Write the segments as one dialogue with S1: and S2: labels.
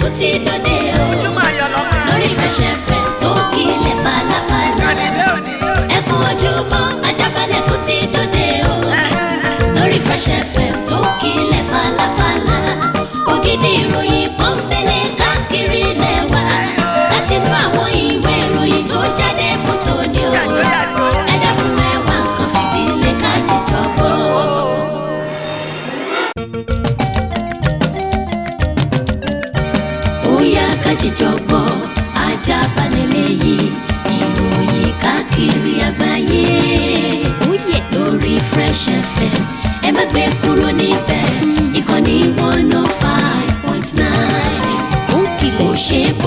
S1: tún ti dòde o lórí Fresh FM.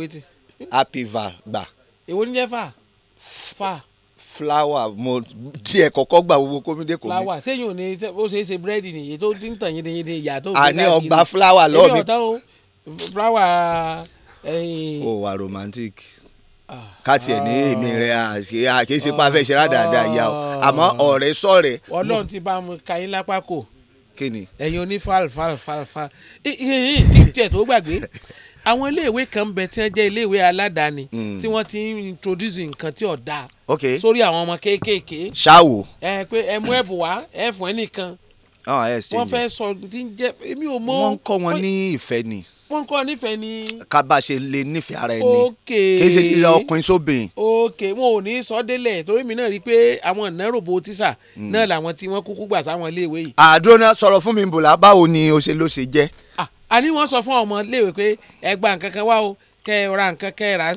S2: wetin.
S3: apiva
S2: gbà. èwo ní jẹ́ fà. fà.
S3: flower mo tiẹ̀ kọ́kọ́ gbà gbogbo kómìdé kò mí. flower
S2: sẹ́yìn ò ní ó ṣeé ṣe búrẹ́dì nìyí tó ti ń tàn yín yín ìyá tó. àní ọgbà flower lọ́ọ̀ mi. èmi ọ̀tá o flower.
S3: ó wà romantic káti ẹ̀ ní èmi rẹ̀ àkéṣe pa fẹ́ ṣe rádaràda ìyá o àmọ́ ọ̀rẹ́ sọ̀rẹ́.
S2: ọlọ́run ti bá mu ka yín lápá kò. kí ni. ẹ̀yin oní fal fal fal fal. ìhìn ìhìn tí tiẹ̀ tó gbàgbé àwọn iléèwé kan bẹ tí wọ́n jẹ́ iléèwé aládàáni hmm. tí wọ́n ti ń introduce nǹkan tí ò dáa sórí àwọn ọmọ kéékèèké. ṣáwo. ẹ pé ẹ mú ẹ̀bùn wá ẹ fún ẹnìkan
S3: ah, wọ́n fẹ́
S2: sọ ti ń jẹ́ èmi ò mọ̀. wọ́n ń kọ́ wọn ní ìfẹ́ ni wọ́n ń kọ́ nífẹ̀ẹ́ ni.
S3: ká bá a ṣe lè nífẹ̀ẹ́ ara ẹni. ok kése ilé ọkùnrin sóbìn.
S2: ok wọn ò ní sọ délẹ̀ torí mi náà rí i pé àwọn ìnáròbó tíṣà hmm. náà làwọn tí wọ́n kúkú gbà sáwọn iléèwé yìí.
S3: àdúró náà sọ̀rọ̀ fún mi bùlá báwo ni o ṣe jẹ́
S2: àní ah, wọ́n sọ fún ọmọ léwe pé ẹ gba wá o kẹ ẹ ra nǹkan kẹ ẹ ra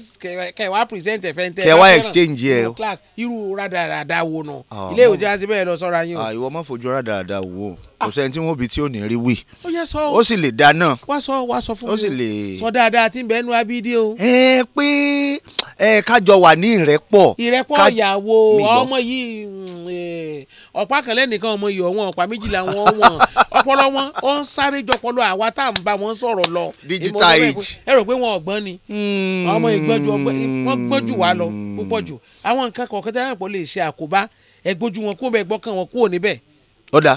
S2: kẹ ẹ wá present ẹfẹ ntẹ kẹ wá exchange yẹ o class irú rádaràda wo nù ah. ilé ìwé ti bẹ́ẹ̀ lọ sọ́ra
S3: yín o. Ah, ìwọ má fojú rádaràda wo kò sẹ́ni tí wọ́n bi tí ò ní rí wì.
S2: ó yẹ sọ ó sì lè dáná. wá sọ wá sọ fún mi ó sì lè. sọ dáadáa tí ń bẹ́ẹ̀ nu abídí o. ẹ pé ẹ
S3: kájọ wà ní ìrẹ́pọ̀. ìrẹ́pọ̀
S2: ìyàwó ọmọ yìí mm, ọ̀pá kẹlẹ́ nìkan ọmọ yìí ọ̀wọ́n ọ̀pá méjìlá wọn wọn ọpọlọ wọn ó ń sáré jọpọlọ àwa tá à ń bá wọn sọ̀rọ̀ lọ. digital age ẹ rò pé wọn ọ̀gbọ́n ni hmm. ọmọ ìgbọ́njú wọn gbọ́n jù wá lọ púpọ̀ jù àwọn nǹkan kọ̀ọ̀kan tẹ́lẹ̀ pọ̀ lè ṣe àkóbá ẹgbójú wọn kó bẹ́ẹ̀ gbọ́kàn wọn kúrò níbẹ̀ ọ̀dà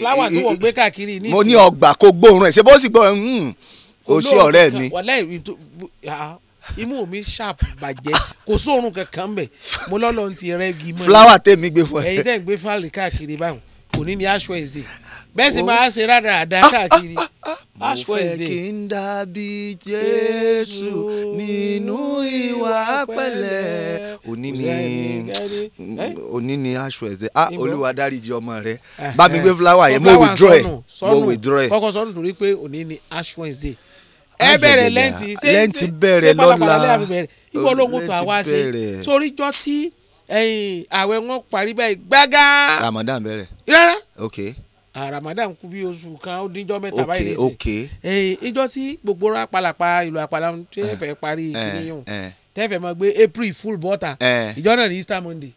S2: fúláwà tó wọ̀ gbé káàkiri ní ìsìn mo ní ọgbà
S3: kó gbóòórùn ẹ̀ ṣe bó sì gbóòórùn hmm,
S2: ó ṣe ọ̀rẹ́ mi imú mi sharp bàjẹ́ kò sóorun kankan bẹ̀ mo lọ́lọ́ ti rẹ́gi mọ́. fúláwà tèmi gbé fún ẹ. ẹ̀yin tẹ́ ń gbé fáàlì káàkiri báwọn kò ní ní ash wednesday bẹ́ẹ̀ sì máa ṣe rárá káàkiri ash wednesday. mo fẹ́
S3: kí n dàbí jésù nínú ìwà
S2: pẹ̀lẹ́ òní ni mm,
S3: òní ni ah olúwa dáríjì ọmọ rẹ ah, bá mi eh. gbé fúláwà yẹn mo withdraw ẹ mo withdraw ẹ. kọ́kọ́
S2: sọ́nù torí pé òní ni ash wednesday ẹ bẹ̀rẹ̀ lẹ́ǹtì ṣé lẹ́ǹtì bẹ̀rẹ̀ lọ́la ìwọ olóhùn tó àwa ṣe sórí jọ sí àwẹ̀ wọn parí báyìí gbága.
S3: Ramadan bẹ̀rẹ̀. rárá okay.
S2: Ramadan kú bí oṣù kan ó díjọ́ mẹ́ta báyìí lẹ́sìn okay okay. ìjọ tí gbogbo apalapa ìlú apala tí ẹ eh, fẹ́ parí eh, kìnìún eh. tẹ́fẹ̀ẹ́ máa gbé April full butter ìjọ náà ní Easter Monday.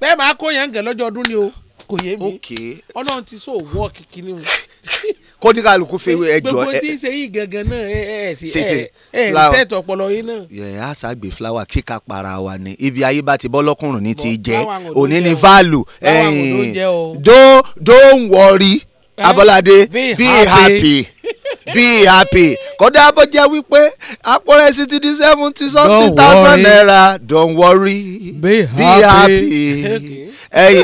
S2: bẹ́ẹ̀ máa kó yẹn ń gẹ̀ lọ́jọ́ ọdún ni o kò yé mi ọlọ́run ti sọ wọ́ọ̀kì kínní o
S3: kó ní kálukú fi ẹjọ ẹ gbogbo tí ń
S2: ṣe yìí gangan náà ẹ ẹ sí ẹ ẹ sẹẹtọ ọpọlọ yìí náà.
S3: yẹ a ṣàgbé fúláwà kíka para wa ni ibi ayé bá ti bọ́ lọ́kùnrin ní ti jẹ́ òní ni value do don't worry abolade be happy be happy kódà abọ́já wípé àpọ̀rẹ́sì ti di seventy something thousand naira don't worry be happy.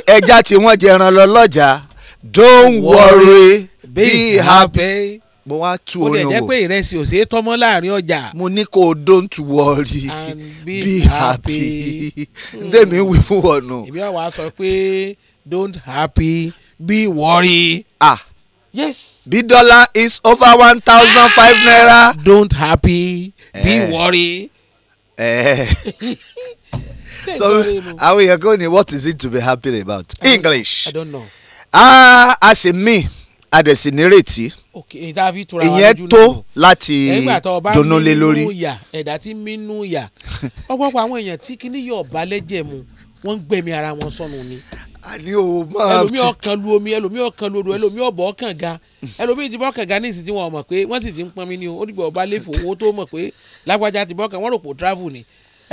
S3: ẹja tí wọ́n jẹran lọ lọ́jà don't worry be happy mo wá
S2: tú orin wò. o lè jẹ́ pé ìrẹsì ò ṣeé tọ́mọ́ láàrin ọjà. mo ní kó o don't worry and be, be happy ndémi wí fún ọ̀nà. ìbí àwa sọ pé don't happy be worry. ah yes. bí dollar is over one thousand five naira. don't happy be eh. worry. Eh. so
S3: àwọn èèyàn kò ní what is it to be happy about I english i don't know. a a sì mí a dẹ̀ sì nírètí
S2: ìyẹn tó
S3: láti dunnú lé lórí.
S2: ẹ̀dá tí mínú yà ọ̀pọ̀lọpọ̀ àwọn èèyàn tí kíní yọ̀ ọ̀bá lẹ́jẹ̀ mu wọ́n ń gbẹ̀mí ara wọn sọnù ni àní o máa ti ẹlòmí ọkàn lu omi ẹlòmí ọkàn lu odò ẹlòmí ọbọ ọkàn ga ẹlòmí ti bọ ọkàn ga ní ìsìn tí wọn mọ̀ pé wọ́n sì ti ń pọnmi ní o ó dìbò ọba lẹfọ owó tó mọ̀ pé lágbájá ti bọ ọkàn wọ́n rò pò travel ni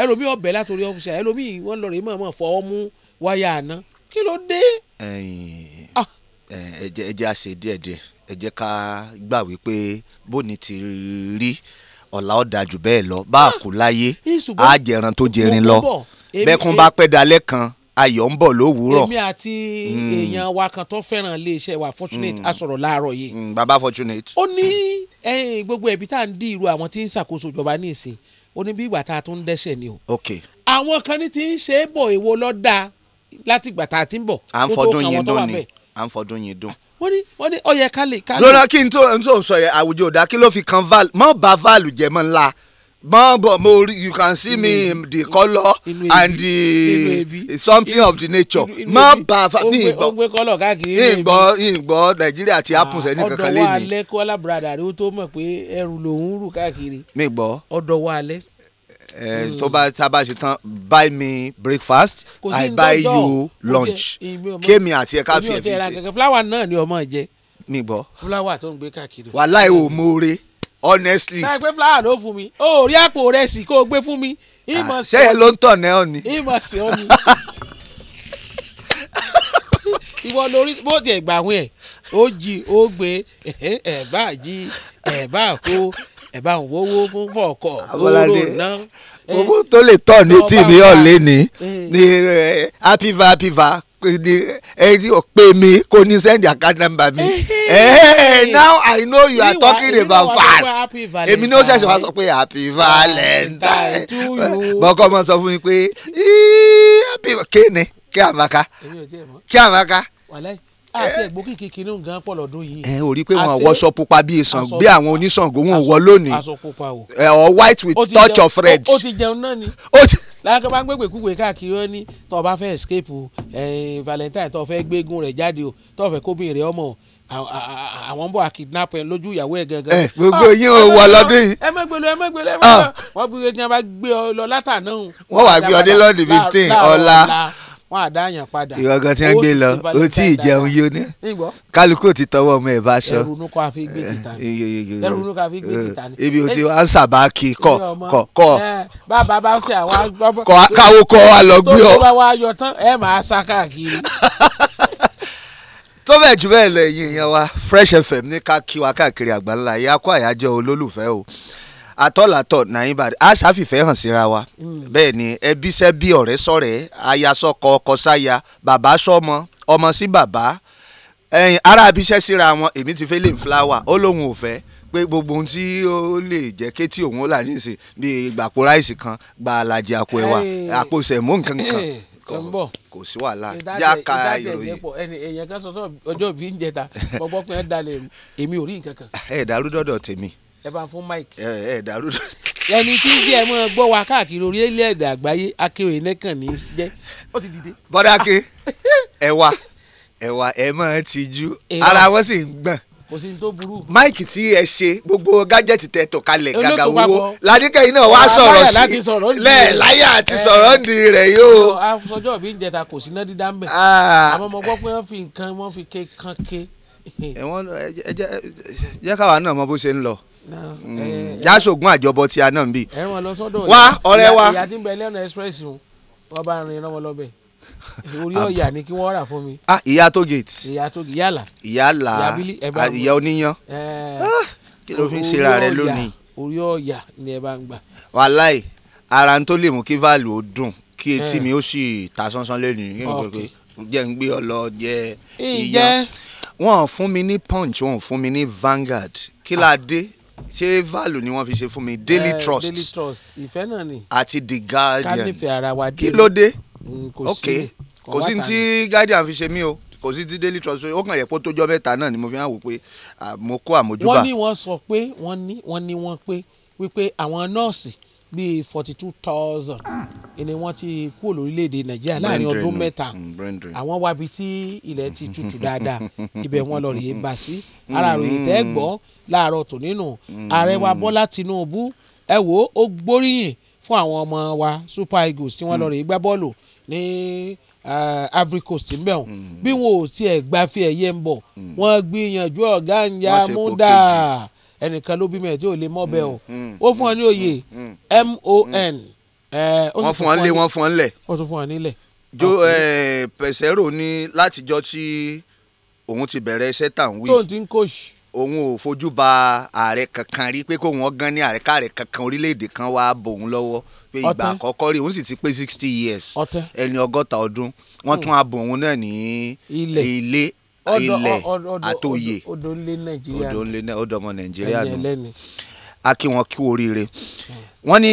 S2: ẹlòmíì ọbẹ̀ látòrí ọ́fíìsì ẹlòmíì wọ́n lọ rè mọ̀ọ́mọ̀ fọwọ́ mú wáyà àná kí ló dé.
S3: Ah. ẹ jẹ́ ẹ jẹ́ a ṣe díẹ̀díẹ̀ ẹ jẹ́ ká gbà wípé bóni ti rí ọ̀la ọ̀dà jù bẹ́ẹ̀ lọ bá a kú láyé ah, á jẹran tó jẹrin lọ bẹ́kún bá pẹ́ dalẹ́ kan ayọ̀ ń bọ̀ lówùúrọ̀. èmi
S2: àti hmm. èèyàn wa kan tó fẹ́ràn iléeṣẹ́ wa fortunate hmm. a sọ̀rọ̀ láàárọ̀ yìí. Hmm, baba fortunate. ó ní gbogbo ẹ̀bí tá à ń dí irú àwọn tí ń ṣàkóso ìjọba ní ìsìn ó ní bí ìgbà tá a tún ń dẹ́sẹ̀ ni o. àwọn kan ní ti ń ṣe é bọ̀ èwo ló dáa láti ìgbà tá a ti ń bọ̀. à ń fọdún yín dùn ni
S3: à ń fọdún yín dùn.
S2: wọ́n ní wọ́n ní ó yẹ lọ́nà
S3: kí n tó ń sọ yẹ àwùjọ òdà kí ló fi kan val mọ́ bá val jẹ́ mọ́ ńlá bọ́ọ̀bọ̀ mo you can see me the colour and the something of the nature má bà fa ní
S2: ìgbọ́ ìgbọ́
S3: ìgbọ́ nàìjíríà ti apple sẹ́ni kankan lé ní. ọ̀dọ̀ wa
S2: alẹ́ kó alábùradà rí o tó mọ̀ pé ẹrù lòún rù káàkiri. mi gbọ́ ọ̀dọ̀ wa alẹ́.
S3: ẹ eh, eh, tó hmm. bá tá bá ṣe tán buy me breakfast i buy you lunch
S2: kémi àti ẹ̀ka fi ẹ̀ fi ṣe.
S3: fúláwà náà ni ọmọ jẹ. mi gbọ́.
S2: fúláwà tó ń gbé káàkiri.
S3: wàhálà ẹ̀ ò mọ̀ọ́rẹ́ honestly. náà
S2: pé flower ló fún mi o ò rí àpò rẹ sí kó o gbé fún mi. Ah, sẹ́yìn ló ń tàn náà ni. ìmọ̀ sí ọ ni. ìwọ lórí bó tiẹ̀ gbà wọ́n ẹ̀ ó jí ó gbé ẹ̀ bá jí ẹ̀ bá kó ẹ̀ bá wọ́wọ́ fún fọ̀ọ̀kọ̀ lóró náà owó tó lè
S3: tọ̀ ní tì ní ọ̀lẹ́ ni ní happy va happy va ẹ ti o pe mi kò ní send account number mi now i know you are talking about fan
S2: èmi ní ó ṣẹ̀ṣẹ̀ wá sọ
S3: pé happy valentine bọ́kọ́ ọmọ sọ fún mi pé happy kéne kí àmàkà kí àmàkà
S2: àti ah, eh. ẹ̀gbọ́n kìkì kìíní nǹkan pọ̀ lọ́dún yìí. ẹ eh, ò rí i pé wọn wọ aṣọ pupa bíi sàn bí àwọn
S3: oníṣàngó wọn wọ lónìí ẹ ọ white with touch of red. ó ti
S2: jẹun náà ni lákàtà bá ń gbégbé kúgbé káàkiri ó ní tó bá fẹ́ escape eh, valentine tó fẹ́ gbégun rẹ̀ jáde o tó fẹ́ kóbìnrin rẹ̀ ọmọ àwọn ń bọ̀ àkìdínàpù ẹ̀ lójú ìyàwó ẹ̀ gangan. gbogbo ah, yín ò wọ lọ́dún yìí. ẹ mẹ́gbẹ́lú ẹ mẹ́gbẹ́lú ẹ mẹ́gbẹ́lú ah. wọ́n bí wọ́n bá gbé ọ lọ látà náà. wọ́n wàá gbé ọdẹ lọ́ọ̀dì fifteen ọ̀la wọn àdá yàn padà. ìrọ̀gàn tí wọ́n gbé lọ ó tí ì jẹun yó ní.
S3: kálukú ti tọwọ́ ọmọ ẹ̀ bá aṣọ. ẹrù
S2: nukọ àfi gbé
S3: tìta ni. ẹrù nukọ àfi gbé tìta ni. ibi o ti wá ń sàbá kí kọ kọ kọ.
S2: bàbá bá ń ṣe àwọn agbábọ́. kọ akáwo kọ wa lọ gbé ọ. tó bá wa yọ tán ẹ máa sá káàkiri.
S3: tó bẹ́ẹ̀ jù bẹ́ẹ̀ lọ ẹ̀yin èèyàn wa Fresh FM ní ká kí wa káàkiri àgbáńlá yẹ akọ àyájọ́ olólùfẹ́ o atọ́làtọ̀ nàyìn a ṣàfìfẹ́ hàn síra wa mm. bẹ́ẹ̀ ni ẹbí sẹ́bí ọ̀rẹ́ sọ̀rẹ́ aya sọ́kọ ọkọ sáya bàbá sọ́mọ ọmọ sí bàbá ẹ̀yìn ara abiṣẹ́ síra wọn èmi ti fẹ́ lè ń fúláwà ó lóun ò fẹ́ pé gbogbo ohun tí ó lè jẹ́ kétí òun ó là ní ìsìn bíi gbàpò ráìsì kan gba àlàjì àpò ẹ̀wà àpò sẹ̀mó nǹkan kan
S2: kọ kò sí wàhálà já ka ìròyìn. èèyàn kan sọ sọ ọjọ́ ìbí ń jẹta gbọ́gbọ́ pé ẹ dalẹ̀ èmi ò rí nǹkan kan. ẹ dàrú dọ́dọ̀ tèmi ẹ bá ń fún mike. ẹ ẹ dàrú. ẹni tí ń jẹ́ ẹ mọ́ gbọ́ wa káàkiri orílẹ̀ èdè àgbáyé akéwì nẹ́kàn ní í jẹ́. ó ti dìde. bọ́dà ké ẹ wá
S3: ẹ wá ẹ mọ̀ tijú ara wọn sì ń gbọ̀n
S2: kò sí ní tó burú.
S3: máìkì tí ẹ ṣe gbogbo gájẹ́tì tẹ tò kalẹ̀ gàgà owó ládìkẹ́yìn náà wá sọ̀rọ̀ sí lẹ́ẹ̀láyà àti sọ̀rọ̀ ń di rẹ̀ yóò.
S2: àfọ̀sọ́jọ́ bí ń jẹta kò sí náà dídá ń bẹ̀. Ah. àmọ́ mo gbọ́ pé wọ́n fi nǹkan wọ́n fi ké kan ké. ẹ jẹ́ káwa náà mọ bó
S3: ṣe ń lọ jásogun mm. eh, eh, àjọbọ tí a náà ń bì.
S2: ẹ̀wọ̀n lọ sọ́dọ̀ wa ọ̀rẹ́ wa ìyá tí ń bẹ lẹ́nu express un wọ́n bá rin lọ́mọ lọ́bẹ̀ orí ọ̀yà ni kí wọ́n rà fún mi. Ah, ìyá tó gate. ìyá tó gate yálà. yálà ìyá ah, oníyan. Eh, ah, kí ló fi ń ṣe ra rẹ lónìí. orí ọ̀yà ni ẹ bá ń gbà.
S3: wàláì ara ń tó lè mú kí value ó dùn kí etí mi ó sì ta sánsán lẹ́nu
S2: jẹ́ ń gbé ọ lọ
S3: ìyá wọn fún mi ní punch wọn fún mi ní Vanguard kí la dé ṣé value ni wọ́n fi ṣe fún mi daily uh, trust daily
S2: trust ìfẹ́ náà ni
S3: àti the guardian ká nífẹ̀ẹ́ ara kí ló dé
S2: mm, ok kò sí ti
S3: guardian fi ṣe mí o kò sí ti daily trust ó kàn yẹ kó tójọ́ mẹ́ta náà ni mo fi hàn wò pé mo kó àmójúbà. wọ́n ní
S2: wọ́n sọ pé wọ́n ní wọ́n ní wọ́n pé wípé àwọn nọ́ọ̀sì bíi forty two thousand ah. ni wọ́n ti kúrò lórílẹ̀‐èdè nàìjíríà láàrin ọdún mẹ́ta mm, àwọn wábi tí ilẹ̀ ti tutù dáadáa ibẹ̀ wọn lọ rèé bá sí ara mm. ròyìn tẹ́ gbọ́ láàárọ̀ tò nínú mm. ààrẹ wa bọ́lá tinúbú ẹ wo ó gbóríyìn fún àwọn ọmọ wa super eagles tí wọ́n lọ rèé gbá bọ́ọ̀lù ní Ivory Coast ń bẹ̀ wọ́n bí wọn ò tiẹ̀ gbafẹ́ ẹ̀yẹ ń bọ̀ wọ́n gbìyànjú ọ̀gá ń ya mú dáa ẹnìkan ló bímọ ẹ̀ tí ò lè mọ́ bẹ́ẹ̀ o mm, mm, ó fún ọ ní oyè mon. Mm, wọ́n fún ọ nílé wọ́n fún ọ nílẹ̀. ó tún fún ọ nílẹ̀. jo
S3: pẹ̀sẹ́rò ní látijọ́ tí òun ti bẹ̀rẹ̀ iṣẹ́ tà ń wí. tóun ti ń kóṣì òun ò fojú ba ààrẹ kankan rí pé kó wọn gan ní ààrẹ káàrẹ kankan orílẹ̀-èdè kan wá bòun lọ́wọ́ pé ìgbà àkọ́kọ́ rí òun sì ti pé sixty years ẹni ọgọ́ta ọdún wọ́n tún abòun náà ní ilé ilẹ̀ àtòyè odò ńlẹ̀ ọ̀dọ̀ ọmọ nàìjíríà nù a kí wọn kú oríire wọ́n ní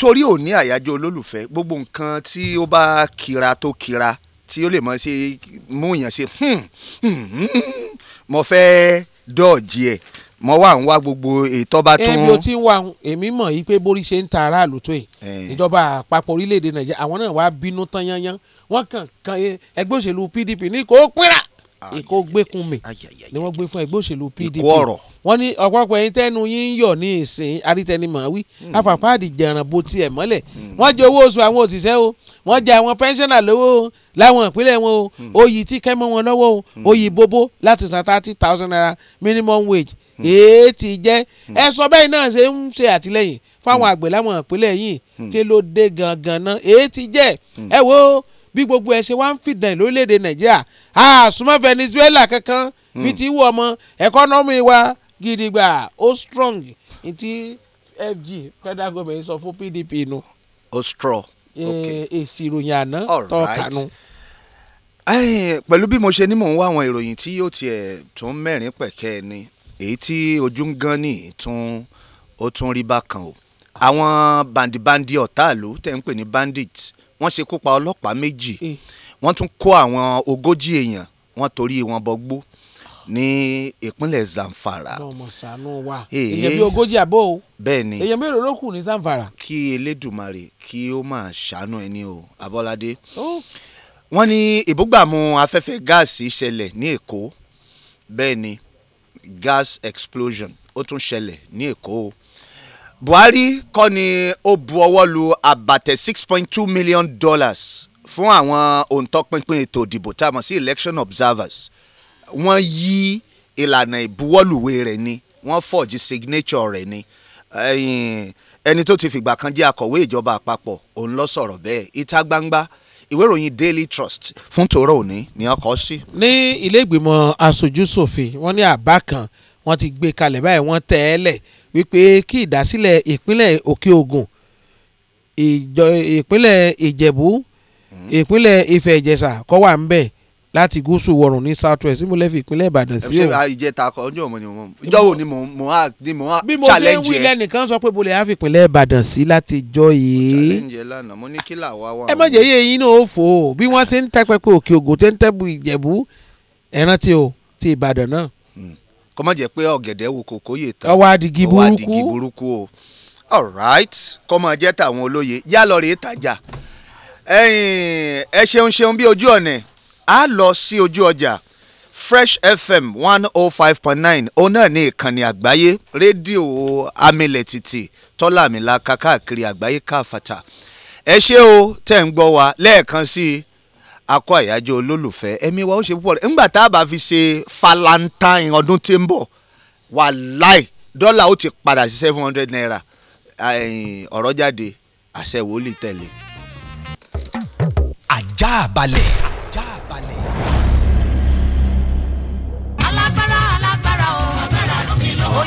S3: sórí òní àyájọ́ olólùfẹ́ gbogbo nǹkan tí ó bá kira tó kira tí ó lè mọ ṣe mú yàn ṣe hmm, hmm, hmm, mo fẹ́ dọ́ọ̀jì ẹ̀ mo wà ń wá gbogbo ètò bá tún. ẹbí o ti
S2: wà èmi mọ̀ yìí pé borí ṣe ń ta aráàlú tó yìí ìjọba àpapọ̀ orílẹ̀-èdè nàìjíríà àwọn náà wàá bínú tán yányán wọ́n kàn kan e, ẹgbẹ́ òṣèlú PDP ní kò pínra ìkó gbẹ́kun mi ni wọ́n gbé fún ẹgbẹ́ òṣèlú PDP wọ́n ní ọ̀pọ̀pọ̀ ẹ̀yin tẹ́nu yín ń yọ̀ ní ìsìn arítẹnimọ̀ wí hmm. afàpáàdì jẹ̀ràn bo tiẹ̀ mọ́lẹ̀ hmm. wọ́n jẹ owó oṣù àwọn òṣìṣẹ́ o wọ́n jẹ àwọn pẹ́ńsánà lówó o láwọn ìpínlẹ̀ wọn o hmm. oyè tí kẹ́mọ́ wọn lọ́wọ́ o oyè bobo láti san thirty thousand naira minimum wage èé ti jẹ́ ẹ sọ bẹ́ẹ̀ náà ṣe ń ṣe àtìlẹ́yìn fáwọn àgbẹ̀ láwọn ìpínlẹ̀ yìí kí ló dé gangan náà èé ti jẹ́ ẹ wo bí gbogbo ẹ ṣe wá ń fìdàn lórílẹ̀‐èdè nàìjíríà àsùnmọ́ venezuela kankan bí ti wú ọmọ ẹ̀kọ́nọ́mì wa gidigba O strong ti fg federal government sọ fún pdp nu. ó strong ok èsì ìròyìn àná tọ́kanu
S3: pẹ̀lú bí mo ṣe ní mò ń wá àwọn ìròyìn tí yóò tiẹ̀ tún mẹ́rin pẹ̀kẹ́ ni èyí tí ojú ń gan ní tún ó tún rí bákan o àwọn bandibandi ọ̀táàlú tẹ̀ ń pè ní bandits wọ́n ṣekú pa ọlọ́pàá méjì eh. wọ́n tún kó àwọn ogójì èèyàn wọ́n torí wọn bọgbó ní ìpínlẹ̀ Zamfara.
S2: ọmọ sànú wa eh. èèyàn bíi
S3: ogójì àbọ̀ o bẹ́ẹ̀ni èèyàn mélòó ló kù ní Zamfara. kí Elédùmarè kí ó máa ṣàánú ẹni o Abọ́ládé wọ́n ní ìbúgbàmù afẹ́fẹ́ gáàsì ṣẹlẹ̀ ní Èkó bẹ́ẹ̀ni gas explosion ó tún ṣẹlẹ̀ ní Èkó o buhari kọ́ ni ó bu ọwọ́ lu àbàtẹ six point two million dollars fún àwọn òǹtọ́pinpin ètò ìdìbò tá a mọ̀ sí election observers wọ́n yí ìlànà ìbuwọ́lùwé rẹ̀ ni wọ́n fọ̀jì signature rẹ̀ ni ẹni tó ti fìgbà kan jẹ́ akọ̀wé ìjọba àpapọ̀ òun lọ sọ̀rọ̀ bẹ́ẹ̀ ìta gbangba ìwé ìròyìn daily trust
S2: fún tòró òní ni ọkọ sí. ní ilé ìgbìmọ̀ aṣojú ṣòfin wọ́n ní àbá kan wọ́n ti gbé kalẹ̀ báyìí wọ́n tẹ̀ ẹ́ lẹ̀ wípé kí ìdásílẹ̀ ìpínlẹ̀ Òkè Ògùn ìpínlẹ̀ Ìjẹ̀bú hmm. ìpínlẹ̀ Ifẹ̀ Ìjẹ̀ṣà kó wà ń bẹ̀ láti gúúsù wọ̀rùn ní south west nímú lẹ́fì ìpínlẹ̀ Ìbàdàn sí o.
S3: ìjẹta kọ ọjọ́ mo ni mo ọjọ́ wo ni mo mo a ni mo a challenge yẹ. bí mo ṣe ń
S2: wí lẹ́nìkan sọ pé bolè á fi ìpínlẹ̀ Ìbàdàn sí láti jọ yìí. challenge yẹ lánàá mo ní kí là wá wà. ẹ má jẹ́ iye yín náà ó fò ó bí wọ́n ti ń tẹ́pẹ́ pé Òkè Ògùn ti ń tẹ́bu Ìjẹ̀bú ẹ̀rántí o ti Ìbàdàn náà
S3: kó má jẹ́ pé ọ̀gẹ̀dẹ̀ wo kòkó yè
S2: tán ọwọ́ adigi
S3: burúkú o all right kó má jẹ́ tàwọn olóye yá lọ rèé tajà ẹ ṣeun ṣeun bí ojú ọ̀nẹ̀ á lọ sí ojú ọjà fresh fm one oh five point nine òun náà ní ìkànnì àgbáyé rédíò amílẹ̀ tìtì tọ́lá àgbáyé káfàtà ẹ ṣé o tẹ̀ ń gbọ́ wa lẹ́ẹ̀kan sí i akọ àyájọ́ olólùfẹ́ ẹ̀mí wa ó ṣe púpọ̀ nígbà tá a bá fi ṣe Valentine ọdún tí ń bọ̀ wàláì dọ́là ó ti padà sí seven hundred naira ọ̀rọ̀ jáde àṣẹ wòlíì tẹ̀lé. ajá balẹ̀. ajá balẹ̀.
S1: alágbára alágbára o. agbára ló kí lọ. ó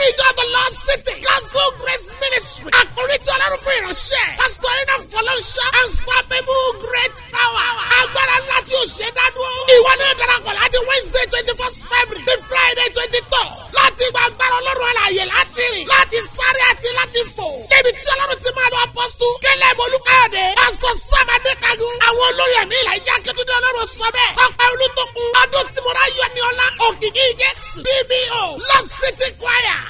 S4: nínú ìjọ the Lord City Gospel Grace Ministry àkórí tí ọlọ́run fún ìránṣẹ́ pásítọ̀ enoch fọlọ́nṣá unstoppable great power agbára ńlá tí o ṣe dádúró ìwọ náà darapọ̀ láti Wednesday twenty first February to Friday twenty third láti gba agbára ọlọ́run àlàyé láti rìn láti sáré àti láti fò débi tí ọlọ́run ti máa lọ apọ́sítù kẹlẹ́ mọ́lúkáyọ̀dé pásítọ̀ sàmàdé kagun àwọn olórí ẹ̀mí ìlà ìjà kẹtùdé ọlọ́run sọ bẹ́ẹ̀ ọ̀pẹ olùtọ́kùn adó tìmọ̀rá yọ ní ọlá òkìkí Jésù bbo Love City Choir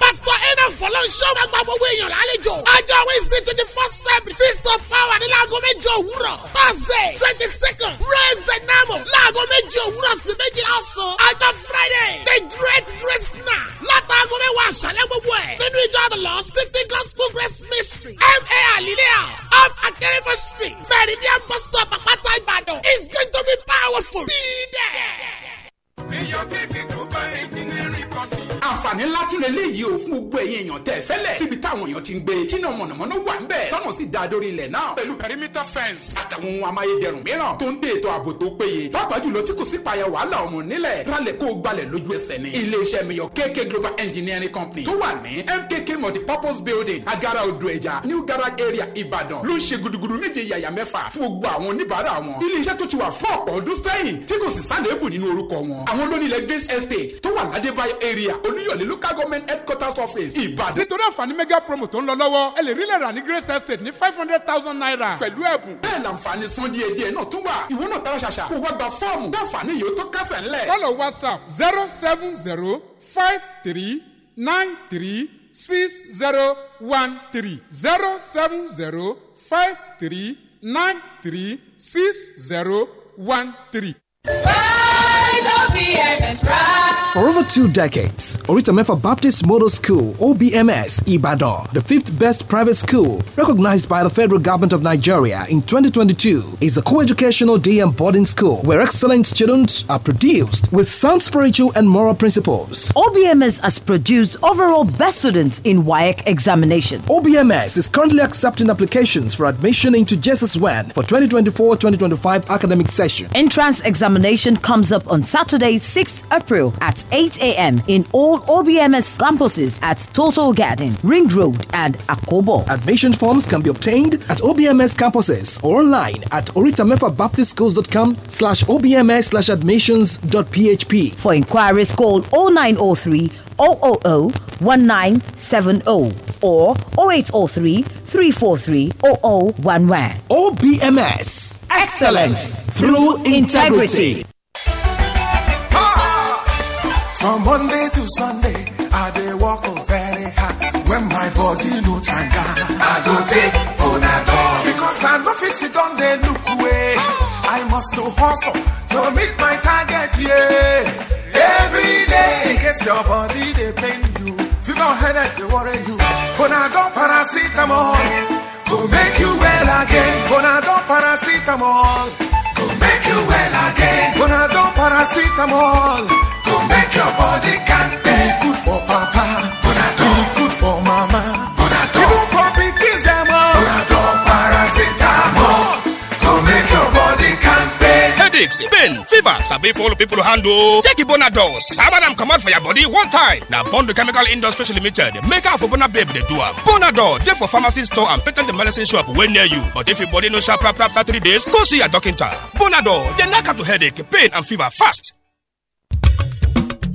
S4: ọlọ́nṣọ́ máa gba gbogbo èèyàn lálejò. àjọ wednesday twenty first february feast of power ní láago méje òwúrọ̀ thursday twenty second praise the name of láago méje òwúrọ̀ sí méjìlá ọ̀sán àjọ friday the great grace night látàgọ́ mẹ́wàá àṣálẹ́ gbogbo ẹ̀ nínú ìjọ àdàlọ́ city gospel grace ministry ma alilea of akérèfọ́ street meridian bus stop àpáta ìbàdàn is going to be powerful be there
S5: àǹfààní ńlá tí lélẹ́yìí ò fún gbogbo ẹ̀yin èèyàn tẹ̀ fẹ́lẹ̀ síbi táwọn èèyàn ti ń gbé tí náà mọ̀nàmọ́ná wà ń bẹ̀ tọ́nà sì da dórí ilẹ̀ náà pẹ̀lú perimeter fence àtàwọn ohun amáyédẹrùn mìíràn tó ń dé ètò ààbò tó péye pàápàá jùlọ tí kò sí payà wàhálà ọmọ nílẹ̀ rálẹ̀ kó gbalẹ̀ lójú ẹsẹ̀ ni iléeṣẹ́ miyàn KK Global Engineering Company tó wà ní MKK multipurpose building agara odò ẹja new garage area ibadan. ló ń ṣe gudugudu méje yàyà mẹ́fà fún gbogbo àwọn oníbàárà wọn iléeṣẹ́ tó ti wà fún ọ̀pọ̀ ọdún sẹ́yìn tí kò sì sálẹ̀ èbù nínú orúkọ wọn àwọn lónìí lẹ estate tó wà ládébáyọ̀ area olúyọ̀lé local government headquarters office ìbàdàn. nítorí àǹfààní mega promo tó ń lọ lọ́wọ́ ẹ lè rí lẹ̀ rà ní grace estate ní five hundred thousand naira. pẹ̀lú ẹ̀bùn bẹ́ẹ̀ làǹfààní sún díẹ̀ díẹ̀ náà tún wà ìwọ náà tara ṣàṣà kó wá gba fọ́ọ̀mù láǹfààní yìí ó tó kásẹ̀ ńlẹ̀. kọ́lọ̀ whatsapp zero seven zero five three nine three six zero one three zero seven zero five three nine three six zero one three. Ah! For over two
S6: decades, Orita Mefa Baptist Model School, OBMS, Ibadan, the fifth best private school recognized by the federal government of Nigeria in 2022, is a co-educational day and boarding school where excellent students are produced with sound spiritual and moral principles. OBMS has produced overall best students in WAEC examination. OBMS is currently accepting applications for admission into Jesus Wan for 2024-2025 academic session. Entrance examination comes up on Saturday, 6th April at 8 a.m. in all OBMS campuses at Total Garden, Ring Road, and Akobo. Admission forms can be obtained at OBMS campuses or online at oritamefabaptistschools.com slash OBMS slash admissions.php. For inquiries, call 0903 000 1970 or 0803 343 0011. OBMS.
S7: Excellence,
S6: through integrity.
S5: From Monday to Sunday, I dey walk oh, very hard. When my body no tanga, I go take on a dog. Because I no fit sit on the look away. I must to hustle to meet my target, yeah. Every day, in case your body they pain you, fever headache they worry you. When I don paracetamol,
S6: go make you well again.
S5: When I don paracetamol, go make you well again. When I don paracetamol pain fever sabi for all people to handle take ibonadol saboda comot for your body one time Now bondo chemical Industries limited maker of Bona baby, they do am bonadol dey for pharmacy store and patent medicine shop wey near you but if your body no sharp after three days go see your doctor bonadol they knack out to headache pain and fever fast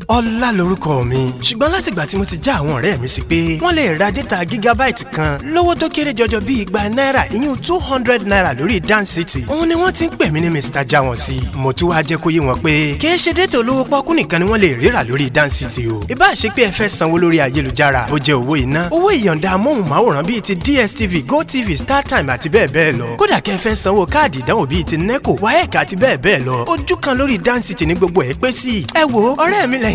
S8: ọlá lorúkọ mi. ṣùgbọ́n látìgbà tí mo ti já àwọn ọ̀rẹ́ mi sí pé wọ́n lè ra dẹ́ta gígábáìtì kan lówó tó kéré jọjọ bíi igba náírà ìyún two hundred naira lórí dan city. òun ni wọ́n ti ń pè mí ní mr jawon sí. mo tún wá jẹ́ kó yé wọn pé kìí ṣe dẹ́tà olówó pọ́kú nìkan ni wọ́n lè ríra lórí dan city o. ìbá ṣe pé ẹ fẹ́ sanwó lórí ayélujára ó jẹ́ owó iná owó ìyọ̀ǹda amóhùnmáwòrán bíi ti dstv gotv startime àti bẹ́ẹ̀ bẹ́ẹ̀ lọ kódà kẹ́ fẹ́ sanwó káàdì ìdánwò bíi ti neco waec àti bẹ́ẹ̀ bẹ́ẹ̀ lọ ojú kan lórí dan city ní gbogbo ẹ̀ pé sí. ẹ wo ọ̀rẹ́ mi lẹ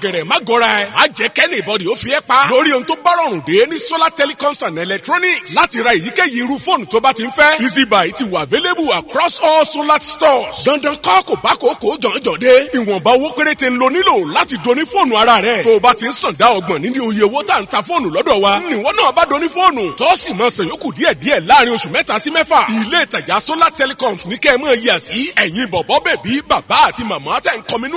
S5: gẹ̀rẹ̀ má gọra ẹ̀ má jẹ́ kẹ́ni ó fi ẹ́ pa lórí ohun tó bá rọrùn dé ní solar telecoms and electronics láti ra èyíkéyìí irú fóònù tó bá ti ń fẹ́ easy buy ti wà available across all solar stores dandan kọ́ kò bá kò kò jọ̀njọ̀ dé ìwọ̀nba owó péréte ń lo nílò láti doni fóònù ara rẹ̀ tó o bá ti ń sàn dá ọgbọ̀n nínú iye owó tá à ń ta fóònù lọ́dọ̀ wa níwọ̀n náà bá doni fóònù tó sì máa san yòókù díẹ̀díẹ̀ láàrin oṣù mẹ́ta sí mẹ́fà ilé ìtajà solar telecoms ní kẹ́ ẹ máa yà sí ẹ̀yin bọ̀bọ́ bèbí bàbá àti màmá tẹ̀ ń kọminú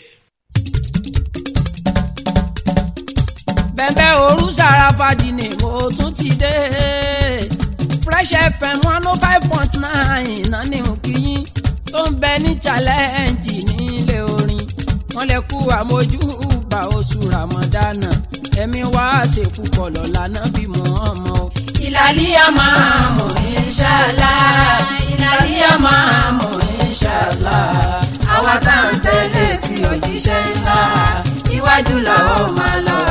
S7: bẹ́ẹ̀ òru ṣàràfàjì ni mo tún ti dé fresh fm one oh five point nine náà ní òkìyín tó ń bẹ ní challenge nílé orin wọn lè kú àmójú bá oṣù ramadana ẹ̀mí wá ṣèkú pọ̀ lọ́la náà bí mo hàn mọ́. ìlàlí àmà mọ̀ inṣàlá ìlàlí àmà mọ̀ inṣàlá àwa tá à ń tẹ́lẹ̀ tí òjíṣẹ́ ńlá iwájú làwọn máa lọ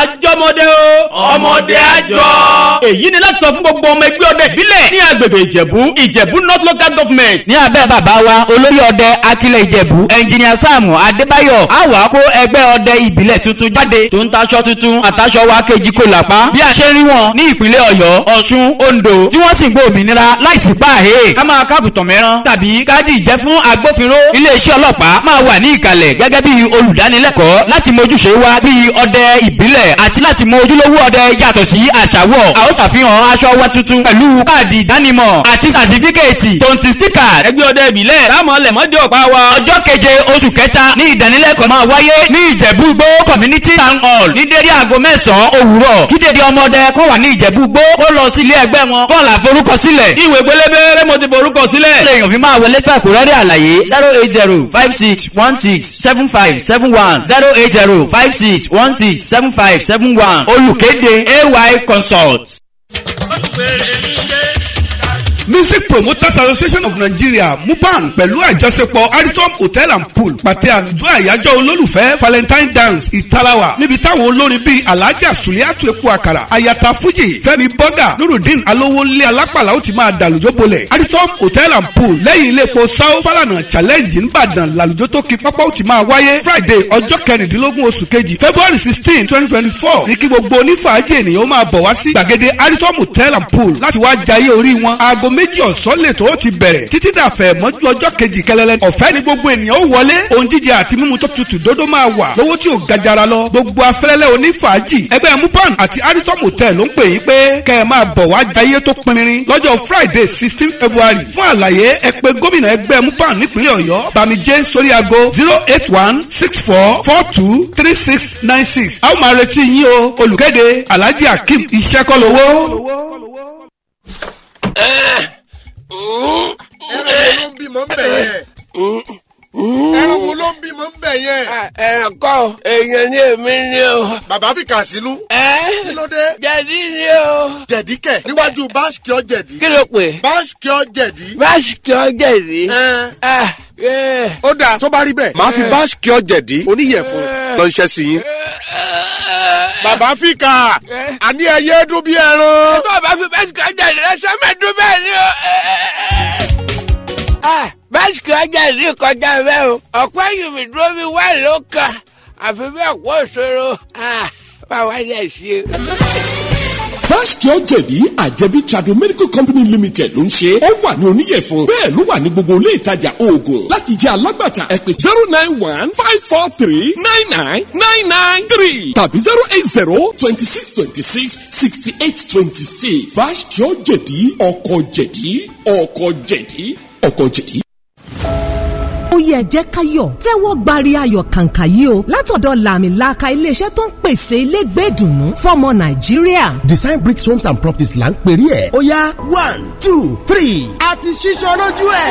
S5: àjọmọdé o. ọmọdé àjọ. èyí ni láti sọ fún gbogbo ọmọ ẹgbẹ́ ọdẹ ìbílẹ̀ ní agbègbè ìjẹ̀bú
S7: ìjẹ̀bú north local government. ní abẹ́ bàbá wa olórí ọdẹ akilẹ̀ ìjẹ̀bú ẹnjìnìà sam adébáyọ̀ á wà kó ẹgbẹ́ ọdẹ ìbílẹ̀ tuntun jáde tó ń taṣọ tuntun àtaṣọ wa kejì kò lápá. bí a ṣe rí wọn ní ìpínlẹ̀ ọ̀yọ́ ọ̀ṣun ondo tí wọ́n sì gbọ́ òmìnira láìsí páàhé. ká máa kábùtàn mẹ́rán tàbí káàdì ìjẹ́ fún agbófinró iléeṣẹ́ ọlọ́pàá máa wà ní ìkàlẹ̀ gẹ́gẹ́ bí olùdánilẹ́kọ̀ọ́ láti mójúṣe ìbílẹ̀ ìbílẹ̀ àti láti mọ ojúlówó ọdẹ yàtọ̀ sí àṣàwọ̀ a ó ṣàfihàn aṣọ wa tuntun pẹ̀lú káàdì ìdánimọ̀ àti sàtífíkẹ̀tì tonti stika ẹgbẹ́ ọdẹ ìbílẹ̀ lámọ̀ọ́lẹ̀ mọ́dé ọ̀pá wa. ọjọ́ keje oṣù kẹta ní ìdánilẹ́kọ̀ọ́ máa wáyé ní ìjẹ̀bú-gbó community town hall ní dédé aago mẹ́sàn-án òwúrọ̀ kídéde ọmọdé kó wà ní ìjẹ̀bú-gbó kó lọ sí ilé ẹgbẹ́ wọn kó là forúkọ sílẹ̀. ìwé pélébé rẹ́mọ ti forúkọ sílẹ̀. lèèyàn fi zero eight zero five six one six seven five seven one zero eight zero five six one six seven five five seven one olùkéde
S9: ay consult music promoters association of nigeria mupan pẹ̀lú àjọṣepọ̀ aritom hotel and pool pàtẹ àjọ àyájọ́ olólùfẹ́ valentine dance ìtarawa níbi táwọn olórin bíi alhaja suliatu eku akara ayata fuji fẹ́mi bọ́gà nurudeen alówólé alápàlà ó ti máa dàlùjọ bolẹ̀ aritom hotel and pool lẹ́yìn iléepo sao falana challenge nìbàdàn làlùjọ tó kí pápá ó ti máa wáyé friday ọjọ́ kẹrìndínlógún oṣù kejì february sixteen twenty twenty four ní kí gbogbo onífàájì ènìyàn ó máa bọ̀ wá sí gbàgede aritom hotel and pool láti wá jayé orí wọn aago méjì ọ̀sán lètò ti bẹ̀rẹ̀ títí dàfẹ́ mọ́jú ọjọ́ kejì kẹlẹ́lẹ́ ọ̀fẹ́ ni gbogbo ènìyàn ó wọlé ohun jíjẹ àti mímu tó tutù dódó máa wà lówó tí ò gajara lọ gbogbo afẹ́lẹ́lẹ́ onífàájì ẹgbẹ́ mupan àti aritom hotel ló ń pè yín pé kẹ́ ẹ máa bọ̀ wá jayé tó pinrin lọ́jọ́ friday sixteen february fún àlàyé ẹ pè gómìnà ẹgbẹ́ mupan nípínlẹ̀ ọ̀yọ́ bamijé sórí ago zero eight one six four four two three six nine six a ó máa retí yín o olùkéde alhaji akeem iṣẹ́ kọ́ lówó
S5: ẹ ẹ ẹ ló ń bímọ ń bẹ̀ yẹn òun ló ń bímọ
S10: ń bẹ̀ yẹn. Ah, ẹ̀ràn kọ́ èèyàn ni èmi ni o. bàbá fi kà sínú. ẹ
S5: kí ló dé. jẹ̀dí ni o. jẹ̀dí kẹ̀ níwájú báṣkìọ́ jẹ̀dí. kí ló pè. báṣkìọ́ jẹ̀dí. báṣkìọ́ jẹ̀dí. Ah, ó dáa tó bá rí bẹ́ẹ̀. màá fi báṣkìọ́ jẹ̀dí oníyẹ̀fun lọ iṣẹ́ sí yín. bàbá fi àní ẹyẹ dún bí ẹran. tó bá fi báṣkìọ́ jẹ̀dí rẹ sẹ́mẹ̀ẹ́dún bẹ́ẹ̀ ni o.
S10: Ah, báṣìkì ọjà ní ìkọjá bẹ́ẹ̀ o ọ̀pẹ́ yìí mi dúró mi wá ló kan àfi bẹ́ẹ̀ kó ṣòro ah, báwa dẹ̀ ṣe.
S5: Báṣkì ọ̀jẹ̀bí àjẹbí Trado Medical Company Limited ló ń ṣe. Ó wà ní oníyẹ̀fún. Bẹ́ẹ̀ ló wà ní gbogbo ilé ìtajà oògùn. Láti jẹ́ alágbàtà ẹ zero nine one five four three nine nine nine nine three tàbí zero eight zero twenty six twenty six sixty eight twenty six. Báṣkì ọ̀jẹ̀bí ọkọ̀ jẹ̀dí ọkọ̀ jẹ̀dí ọkọ̀ jìdí
S6: ó yẹ jẹ́ ká yọ̀ tẹ́wọ́ gbari ayọ̀ kàǹkà yìí o látọ̀dọ̀ làmìlaka iléeṣẹ́ tó ń pèsè ilégbè dùnú fọmọ
S5: nàìjíríà. design bricks homes and properties là ń pèrè ẹ̀ ó yá one two three àti ṣíṣọ́ lójú ẹ̀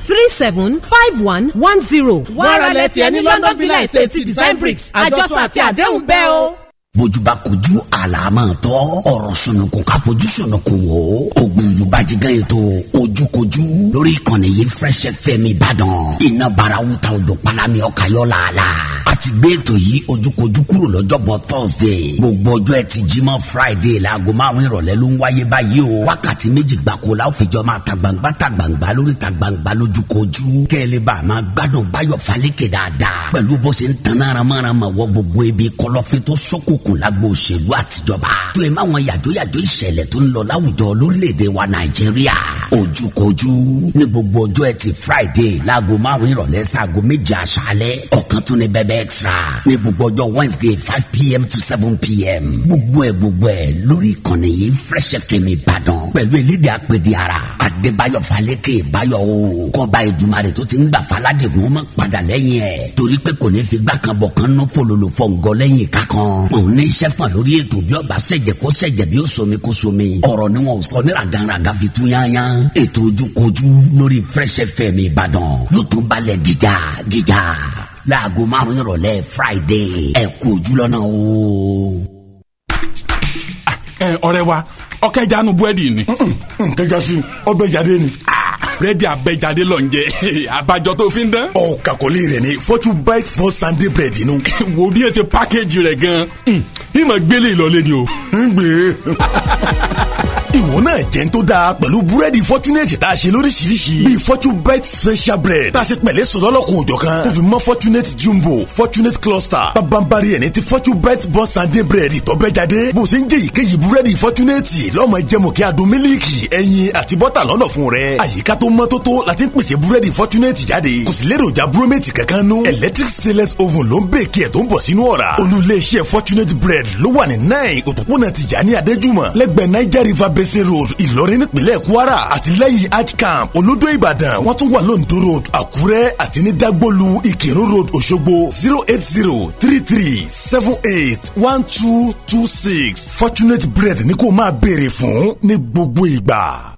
S6: three seven five one one zero. wàá ralẹ̀ tiẹ̀ London Villa Estate ti design bricks àjọsọ àti àdéhùn bẹ́ẹ̀ o
S11: bójúba kojú àlàmọ́tọ́ ọ̀rọ̀ sunukun ká fojú sunukun o ògùn yorùbájí gan ètò ojúkojú lórí ìkànnì yìí fresh fm ìbàdàn iná bara wuta odò palami ọ̀kayọ̀ làálà a ti gbé ètò yìí ojúkojú kúrò lọ́jọ́bọ̀ thursday gbogbo ọjọ́ ẹtì jímọ̀ friday láago márùn ìrọ̀lẹ́ ló ń wáyé báyìí o wákàtí méjì gbáko la ó fi jọ máa ta gbangba ta gbangba lórí ta gbangba lójúkojú kẹ́lẹ́ bá a máa gbádùn báyọ̀ falẹ́kẹ̀ dáadáa pẹ̀lú bó ṣe ń tan náà ramárama wọ gbogbo ibi kọlọ́fin tó sọ́kùk òkùnkùn lágbo òṣèlú àtijọba tó ẹ máwọn yàjóyàjó ìṣẹ̀lẹ̀ tó ń lọ láwùjọ lórílẹ̀ wa nàìjíríà ojúkojú ní gbogbo ọjọ́ ẹtì friday láago márùn-ún ìrọ̀lẹ́ sáago méje aṣáálẹ̀ ọ̀kan tún ní bẹ́bẹ́ extra ní gbogbo ọjọ́ wednesday five pm to seven pm gbogbo ẹ̀ gbogbo ẹ̀ lórí ìkànnì yìí fresh fm ìbàdàn pẹ̀lú elédè apèdè ara adébáyọ̀ falẹ́kẹ̀ báyọ̀ o kọ́ba ìdùmarè tó ti ń gbà faládìgún ọmọ padà lẹ́yìn ẹ̀ torí pé kò ní fi gbà kan bọ̀ kan ná pololo fọ̀ǹgọ́ lẹ́yìn ká kan òun ní iṣẹ́ fún lórí ètò bí ọba ṣẹ̀jẹ̀ kó ṣẹ̀jẹ̀ bí ó somi kó somi ọ̀rọ̀ ni wọn sọ ní ragaraga fi tún yáyá ètò ojúkojú lórí Fresh FM Ìbàdàn yóò tún balẹ̀ gíga gíga láago márùn ìrọ̀lẹ́ Friday ẹ kú ojú lọ́nà o. Ah, ọ̀rẹ́ wa ọkẹjanu búrẹ́dì ni.
S5: nkẹjà sí ọbẹ̀ jáde ni. Ah, búrẹ́dì abẹ́jáde lọ ń jẹ abajọ tó fi ń dán. ọ Kakoli, rẹ ni fortune bites for sunday bread inú. wo ni e ti package rẹ gan-an mm, ìmọ̀ gbélé ìlọlẹ́ ni o. ń gbé. ìwọ náà jẹ́ ń tó dáa pẹ̀lú búrẹ́dì fọ́túnẹ̀tì tá a ṣe lóríṣiríṣi bíi fortune bite special bread tá a ṣe pẹ̀lẹ́ sọ̀dọ́lọ́kun òjọ̀ kan tó fi mọ́ fortunate jumbo fortunate cluster pabambari ẹni ti fortune bite bọ́ sàndé bread ìtọ́bẹ́jáde bó ṣe ń jẹ́ ìkéyìí búrẹ́dì fọ́túnẹ̀tì lọ́mọ jẹ́mu kí adùn mílíìkì ẹyin àti bọ́tà lọ́nà fún rẹ àyíká tó mọ́ tótó la ti ń pèsè búrẹ́dì fọ́túnẹ̀tì jáde kò sí léròjà búrómẹ́tì kankan nú electric stainless oven ló ń bè kí ẹ̀ tó ń fortunate bread ló wà ní nine òpópónà tìjà ní adéjúmọ̀ lẹ́gbẹ̀ẹ́ niger river basin blessing road ìlọrin nípínlẹ̀ kwara àti lẹ́yìn hajj olódó ìbàdàn wọ́n tún wà lóńdó road àkúrẹ́ àti ní dagbolu ìkírun road òṣogbo zero eight zero three three seven eight one two two six fortunate bread ní kò máa béèrè fún ní gbogbo ìgbà.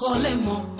S1: Call him mọ̀.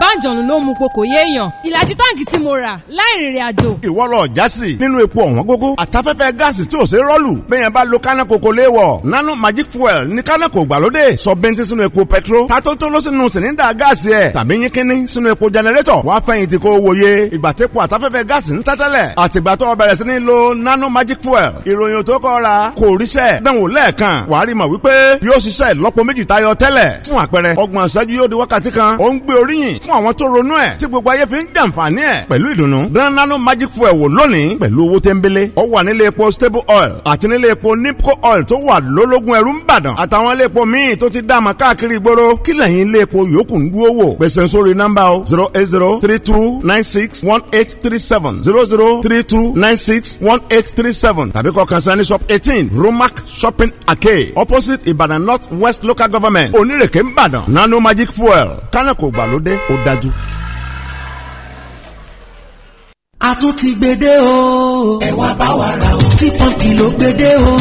S12: báńjọ̀nù ló mu po kò yéèyàn ìlàjì táǹkì tí mo rà láì rìnrìn àjò.
S13: ìwọ lọ jásì nínú epo ọ̀wọ́n gógó àtafẹ́fẹ́ gáàsì tí ò ṣe rọ́ọ̀lù bẹ́ẹ̀ bá lo kánà kòkó léwọ̀ nano magic fuel ní kánà kò gbàlódé sọ bẹ́ntì sínú epo pẹtrol tatótó ló sínú sìnínda gáàsì ẹ̀ tàbí yín kínní sínú epo jẹnẹrétọ̀ wá fẹ̀yìntì kó wòye ìgbà tí epo àtafẹ́fẹ́ gáàsì ń lo nano magic fuel ìròyìn tó kọ́ ra kò ríṣẹ́ dánwò lẹ́ẹ̀kan wàá rí mọ̀ wípé yóò ṣiṣẹ́ lọ́pọ̀ méjì tayọ tẹ́lẹ̀ fún àpẹẹrẹ fún àwọn tó ronú ẹ̀ tí gbogbo ayé fi ń jàǹfààní ẹ̀ pẹ̀lú ìdùnnú. dán magic fuel wò lónìí pẹ̀lú owó tẹ́ńbélé. ó wà nílé epo stable oil àti nílé epo nipco oil tó wà lólógún ẹrú ń bàdàn àtàwọn ilé epo míì tó ti dáàmà káàkiri ìgboro kí lẹ́yìn ilé epo yòókù ń dúró wò. gbèsè sórí nọ́mbà o zero eight zero three two nine six one eight three seven zero zero three two nine six one eight three seven tàbí kọ kànsáni shop eighteen romac shopping arcade opposite Ibadan north west local government onírèké ń bàdàn nano magic fuel kánà kò
S5: gbàlódé o ó dájú. a tún ti gbede
S11: o. ẹ wá bá wa ra o tí pọ́ǹpì ló gbédè o.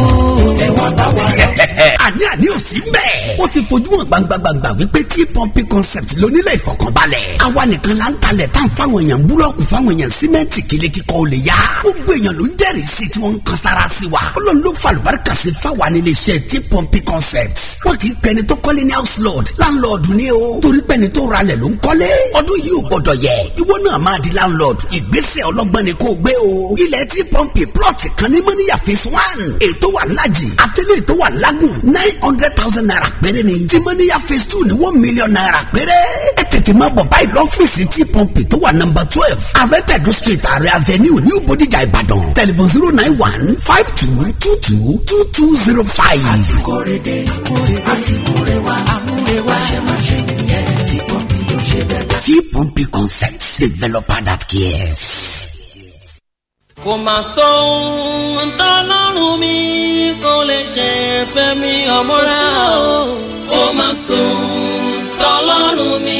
S11: ẹ wá bá wa rẹ. àní àní ò sí bẹ́ẹ̀. ó ti fojú hàn gbangbangba wípé tí pọ́ǹpì concept lónílẹ̀ ìfọkànbalẹ̀. àwa nìkan la ń talẹ̀ tán fáwọn èèyàn búlọ́ọ̀kù fáwọn èèyàn símẹ́ǹtì kílé kíkọ́ ò lè yá. gbogbo èèyàn ló ń jẹ́rìí sí tí wọ́n ń kan sára sí wa. ọlọ́run ló fa àlùbáríkà sí fáwa nílé iṣẹ́ tí pọ́ǹpì concept. wọ́n kì í pẹni tó kọ́lé ní house lord landlord ni o. torí pẹni tó ralẹ̀ ló ń kọ́lé. ọdún yìí ò gbọ́dọ̀ yẹ. ìwọ náà máa di landlord. ìgbésẹ̀ ọlọ́gbọ́n ni kò gbé o. ilẹ̀ tí pọ́ǹpì plọ̀tì kan ní mọ́níyà phase one ètò wà lájì àtẹlẹ́ ètò wà lágùn nine hundred thousand naira péré ni tí phase two ni one million naira péré ẹ tètè máa bọ̀ báyìí lọ́fíìsì tí pọ́ǹpì tó wà nọ́mbà twelve arẹ́tẹ̀dù street ààrẹ avenue new bodijà ìbàdàn tẹlifon zero nine one five two two two two two zero five. àti kórede àti kórewa àmúrewa ṣe máa ṣe nìyẹn tí pọ́ǹpì ló ṣe bẹ́ẹ̀. tí pọ́ǹpì concepts developer that cares
S1: kò mà sọ ohun tọ́lọ́run mi kò lè ṣe fẹ́ mi ọmọ rẹ̀ o kò mà sọ ohun tọ́lọ́run mi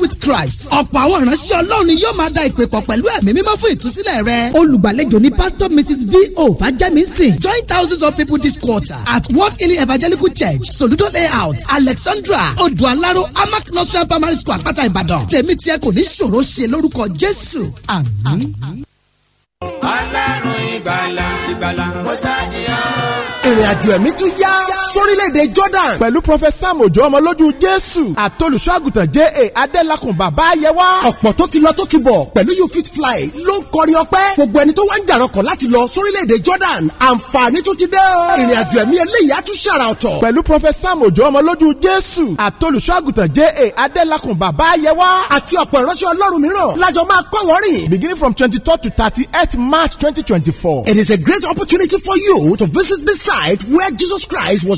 S6: with Christ. ọ̀pọ̀ àwọn ìránṣẹ́ ọlọ́run ni yóò máa da ìpè pọ̀ pẹ̀lú ẹ̀mí mímọ́ fún ìtúsílẹ̀ rẹ. olùgbàlejò ni pastor mrs v o fàjẹ́mísìn. join thousands of people this quarter at world healing evangelical church soludo layout alexandra odualaro amak nursery primary school àpáta ìbàdàn tèmi tiẹ̀ kò ní ṣòro ṣe lórúkọ jésù àmín.
S7: ọlọ́run ìgbàlà ìgbàlà mọ́sáàdì ọ́.
S5: ìrìn àjò ẹ̀mí tún yá sórílẹ̀-èdè Jordan pẹ̀lú prọfẹsọ Sam Òjó ọmọlójú Jésù àtolùṣọ́àgùtàn J.A. Adélakùn bàbá ayẹwà. ọ̀pọ̀ tó ti lọ tó ti bọ̀ pẹ̀lú you fit fly ló ń kọrin ọpẹ́ gbogbo ẹni tó wá ń jàrọ̀kọ̀ láti lọ sórílẹ̀-èdè Jordan àǹfààní tó ti dé o. ìrìn àjò ẹ̀mí eléyìí á tún ṣàrà ọ̀tọ̀. pẹ̀lú prọfẹsọ Sam Òjó ọmọlójú Jésù àtolùṣọ́àgùtàn J.A. Adélakùn bàbá ayẹwà àti ọ̀pọ̀ ìránṣẹ́ Ọlọ́run mìíràn lájọ máa beginning from twenty third to thirty eight March twenty It is a great opportunity for you to visit the site where Jesus Christ
S6: was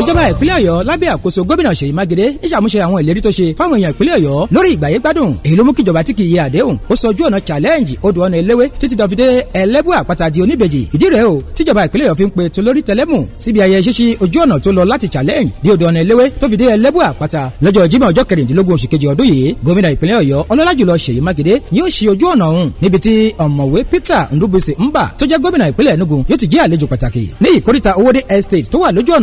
S7: ìjọba ìpínlẹ̀ ọ̀yọ́ lábẹ́ àkóso gómìnà ṣèyí mágedé ń ṣàmúṣe àwọn ìlérí tó ṣe fáwọn èèyàn ìpínlẹ̀ ọ̀yọ́ lórí ìgbàyé gbádùn èyí ló mú kí ìjọba tí kì yẹ àdéhùn ó sọ ojú ọ̀nà challenge odò ọ̀nà eléwé títí dọ̀fídé ẹlẹ́bù àpáta di oníbejì ìdí rẹ̀ o tíjọba ìpínlẹ̀ ọ̀yọ́ fi ń pe tó tẹlẹ́mù síbi ayẹyẹ ṣíṣí ojú ọ̀nà tó lọ láti challenge dé odò ọ̀nà eléwé tó fi dé ẹlẹ́bù àpáta lọ́jọ́ jimá ọjọ́ kẹrìndínlógún oṣù kejì ọdún yìí gómìnà ni yóò ṣí ojú ọ̀nà ọ̀hún níbi tí ọ̀mọ̀wé peter ndúbùsì mbà tó jẹ́ gómìnà ìpínlẹ̀ enugu yóò ti jẹ́ àlejò estate tó wà lójú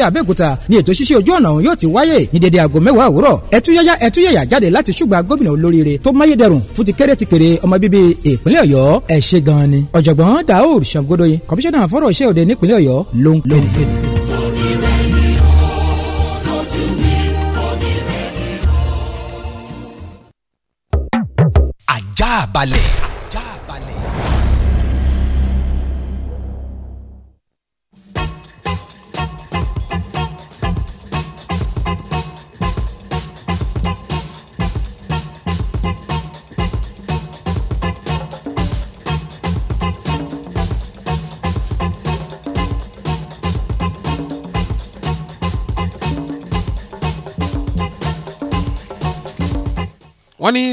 S7: sí Abẹ́òkúta ni ètò ṣíṣe ojú ọ̀nà ọ̀hún yóò ti wáyé ní dédé aago mẹ́wàá òwúrọ̀ ẹ̀túyẹ́yá ẹ̀túyẹ̀yà jáde láti ṣùgbà gómìnà olóríire tó máyédẹrùn fún ti kéré ti kéré ọmọ bíbí ìpínlẹ̀ Ọ̀yọ́ ẹ̀ ṣe gan-an ni ọ̀jọ̀gbọ́n Daoud Sangodoyin kọmíṣánná fọ́rọ̀ iṣẹ́ òde nípínlẹ̀ Ọ̀yọ́ ló ń kéde.
S6: balẹ̀.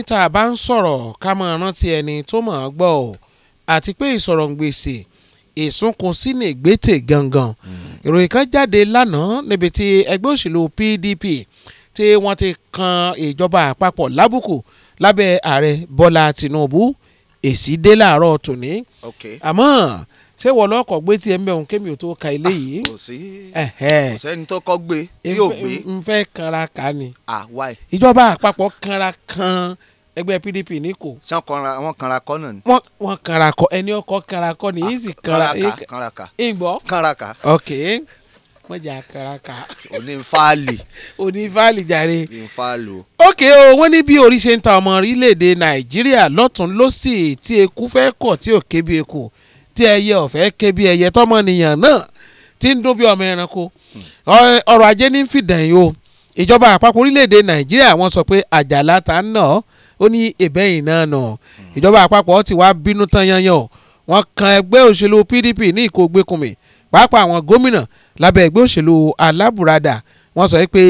S2: tá a bá ń sọ̀rọ̀ ká máa rántí ẹni tó máa gbọ́ ọ àti pé ìsọ̀rọ̀ gbèsè ìsúnkun sí ní ìgbésè gangan ìròyìn kan jáde lánàá níbi tí ẹgbẹ́ òṣèlú PDP tí wọ́n ti kan ìjọba àpapọ̀ lábùkù lábẹ́ ààrẹ Bọ́lá Tinubu èsì dé láàárọ̀ tòní àmọ́ ṣé wọ́n lọ́kọ̀ gbé tiẹ̀ ń bẹ̀ kémi ò tó ka ilé yìí. Ah, kò sí kò tó kọ́ gbé tí ò gbé. n fẹ́ kanra kan ni. Ah, ìjọba àpapọ̀ kanra kan ẹgbẹ́ PDP ní kò. sàn kanra wọn kanra kọ náà ni. wọn wọn kanra kọ ẹni ọkọ kanra kọ ni yìí sì ah, kanra. kanraka kanraka. ìgbọ́. ka. ok mọ̀jà kanraka. òní nfaali. òní nfaali jàre. òní nfaali o. ok o wọ́n ní bí orí ṣe ń ta ọmọ orílẹ̀-èdè nàìjíríà lọ́tún lọ́sì tí eku fẹ́ kọ̀ tí ò kébi eku tí ẹyẹ ọ̀fẹ́ kébi ẹyẹ tọmọnìyàn náà ti ń dún bí ọmọ ẹranko ọrọ̀ ajé ní fìdàn yìí o ìjọba àpapọ̀ orílẹ̀-èdè nàìjíríà wọ́n sọ pé àjàlá ta ń nà ó ní ìbẹ́yìn náà nà ìjọba àpapọ̀ ti wá bínú tán yanyan wọ́n kan ẹgbẹ́ òṣèlú PDP ní ìkógbékùnmí pàápàá àwọn gómìnà lábẹ́ ẹgbẹ́ òṣèlú alábùradà wọ́n sọ pé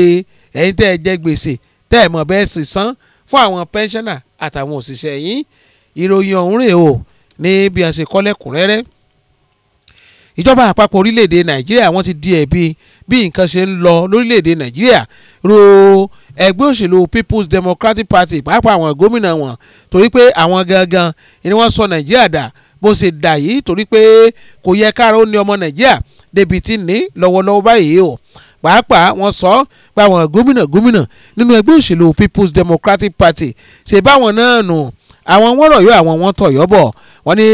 S2: ẹ̀yin tẹ́ ẹ jẹ gbèsè tẹ́ ẹ mọ̀ bẹ́ẹ̀ sì san fún àwọn pẹ́ńsánà àtàwọn òṣìṣẹ́ yín ìròyìn ọ̀hún rèé o ní bí a ṣe kọ́ lẹ́kùnrẹ́rẹ́ ìjọba àpapọ̀ orílẹ̀-èdè nàìjíríà wọ́n ti di ẹ̀bi bí nǹkan ṣe ń lọ lórílẹ̀-èdè nàìjíríà ro ẹgbẹ́ òṣèlú People's Democratic Party pàápàá àwọn gómìnà wọn torí pé àwọn gangan ni wọ́n sọ Nàìjíríà dà bó ṣe dà yìí torí pé kò yẹ káàró ní ọmọ Nàìjíríà débi tí ní lọ́wọ́lọ́wọ́ báyìí o pàápàá wọ́n sọ pé àwọn gómìnà gómìnà nínú ẹgbẹ́ òṣèlú People's Democratic Party ṣe báwọn náà nù àwọn wọ́n rọ̀ yọ àwọn wọ́n tọ̀ yọ bọ̀ wọ́n ní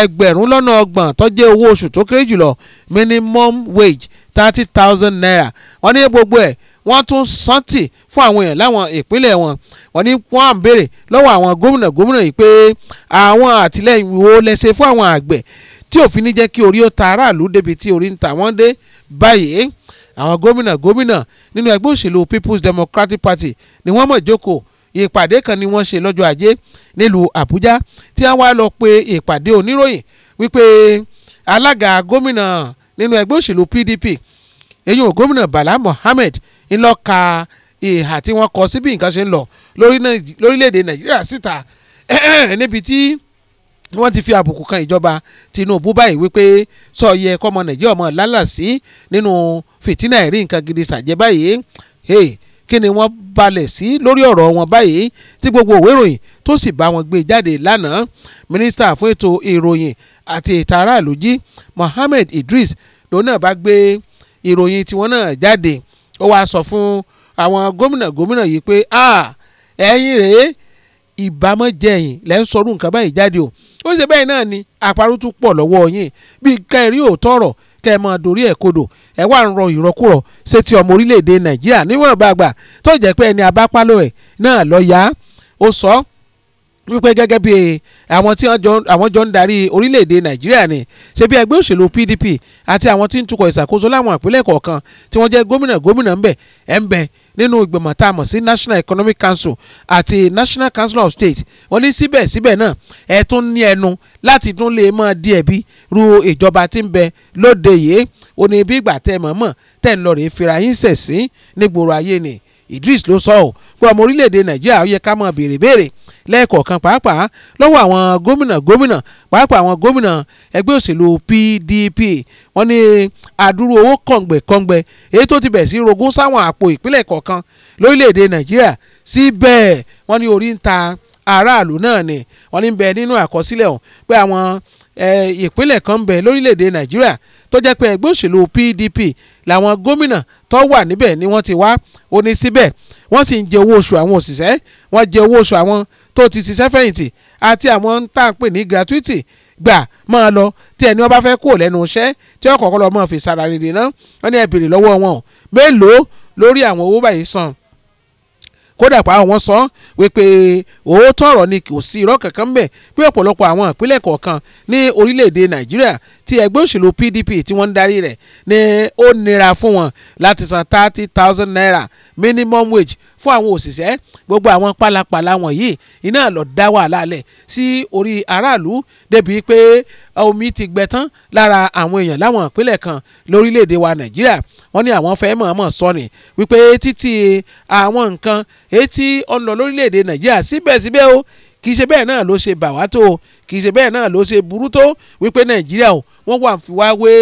S2: ẹgbẹ̀rún lọ́nà ọgbọ̀n tó owó oṣù tó kéré jùlọ minimum wage thirty thousand naira wọ́n ní gbogbo ẹ̀ wọ́n tún sántì fún àwọn èèyàn láwọn ìpínlẹ̀ wọn wọ́n ní wọ́n à ń béèrè lọ́wọ́ àwọn gómìnà gómìnà yìí pé àwọn àtìlẹ́yìn wo lẹ́sẹ̀ fún àwọn àgbẹ̀ tí òfin ní jẹ́ kí orí ó ta aráàlú débi tí orí ń ta wọ́n dé báyìí àwọn gómìnà gómìnà nínú ẹgbẹ́ òṣèlú People's Democratic Party ni wọ́n mọ̀ jókòó ìpàdé kan ni wọ́n ṣe lọ́jọ́ ajé nílùú Àbújá tí wọ́n wá lọ pe ìpàdé oníròyìn wípé alága gómìnà nínú ẹgbẹ́ òṣèlú PDP eyín gómìnà Bala Mohammed ńlọ́ka ìhà tí wọ́n kọ sí bí nǹkan ṣe ń lọ lórílẹ̀‐èdè nàìjíríà síta níbi tí wọ́n ti fi àbùkù kan ìjọba Tinubu báyìí wípé sọ yẹ kọ́mọ nàìjíríà ọmọ lálàsí nínú fìtínà ẹ̀rí nǹkan gidi ṣàjẹ́ báyìí kí ni wọ́n balẹ̀ sí lórí ọ̀rọ̀ wọn báyìí tí gbogbo òwe ìròyìn tó sì bá wọn gbé jáde lánàá mínísítà fún ètò ìròyìn àti ètò aráàlú jí Mohammed Idris lòun náà bá gbé ìròyìn tiwọn náà jáde ó wáá sọ fún àwọn gómìnà gómìnà yìí pé ẹ̀yin rèé ìbámọ́ jẹ̀yìn lẹ́ ń sọrú nǹkan báyìí jáde o ó ṣe bẹ́ẹ̀ náà ni àparò tún pọ̀ lọ́wọ́ yín bíi kẹrí òótọ́ ọ̀rọ̀ kẹ ẹ máa dorí ẹ̀ kodò ẹ wà ń rọ ìrọkúrọ̀ ṣe ti ọmọ orílẹ̀-èdè nàìjíríà níwọ̀n bàgbà tó jẹ́ pé ẹni abápálọ̀ ẹ̀ náà lọ yá ó sọ wípé gẹ́gẹ́ bí àwọn tí àwọn jọ ń darí orílẹ̀-èdè nàìjíríà ni ṣe bí ẹgbẹ́ òṣèlú PDP àti àwọn tí ń tukọ̀ ìṣàkóso láwọn ìpínlẹ̀ kọ̀ọ̀kan tí wọ́n jẹ́ gómìnà gómìnà ńbẹ ẹ̀ńbẹ nínú ìgbìmọ̀ tá a mọ̀ sí National Economic Council àti National Council of State wọ́n ní síbẹ̀síbẹ̀ náà ẹ̀ tún ní ẹnu láti tún lè mọ díẹ̀ bí ru ìjọba tí ń bẹ lóde yìí ó ní bí ìgbà tẹ́ mọ̀ọ́mọ̀ tẹ́ ń lọ rèé fira yín sẹ̀ sí nígboro ayé ni Idris ló sọ ọ́ pé ọmọ orílẹ̀-èdè Nàìjíríà yẹ ká mọ̀ béèrè béèrè lẹ́ẹ̀kọ̀ọ̀kan pàápàá lọ́wọ́ àwọn gómìnà gómìnà pàápàá àwọn gómìnà ẹgbẹ́ òṣèlú PDP wọ́n ní àdúrú owó kọ̀ǹgbẹ̀kọ̀ǹgbẹ̀ èyí tó ti bẹ̀ sí rogún sáwọn àpò ìpínlẹ̀ kọ̀ọ̀kan lórílẹ̀‐èdè Nàìjíríà síbẹ̀ wọ́n ní orí ń ta aráàlú náà ni wọ́n ní bẹ nínú àkọsílẹ̀ ọ̀hún pé àwọn ìpínlẹ̀ kan bẹ̀ lórílẹ̀‐èdè nàìjíríà tó jẹ́ pé ẹgbẹ́ òṣèlú PDP làwọn gómìnà tó wà níbẹ̀ ni wọ́n ti wá ó ní síbẹ̀ wọ́n sì ń jẹ owó oṣù àwọn òṣìṣẹ́ wọ́n jẹ owó oṣù àwọn tó ti ṣiṣẹ́ fẹ̀yìntì àti àwọn tá à ń pè ní gratuity gbà máa lọ tí ẹni wọn bá fẹ́ kó lẹ́nu iṣẹ́ tí ọkọ̀ ọ̀kọ́ lọ́ọ́ máa fi sára rìndìnà wọ́n ní ẹ béèrè lọ́wọ́ wọn mélòó lórí àwọn owó báyìí san kódà pa àwọn sọ wípé òótọ́ ọ̀rọ̀ ni kò sí irọ́ kankan bẹ̀ pé ọ̀pọ̀lọpọ̀ àwọn ìpínlẹ̀ kọ̀ọ̀kan ní orílẹ̀-èdè Nàìjíríà ti ẹgbẹ́ òṣèlú PDP tí wọ́n ń darí rẹ̀ ni ó nira fún wọn láti san thirty thousand naira minimum wage fún àwọn òṣìṣẹ́ gbogbo àwọn pálapàla wọ̀nyí iná lọ dá wàhálà lẹ̀ sí orí aráàlú débìí pé omi ti gbẹ tán lára àwọn èèyàn láwọn ìpínlẹ̀ kan lórílẹ̀‐èdè wa Nàìjíríà wọ́n ní àwọn fẹ́ mọ̀ọ́mọ̀ sọ ni wípé títí àwọn nǹkan etí ọ̀nà lórílẹ̀‐èdè Nàìjíríà síbẹ̀síbẹ̀ o kì í ṣe bẹ́ẹ̀ náà ló ṣe bà wá tó o í ṣe bẹ́ẹ̀ náà ló ṣe burú tó wípé nàìjíríà o wọ́n wà fi wá wé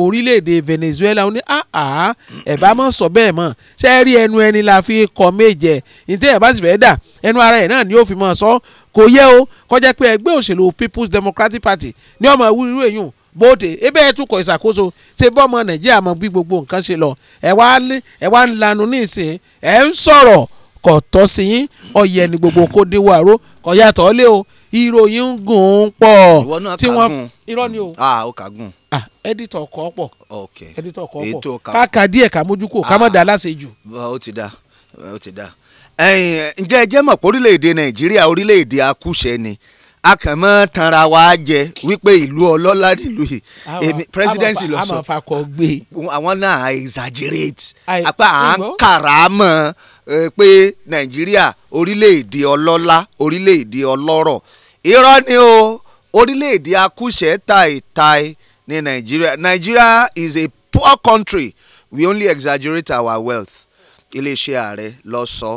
S2: orílẹ̀-èdè venezuela ó ní àá ẹ̀bá mọ̀ sọ bẹ́ẹ̀ mọ̀ ṣe rí ẹnu ẹni la fi kọ́ méje ìtẹ́ ẹ̀bá sì fẹ́ dà ẹnu ara ẹ̀ náà ni ó fi mọ̀ sọ kò yẹ o kọjá pé ẹgbẹ́ òṣèlú people's democratic party ní ọmọ ìwúrú èyùn bóde ebe ẹ túkọ̀ ìṣàkóso ṣe bọ́ ọmọ nàìjíríà mọ bí gbogbo nǹkan ṣe lọ ẹ wá ń lanu ní ìsìn ẹ ń sọ̀rọ̀ kò tọ́ sí yín ni gbogbo kò dé wàró kò yàtọ̀ o ìròyìn ń gùn ún pọ̀ tí irọ́ ni o. ah o ka gùn. ah editor kọ́ pọ̀ ok editor kọ́ pọ̀ káka díẹ̀ ká mójú ká má da aláṣejù.
S3: ó ti da ti da ǹjẹ́ mọ̀ pé orílẹ̀-èdè nàìjíríà orílẹ̀-èdè ni a kàn mọ́ tanra wa jẹ wípé ìlú ọlọ́lá nílùú yìí èmi lọ sọ àwọn náà exaggerate àpá à pé nàìjíríà orílẹ̀-èdè ọlọ́lá orílẹ̀-èdè ọlọ́rọ̀ irọ́ ni o orílẹ̀-èdè akúṣẹ̀ tàìtàì ní nàìjíríà nàìjíríà is a poor country we only exaggerate our wealth iléeṣẹ́ ààrẹ lọ sọ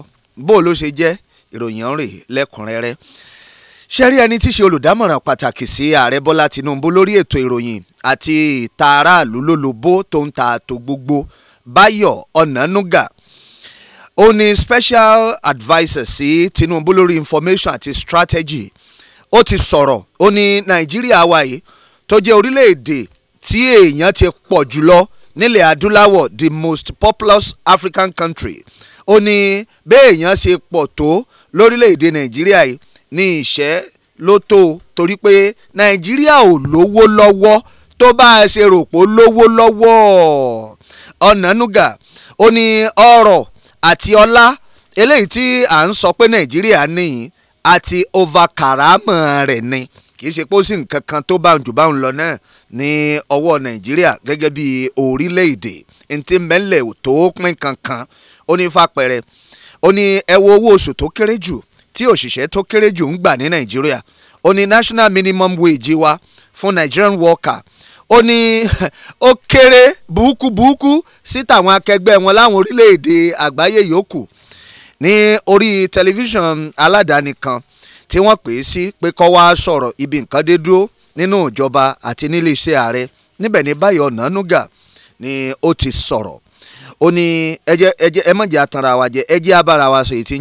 S3: bó ló ṣe jẹ́ ìròyìn ọ̀rìn lẹ́kùnrẹ́rẹ́ ṣẹ́rí ẹni tí í ṣe olùdámọ̀ràn pàtàkì sí ààrẹ bọ́lá tinubu lórí ètò ìròyìn àti ìta aráàlú lólobó tó ń ta àtò gbogbo báyọ̀ ọ̀nànúgà ó ní special adviser sí Tinubu lórí information àti strategy ó ti sọ̀rọ̀ ó ní Nàìjíríà wa yìí tó jẹ́ orílẹ̀-èdè tí èèyàn ti pọ̀ jùlọ nílẹ̀ adúláwọ̀ the most populous African country ó ní béèyàn ṣe pọ̀ tó lórílẹ̀‐èdè nàìjíríà yìí ní ìṣẹ́ ló tó torí pé nàìjíríà ò lówó lọ́wọ́ tó bá a ṣe rò pé lówó lọ́wọ́ ọ̀nànúgà ó ní ọ̀rọ̀ àti ọlá eléyìí tí à ń sọ pé nàìjíríà nìyí àti over karama rẹ̀ ni kì í ṣe pé ó sì nǹkan kan tó bá ń jù bá ń lọ náà ní ọwọ́ nàìjíríà gẹ́gẹ́ bí orílẹ̀-èdè ntí mẹ́lẹ̀ ò tó pín kankan ó ní fapẹ̀rẹ̀ ó ní ẹ owó oṣù tó kéré jù tí òṣìṣẹ́ tó kéré jù ń gbà ní nàìjíríà ó ní national minimum wage wa fún nigerian worker ó ní ó kéré burúkú burúkú sí tàwọn akẹgbẹ́ wọn láwọn orílẹ̀-èdè àgbáyé yòókù ní orí tẹlifíṣàn aládàáni kan tí wọ́n pè é sí pé kọ́ wá sọ̀rọ̀ ibi nǹkan dé dúró nínú ìjọba àti nílé iṣẹ́ ààrẹ níbẹ̀ ní Báyọ̀ Ọ̀nànúgà ni ó ti sọ̀rọ̀ ó ní ẹjẹ ẹjẹ ẹ mọ̀jẹ̀ atanra wa jẹ ti abára wa sọ èyí tí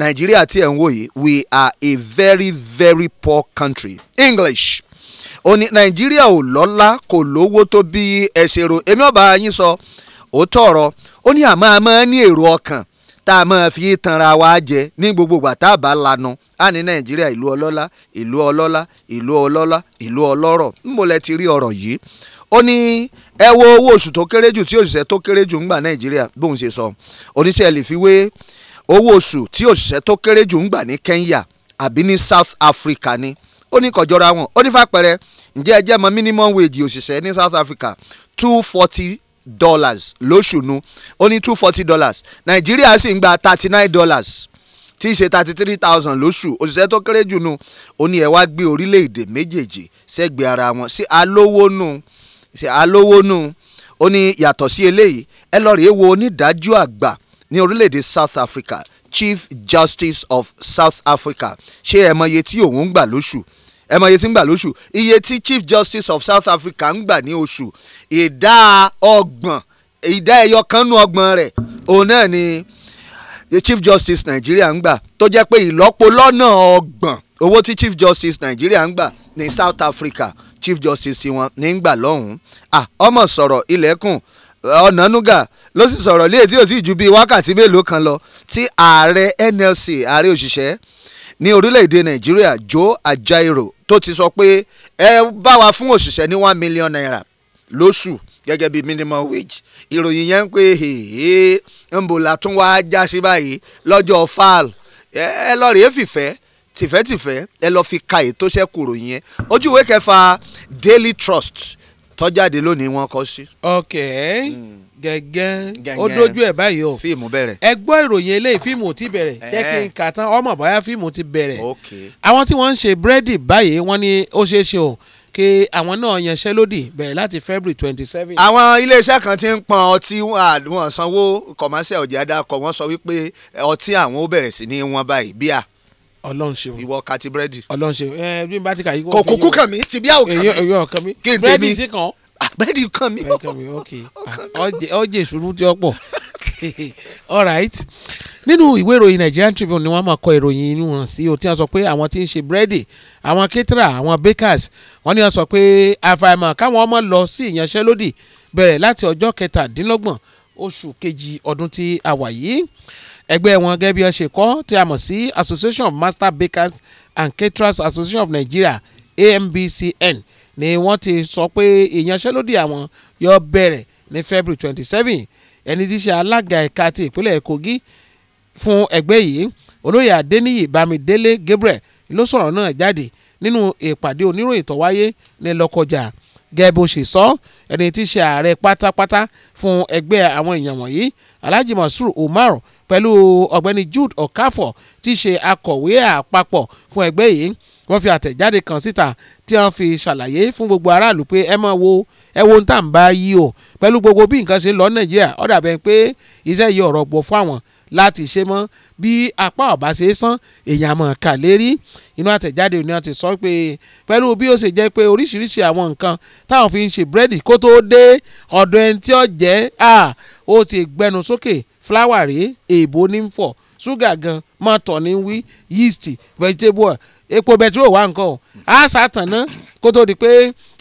S3: Nàìjíríà tí ẹ̀ ń we are a very very poor country English ó ní nàìjíríà ò lọ́lá kò lówó tó bí ẹ ṣe èmi ọba yín sọ ó ọ̀rọ̀ ó ní àmọ́ àmọ́ ní èrò ọkàn tá a máa fi tanra wa jẹ ní gbogbo ìgbà tá a bá lanu á ní nàìjíríà ìlú ọlọ́lá ìlú ọlọ́lá ìlú ọlọ́lá ìlú ọlọ́rọ̀ lẹ ti rí ọ̀rọ̀ yìí ó ní ẹ wo owó oṣù tó kéré jù tí òṣìṣẹ́ tó kéré jù fi wé owó oṣù tí òṣìṣẹ́ tó kéré jù Kenya àbí ní South Africa ni ó ní kọjọra wọn ó ní fàpẹrẹ ǹjẹ́ ẹ jẹ́ mọ minimum wage òṣìṣẹ́ ní South Africa two forty dollars lóṣù nu ó ní two forty dollars Nàìjíríà sì ń gba thirty nine dollars tí í ṣe thirty three thousand lóṣù òṣìṣẹ́ tó kéré jù nu ó ní ẹ wá gbé orílẹ̀-èdè méjèèjì sẹ́gbẹ̀ẹ́ ara wọn sí alówó nu sí alówó nu ó ní yàtọ̀ sí eléyìí ẹ lọ́ọ́ rèé wo onídàájọ́ àgbà ní orílẹ̀-èdè South Africa Chief Justice of South Africa ṣé ẹ mọye tí òun ń gbà lóṣù ẹ mọ iye tí ń gbà lóṣù iye tí Chief Justice of South Africa ń gbà ní oṣù ìdá ọgbọ̀n ìdá ẹyọ kan nú ọgbọ̀n rẹ̀ òun náà ni Chief Justice Nigeria ń gbà tó jẹ́ pé ìlọ́po lọ́nà ọgbọ̀n owó tí Chief Justice Nigeria ń gbà ní South Africa Chief Justice wọn ní ń gbà lọ́hùn-ún ah ọmọ sọ̀rọ̀ ilẹ̀kùn ọ̀nànúgà ló sì sọ̀rọ̀ lé ètí òtí ju bíi wákàtí mélòó kan lọ tí ààrẹ NLC ààrẹ òṣìṣẹ́ ní orílẹ̀-èdè Nàìjíríà Joe Ajaero tó ti sọ pé ẹ bá wa fún òṣìṣẹ́ ní one million naira lóṣù gẹ́gẹ́ bí minimum wage ìròyìn yẹn ń pè é ń bò látún wá já sí báyìí lọ́jọ́ fal ẹ lọ́ọ́ rèé fìfẹ́ tìfẹ́tìfẹ́ ẹ lọ́ọ́ fi ka ètò ṣẹ́kùrò yẹn ojú kẹfà Daily Trust tó jáde lónìí
S2: wọ́n kọ sí. okay. Mm gẹ́gẹ́ ó dojú ẹ̀
S3: báyìí o fíìmù bẹ̀rẹ̀
S2: ẹ ìròyìn eléyìí fíìmù ti bẹ̀rẹ̀ jẹ́ kí n kà tán ọmọ bóyá fíìmù ti bẹ̀rẹ̀ àwọn tí wọ́n ń ṣe búrẹ́dì báyìí wọ́n ní ó ṣeé ṣe o kí àwọn náà yanṣẹ́ lódì bẹ̀rẹ̀ láti February twenty seven.
S3: àwọn iléeṣẹ́ kan ti ń pọn ọtí wọn sanwó kọ̀mọ́sẹ̀ ọ̀jẹ̀ adakọ̀ wọ́n sọ wípé ọtí àwọn ó bẹ̀rẹ̀ sí ní wọn báyìí bíà ọlọ́run ṣeun ìwọ kati búrẹ́dì. ọlọ́run
S2: ṣeun ẹ bí n bá ti kà yí. kò kàn mí tìbí àwòkàn mi. kí n tèmi búrẹ́dì sí kan bẹ́ẹ̀dì kan mi ó kan mi ok ọjẹ ìṣòro tí ó pọ̀ alright nínú ìwé ìròyìn Nigerian Tribune ni wọ́n máa kọ ìròyìn inú wọn sí o tí wọ́n sọ pé àwọn tí ń ṣe búrẹ́dì àwọn caterer àwọn bakers wọ́n ní wọ́n sọ pé àfàìmọ̀ káwọn ọmọ lọ sí ìyanṣẹ́lódì bẹ̀rẹ̀ láti ọjọ́ kẹtàdínlọ́gbọ̀n oṣù kejì ọdún tí a wà yìí ẹgbẹ́ wọn gẹ́gẹ́ bí wọ́n ṣe kọ́ tí a mọ̀ sí Association of Master Bakers and Caterers Association of Nigeria AMBCN ni wọ́n ti sọ pé ìyanṣẹ́lódì àwọn yóò bẹ̀rẹ̀ ní February twenty seven ẹni tí í ṣe alága ẹ̀ka ti ìpínlẹ̀ Kogi fún ẹgbẹ́ yìí olóyè Adéníyì Bámidélé Gabriel ló sọ̀rọ̀ náà jáde nínú ìpàdé oníròyìn tó wáyé ní Lọ́kọjà gẹ́gẹ́ bó ṣe sọ ẹni tí í ṣe ààrẹ pátápátá fún ẹgbẹ́ àwọn èèyàn wọ̀nyí Alhaji Masur Umar pẹ̀lú ọ̀gbẹ́ni Jude Okafor tí í ṣe akọ̀wé àpapọ̀ fún ẹgbẹ́ yìí wọ́n fi àtẹ̀jáde kan síta tí wọ́n fi ṣàlàyé fún gbogbo aráàlú pé ẹ máa wo ẹ wo ń tà ń bá yí o pẹ̀lú gbogbo bí nǹkan ṣe ń lọ nàìjíríà ó dàbẹ̀ pé iṣẹ́ yìí ọ̀rọ̀ gbọ́ fún àwọn láti ṣe mọ́ bí apá ọ̀bá ṣe sán èèyàn mọ̀ kà lérí inú àtẹ̀jáde ni wọ́n ti sọ pé pẹ̀lú bí ó ṣe jẹ́ pé oríṣiríṣi àwọn nǹkan táwọn fi ń ṣe búrẹ́dì kó tó dé ọ̀dọ̀ ẹni tí ó jẹ́ ó ti gbẹnu sókè fúláwà rèé èèbó ní ń fọ̀ ṣúgà gan mọ́tò ní wí yeast vegetable epo bẹtiró wà nǹkan o a sàtàn ná kó tó di pé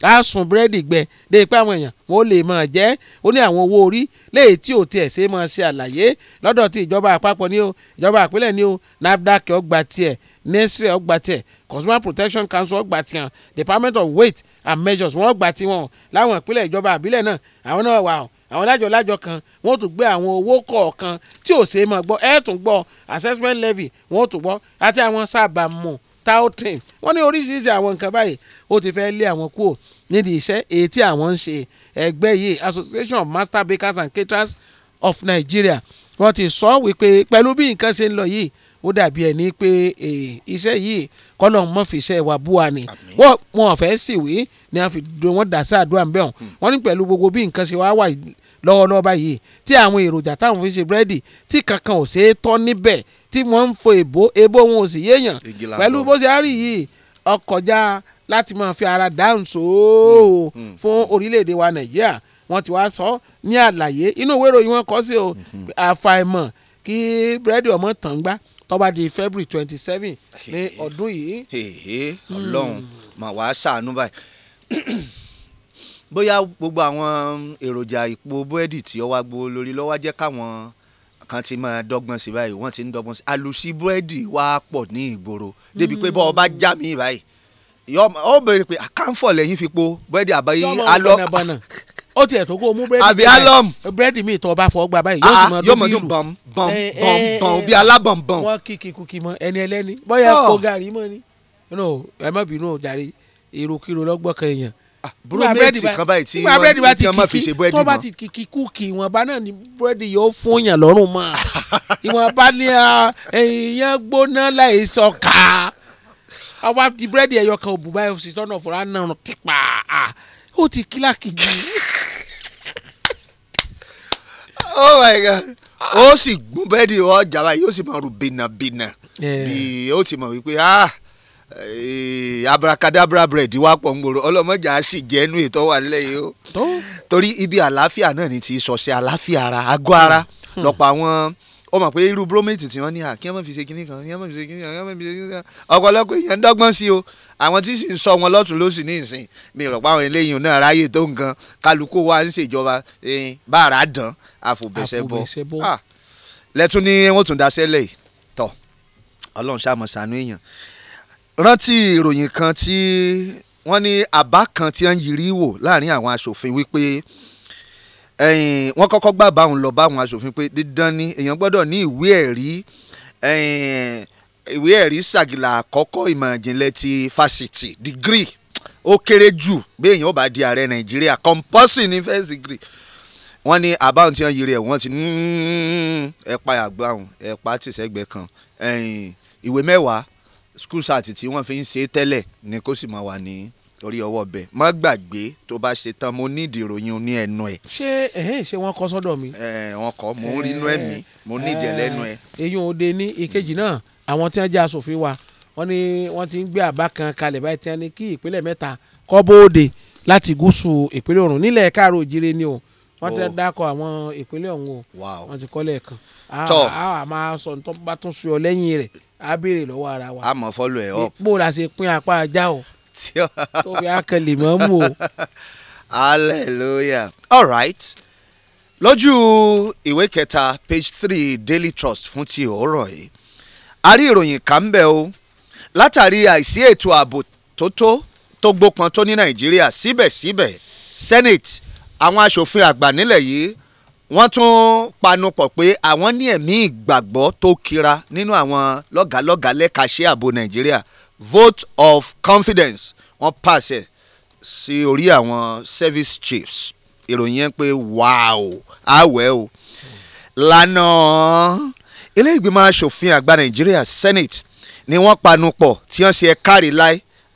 S2: a sùn búrẹ́dì gbẹ dé ipá àwọn èèyàn wọn ò lè máa jẹ ó ní àwọn owó orí léyìí tí ò tiẹ̀ ṣe máa ṣe àlàyé lọ́dọ̀ tí ìjọba àpapọ̀ ní o ìjọba àpilẹ̀ ní o NAFDAC ọgbà tiẹ̀ nestle ọgbà tiẹ̀ Consumer Protection Council ọgbà tiẹ̀ Department of Weight and Measures wọn ọgbà tiwọn láwọn ìpínlẹ̀ ìjọba àbílẹ̀ náà àwọn náà wà o àwọn lájọ lájọ kan wọn tún gbé àwọn owó kọ̀ọ̀kan tí ò ṣe é máa gbọ́ ẹ̀ tún gbọ́ assessment levy wọn tún gbọ́ àti àwọn sábà mọ̀ touting wọ́n ní oríṣiríṣi àwọn nǹkan báyìí ó ti fẹ́ lé àwọn kúrò nídìí iṣẹ́ èyí tí àwọn ń ṣe ẹgbẹ́ yìí association of master bakers and caterers of Nigeria wọ́n ti sọ wípé pẹ̀lú bí nǹkan ṣe ń lọ yìí ó dàbí ẹni pé e, iṣẹ́ yìí kọ́nà mọ́fìṣẹ́ wa búwa ni wọ́n fẹ́ sì wí ni a fi dùn wọ́n dà sí àdúrà ń bẹ̀ hmm. wọ́n ní pẹ̀lú gbogbo bí nǹkan ṣe wá wà lọ́wọ́ náà báyìí tí àwọn èròjà táwọn fi ṣe búrẹ́dì tí kankan ò ṣeé tọ́ níbẹ̀ tí wọ́n ń fo èbó èbó wọn ò sì yéèyàn pẹ̀lú bó ṣe á rí yìí ọkọjá láti máa fi ara dáhùn sóòó mm, mm. fún orílẹ̀-èdè wa nàìjíríà wọ́n ti wá sọ ní àlàyé inú ìwé ìròyìn wọn kọ sí o mm-hmm. àfàìmọ̀ kí búrẹ́dì ọmọ tàn gbá tó di february twenty seven
S3: ní ọdún yìí. ọlọ́run hmm. mà wá ṣàánú báyìí bóyá gbogbo àwọn um, èròjà ìpò búrẹ́dì tí ó wá gbowó lórí ló wá jẹ́ káwọn kan ti máa dọ́gbọ́n sí báyìí wọ́n ti ń dọ́gbọ́n sí àlùsí búrẹ́dì wá pọ̀ ní ìgboro débi pé bọ́ọ̀ bá já mi báyìí ó béèrè pé àkànfọ̀ lẹ́yìn fi po búrẹ́dì àbáyé alọ́
S2: ó tiẹ̀ tó kó o mú búrẹ́dì àbí alọ́m búrẹ́dì mi ìtọ́ ọba fọ́ gba báyìí yóò sì ah, mọ dún bílù yóò mọ dún bọ̀m bọ̀m eh, bọ̀m eh, bọ̀m eh, bí alábọ̀nbọ̀n. wọ́n kì kì kù kì mọ ẹni ẹlẹ́ni bóyá kó gàrí mọ́ ni ẹ má bínú o jàre èrò kìrò èèyàn Ah, búrò kan báyìí tí wọn kí wọn má fi ṣe búrẹ́dì mọ́. tó bá ti kìkì kúkì ìwọ̀nba náà ni búrẹ́dì yóò fún yàn lọ́rùn mọ́ ìwọ̀nba ni èèyàn gbóná láì sọ ká àwa ti búrẹ́dì ẹ̀yọ kan òbú báyìí òsì tọ́nà fúnra náà tipa ó ti kíláàkì jù. oh my god ó sì gbọ́n búrẹ́dì
S3: ọjà báyìí ó sì máa rù bìnàbìnà eh. bí ó ti mọ̀ wípé ah Eh, abracadabra bread wá pọ̀ ń gbòòrò ọlọ́mọjà á sì jẹ́ inú ètò wà nílẹ̀ o. torí ibi àlàáfíà náà ni ti sọ̀sẹ̀ àlàáfíà ara àgọ́ ara hmm. hmm. lọ́pọ̀ àwọn ó mọ̀ pé irú bromate tí wọ́n ní à kí wọ́n fi ṣe kinní kan kí wọ́n fi ṣe kinní kan kí wọ́n fi ṣe kinní kan ọ̀pọ̀lọpọ̀ èèyàn dọ́gbọ́n sí o àwọn tí sì ń sọ wọn lọ́tún lósì ní ìsìn mi rò pé àwọn eléyìí náà ráyè tó nǹkan kálukú wa ń ṣèjọba eh, bá ara dán àfòbẹ̀sẹ̀ bọ̀ ah, lẹ́tún ni wọ́n tún daṣẹ́ lẹ̀ tọ̀ ọlọ́run ṣàmọ̀sánú èèyàn rántí ìròyìn kan tí wọ́n ní àbá kan tí wọ́n ń yiri wò láàrin àwọn aṣòfin wípé wọ́n kọ́kọ́ gbà báwọn lọ báwọn aṣòfin pé dídán ni èèyàn gbọ́dọ̀ ní ìwé ẹ̀rí ìwé ẹ̀rí ṣàgìlà àkọ́kọ́ ìmọ̀ ìjìnlẹ̀ ti fásitì degree ó kéré jù bí èèyàn ó bá di ààrẹ nàìjíríà compulsory ní first degree wọ́n ní àbáwọn tí wọ́n yiri ẹ̀ wọ́n ti ẹ̀pá àgbáhùn ẹ̀pá tìṣẹ́gbẹ̀ẹ́ kan ìwé mẹ́wàá school sat tí wọ́n fi ń ṣe tẹ́lẹ̀ ni kó sì máa wà ní orí ọwọ́ bẹ̀ má gbàgbé tó bá ṣe tán mo ní ìdìròyìn ní ẹnu ẹ̀.
S2: ṣé ẹ̀hìn ṣé wọ́n kọ́ sọ́dọ̀ mi. ẹ wọn kọ mò ń rínú ẹ mi mo ní ìdí ẹlẹ́nu ẹ. eyín òde ní ìkejì náà àwọn tí wọ́n jẹ́ aṣòfin wa wọ́n ní wọ́n ti ń gbé àbá kan kalẹ̀ báyìí tí wọ́n ní kí ìpínlẹ̀ mẹ́ta kọ́ bóde láti gúúsù ìpínlẹ̀ ọ̀run nílẹ̀ káàró òjire ni o wọ́n ti oh. dákọ̀ àwọn ìpínlẹ̀ ọ̀hún o wọ́n ti kọ́ lẹ́ẹ̀kan a béèrè lọ́wọ́ ara wa. a mọ̀ fọ́lù ẹ̀ ọ́. bó la ṣe pín apá ajá o. tí ó tóbi akẹ́lẹ̀ mọ́ mú o.
S3: hallelujah all right lójú ìwé kẹta page three daily trust fún ti òórọ̀ yìí a rí ìròyìn kan bẹ́ẹ̀ o látàrí àìsí ètò ààbò tó tó tó gbópọn tó ní nàìjíríà síbẹ̀síbẹ̀ senate àwọn asòfin àgbà nílẹ̀ yìí wọ́n tún panupọ̀ pé àwọn ní ẹ̀mí ìgbàgbọ́ tó kira nínú àwọn lọ́gàálọ́gàá lẹ́kàṣẹ́ ààbò nàìjíríà vote of confidence wọ́n pàṣẹ sí orí àwọn service chiefs ìròyìn yẹn pé wàá àwẹ̀ o lánàá ilé ìgbìmọ̀ asòfin àgbà nàìjíríà senate ni wọ́n panupọ̀ tí wọ́n ṣe kárí láì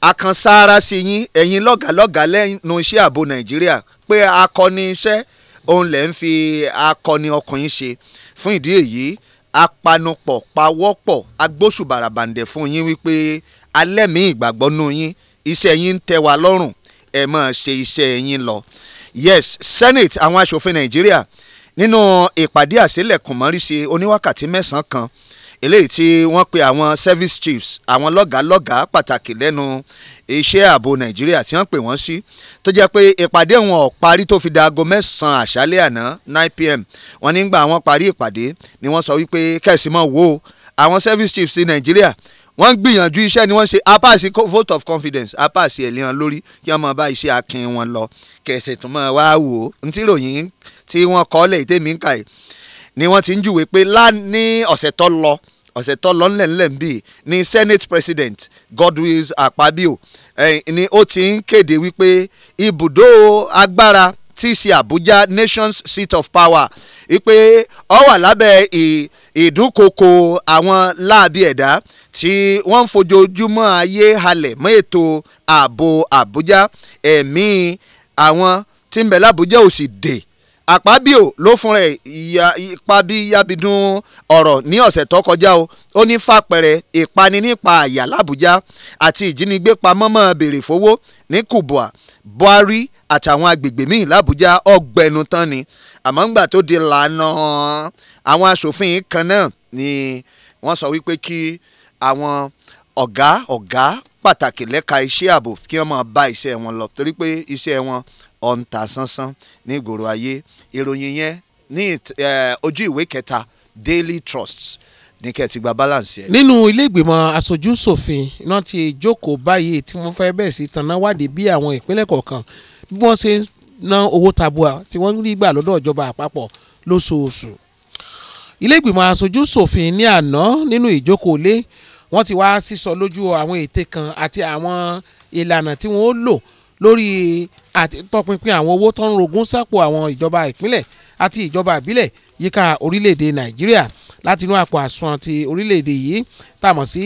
S3: àkànṣára sí yín ẹ̀yin lọ́gàálọ́gàá lẹ́nu iṣẹ́ ààbò nàìjíríà pé akọni iṣẹ́ òun lẹ̀ ń fi akọni ọkùnrin ṣe fún ìdí èyí apanupọ̀ pawọ́pọ̀ agbóṣùbàràbàǹdẹ̀ fún yín wípé alẹ́ mi ìgbàgbọ́ nú yín iṣẹ́ yín ń tẹ́ wa lọ́rùn ẹ mọ̀ ṣe iṣẹ́ yín lọ. yes senate àwọn aṣòfin nàìjíríà nínú ìpàdé àṣẹlẹ̀kùnmọ́rí ṣe oníwákàtí mẹ́sàn-án kan eléyìí tí wọ́n pe àwọn service chiefs àwọn lọ́gàálọ́gàá pàtàkì lẹ́nu iṣẹ́ ààbò nàìjíríà tí wọ́n pè wọ́n sí tó jẹ́ pé ìpàdé wọn ò parí tó fi da aago mẹ́sàn-án àṣálẹ́ àná nine pm wọ́n nígbà wọ́n parí ìpàdé ni wọ́n sọ wípé kẹ́sì mọ́ wo àwọn service chiefs ti nàìjíríà wọ́n gbìyànjú iṣẹ́ ni wọ́n ṣe apáàsì vote of confidence apáàsì ẹ̀ léhan lórí kí wọ́n máa bá iṣẹ́ akin wọn lọ kẹsẹ̀ tó máa wá wò ó ntí ròyìn tí wọ́n kọ́ lẹ̀ tèmi ń kà yìí ni wọ́n ti ń júwe pé lá ní ọ̀sẹ̀ tó lọ ọ̀sẹ̀ tó lọ ńlẹ̀ńlẹ̀ ń bì ní senate president Godwin Akpabio eh, ni ó ti ń kéde wípé ibùdó agbára tí í ṣe Abuja nation's seat of power wípé ó wà lábẹ́ ìdúnkokò àwọn láabi ẹ̀dá tí wọ́n ń fojoojúmọ́ ayé halẹ̀ mọ́ ètò ààbò Abuja ẹ̀mí àwọn tí ń bẹ lábújá ò sì dè àpábíò ló fúnra ẹ̀ ìpabí yabidun ọ̀rọ̀ ní ọ̀sẹ̀ tó kọjá o ó ní fàpẹ̀rẹ̀ ìpani nípa àyà làbújá àti ìjínigbé pamọ́ mọ́ béèrè fowó ní kubwa buhari àtàwọn agbègbè míì làbújá ọgbẹnu tán ni àmọ́ ńgbà tó di lànà àwọn asòfin kan náà ni wọ́n sọ wípé kí àwọn ọ̀gá ọ̀gá pàtàkì lẹ́ka iṣẹ́ ààbò kí wọ́n máa bá iṣẹ́ wọn lọ torí pé iṣẹ́ wọn ọ̀ǹtà sánsán ní ìgboro ayé ìròyìn yẹn ní ojú ìwé kẹta Daily Trust ní kẹ́ẹ̀tì gba balance yẹn.
S2: nínú ilé ìgbìmọ̀ aṣojú ṣòfin náà ti jókòó báyìí tí wọ́n fẹ́ bẹ̀rẹ̀ sí tanná wádìí bí àwọn ìpínlẹ̀ kọ̀ọ̀kan bí wọ́n ṣe ń ná owó tabua tí wọ́n rí gbà lọ́dọ̀ ìjọba àpapọ̀ lóṣooṣù. ilé ìgbìmọ̀ aṣojú ṣòfin ní àná nínú ìjókòó lé wọ́n ti wá sísọ lójú àwọn ète kan àti àwọn ìlànà tí wọ́n ó lò lórí àti tọpinpin àwọn owó tó ń rogún sápò àwọn ìjọba ìpínlẹ̀ àti ìjọba ìbílẹ̀ yíká orílẹ̀-èdè nàìjíríà láti inú àpò àsùnwọ̀n ti orílẹ̀-èdè yìí tàmọ̀ sí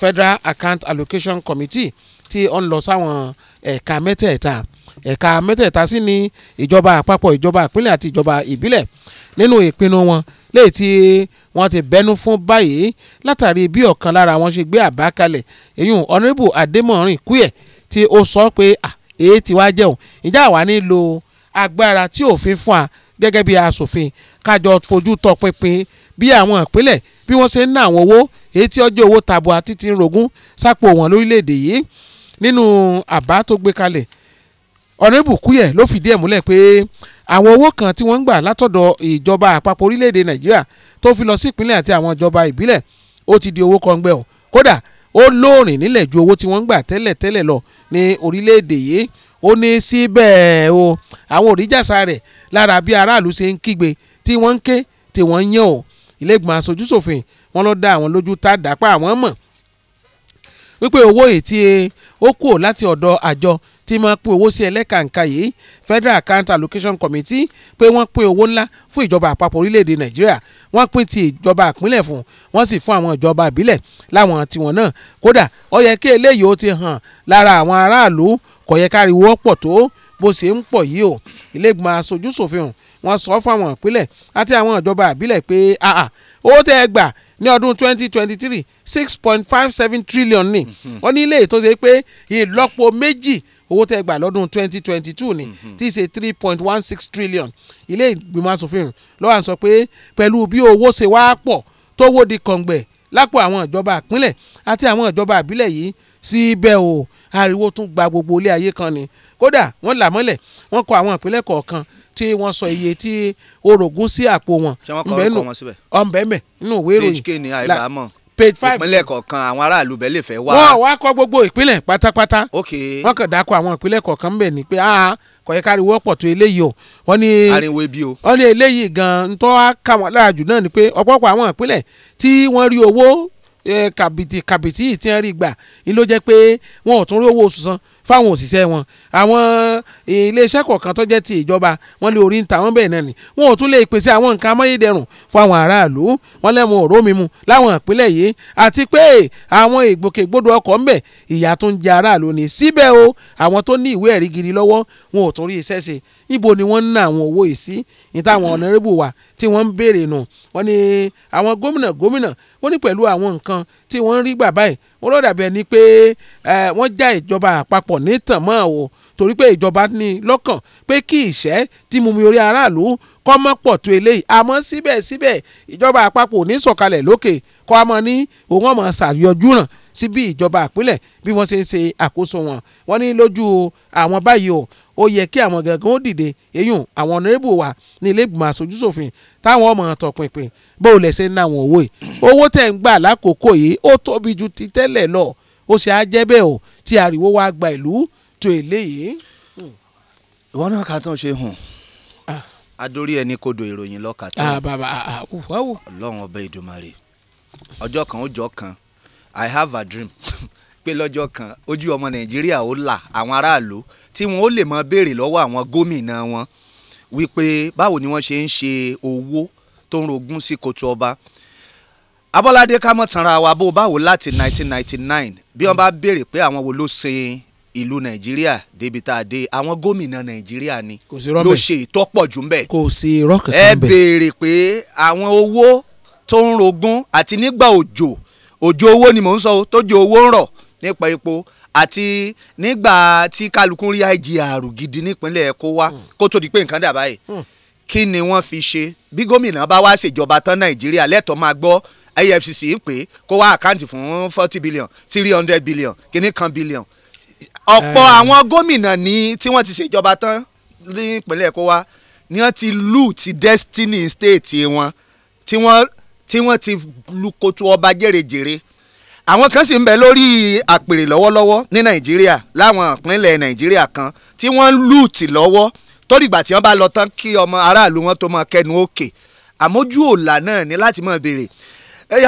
S2: Federal Account Allocation Committee tí ó ń lọ sáwọn ẹ̀ka mẹ́tẹ̀ẹ̀ta ẹ̀ka mẹ́tẹ̀ẹ̀ta sí ni ìjọba àpapọ̀ ìjọba ìpínlẹ̀ àti ìjọba ìbílẹ̀ nínú ìpinnu wọn léyìí tí wọ́n ti bẹnu fún báyìí látàrí bí ọ̀kan lára wọn ṣe gbé àbá kalẹ̀ èyí honourable Adémọ̀rin Kúyẹ̀ tí ó sọ pé ah èyí tí wá jẹun ìjà àwa nílò agbára tí òfin fún wa gẹ́gẹ́ bí aṣòfin kájọ fojú tọ pinpin bí àwọn ìpínlẹ̀ bí wọ́n ṣe ń ná àwọn owó èyí tí ọjọ́ owó tabua títí ń rogún sápò wọn lórílẹ̀‐èdè yìí nínú àbá tó gbé kalẹ̀ ọ̀nẹ́bù kúyẹ̀ ló fìdí ẹ̀ múlẹ̀ pé àwọn owó kan tí wọ́n ń gbà látọ̀dọ̀ ìjọba àpapọ̀ orílẹ̀‐èdè nàìjíríà tó fi lọ sí ìpínlẹ̀ àti àwọn ìjọba ìbílẹ̀ ó ti di owó kọ́ngbẹ́ o kódà ó lóòrìn nílẹ̀ ju owó tí wọ́n ń gbà tẹ́lẹ̀ tẹ́lẹ̀ lọ ní orílẹ̀-èdè yìí ó ní síbẹ̀ o àwọn òrìjàsá rẹ̀ lára bí aráàlú ṣe ń kígbe tí wọ́n ń ké tí wọ́n ń yàn o ilégbèmọ̀ aṣojúṣòfin wọn ló dá àwọn lójú tá dàpá àwọn mọ̀ wípé owó ètí ó kù láti ọ̀dọ̀ àjọ tí máa pín owó sí ẹlẹ́kàǹkà yìí Federal Account Allocation Committee pé wọ́n pín owó ńlá fún ìjọba àpapọ̀ orílẹ̀-èdè Nàìjíríà wọ́n pín ti ìjọba àpínlẹ̀ fún wọ́n sì fún àwọn ìjọba ìbílẹ̀ láwọn tiwọn náà kódà ó yẹ kí eléyìí ó ti hàn lára àwọn aráàlú kò yẹ kárí wọ́pọ̀ tó bó ṣe ń pọ̀ yìí o ilé ìgbìmọ̀ aṣojú ṣòfin wọ́n sọ fún àwọn ìpínlẹ̀ àti àwọn ìjọba ìbílẹ̀ pé àà owó tẹ́ ẹ gbà ní ọdún twenty twenty three six point five seven trillion ni wọ́n mhm. ní ilé ètò ṣe pé ìlọ́po méjì owó tẹ́ gbà lọ́dún 2022 ni mhm. tí í ṣe 3.16 trillion ilé ìgbìmọ̀ asòfin lọ́wọ́ sọ pé pẹ̀lú bí owó ṣe wá pọ̀ tó wó di kọ̀ǹgbẹ̀ lápò àwọn ìjọba ìpínlẹ̀ àti àwọn ìjọba ìbílẹ̀ yìí síbẹ̀ o ariwo tún gba gbogbo ilé ayé kan ni kódà wọ́n là mọ́lẹ̀ wọ́n kọ àwọn ìpínlẹ̀ kọ̀ọ̀kan tí wọ́n sọ iye tí orògùn sí àpò wọn ọ̀nbẹ́mẹ̀ nínú ìwé ìròyìn page five. ìpínlẹ̀
S3: kọ̀ọ̀kan àwọn aráàlú bẹ́ẹ̀ lè fẹ́ wá. wọ́n
S2: wá kọ́ gbogbo ìpínlẹ̀ pátápátá. ok wọ́n kàn dákọ̀ àwọn ìpínlẹ̀ kọ̀ọ̀kan bẹ̀ ni pé ah kọ̀yẹ́ kárí wọ́pọ̀ tó eléyìí o. wọ́n ní ariwo ebi o. wọ́n ní eléyìí gan-an tó wá kà náà ni pé ọ̀pọ̀pọ̀ àwọn ìpínlẹ̀ tí wọ́n rí owó eh, kàbìtì kàbìtì tí wọ́n rí gbà fáwọn òṣìṣẹ́ wọn àwọn e, iléeṣẹ́ kọ̀ọ̀kan tó jẹ́ ti ìjọba wọn lé orí ń ta wọn bẹ́ẹ̀ náà ni wọn ò tún lè pèsè àwọn nǹkan amáyédẹrùn fáwọn aráàlú wọn lẹ́mu ọ̀rọ̀ mímu láwọn ìpínlẹ̀ yìí àti pé àwọn ìgbòkègbodò ọkọ̀ ńbẹ̀ ìyà tó ń jẹ aráàlú ni síbẹ̀ o àwọn tó ní ìwé ẹ̀rí gidi lọ́wọ́ wọn ò tún rí iṣẹ́ ṣe ibo ni wọ́n ń ná àwọn owó yìí sí ní táwọn ọ̀nàrẹ́bù wa tí wọ́n ń béèrè nù wọ́n ní àwọn gómìnà gómìnà wọ́n ní pẹ̀lú àwọn nǹkan tí wọ́n ń rí gbà báyìí wọ́n lọ́ọ́ dàbí ẹni pé wọ́n já ìjọba àpapọ̀ nítàn mọ́ o torí pé ìjọba ní lọ́kàn pé kí ìṣẹ́ tí mumi orí aráàlú kọ́ mọ́ pọ̀ tó eléyìí àmọ́ síbẹ̀síbẹ̀ ìjọba àpapọ̀ ò ní sọ̀kalẹ̀ lókè kọ́ a ní òun ọmọ ṣàyọjú ràn sí bí ìjọba àpilẹ̀ bí wọ́n ṣe ń ṣe àkóso wọn wọ́n ní lójú àwọn báyìí o ó yẹ kí àwọn gangan ó dìde eyín àwọn ọ̀nàrẹ́bù wa ní ilé ìgbìmọ̀ aṣojúṣòfin táwọn ọmọ tọpinpin bó o lẹ̀ ṣe ń ná àwọn owó yìí owó tẹ̀ ń gbà lákòókò yìí ó tóbi ju ti tẹ́lẹ̀ lọ ó ṣe á jẹ́ bẹ́ẹ̀ o tí ariwo wa gba ìlú tó eléyìí. ìwọ náà ká tán ṣe hàn
S3: adórí ah. ẹni kodo ìròyìn lọ́kàtà ah, ah, ọlọ́run ọbẹ̀ ìdùmarè ọjọ́ kan ó jọ kan I have a dream pé lọ́jọ́ kan ojú ọmọ Nàìjíríà ó là àwọn aráàlú tí wọn ó lè máa béèrè lọ́wọ́ àwọn gómìnà wọn wípé báwo ni wọ́n ṣe ń ṣe owó tó ń rogún sí kòtò ọba Abọ́ládé kámọ́ tanra wa bó báwo láti 1999 bí wọ́n bá béèrè pé àwọn wo ló sin ìlú Nàìjíríà débi tá a dé àwọn gómìnà Nàìjíríà ni ló ṣe ìtọ́pọ̀ jù
S2: mbẹ́ kò sí rọ́ọ̀kì
S3: kan bẹ́ẹ̀ ẹ béèrè pé àwọn owó tó ń rogún àti nígbà òjò òjò owó ni mò ń sọ o tójò owó ń rọ̀ nípa epo àti nígbà tí kálukú rí IGR gidi nípínlẹ̀ Èkó wá hmm. kó tó di pé nǹkan dà báyìí hmm. kí ni wọ́n fi ṣe bí gómìnà bá wá ṣèjọba tán Nàìjíríà lẹ́tọ̀ọ́ máa gbọ́ AFCC ń kó wá àkáǹtì fún forty billion three hundred billion kìíní kan billion ọ̀pọ̀ eh. àwọn gómìnà ní tí wọ́n ti ṣèjọba tán nípínlẹ̀ Èkó wá ni wọ́n ti lù ti destiny state wọn tí wọ́n tí wọ́n ti lukoto ọba jèrèjèrè àwọn kan sì ń bẹ lórí àpèrè lọ́wọ́lọ́wọ́ ní nàìjíríà láwọn ìpínlẹ̀ nàìjíríà kan tí wọ́n ń lùtì lọ́wọ́ torí ìgbà tí wọ́n bá lọ tán kí ọmọ aráàlú wọn tó mọ kẹnu òkè àmójú òòlà náà ni láti mọ̀ béèrè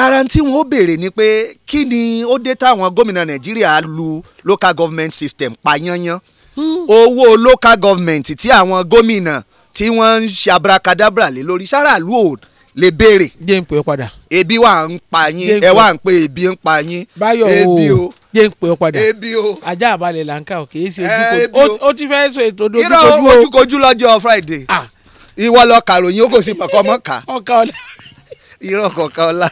S3: ara tí wọ́n ó béèrè ni pé kí ni ó dé táwọn gómìnà nàìjíríà lu local government system pa yányán hmm. owó local government ti àwọn gómìnà tí wọ́n ń ṣe abracadabra lé lórí sáràlú òòlù lè béèrè. jẹ́ ń pè ọ́ padà. ebi wà ń pa yín ẹ wà ń
S2: pè ebi ń pa yín. báyọ̀ o jẹ́ ń pè ọ́ padà. ebi o. ajá àbálẹ̀ là ń kà ọ́ kì í ṣe ojúkojú eh, ó ti fẹ́ sọ ètò ojúkojú o. irọ́ ojúkojú lọ́jọ́ Friday. ìwọ lọ kàròyìn ó kò sí pàkọ́ mọ́ ká. ọkà ọ̀la. irọ́ kọ̀ọ̀kan ọ̀la.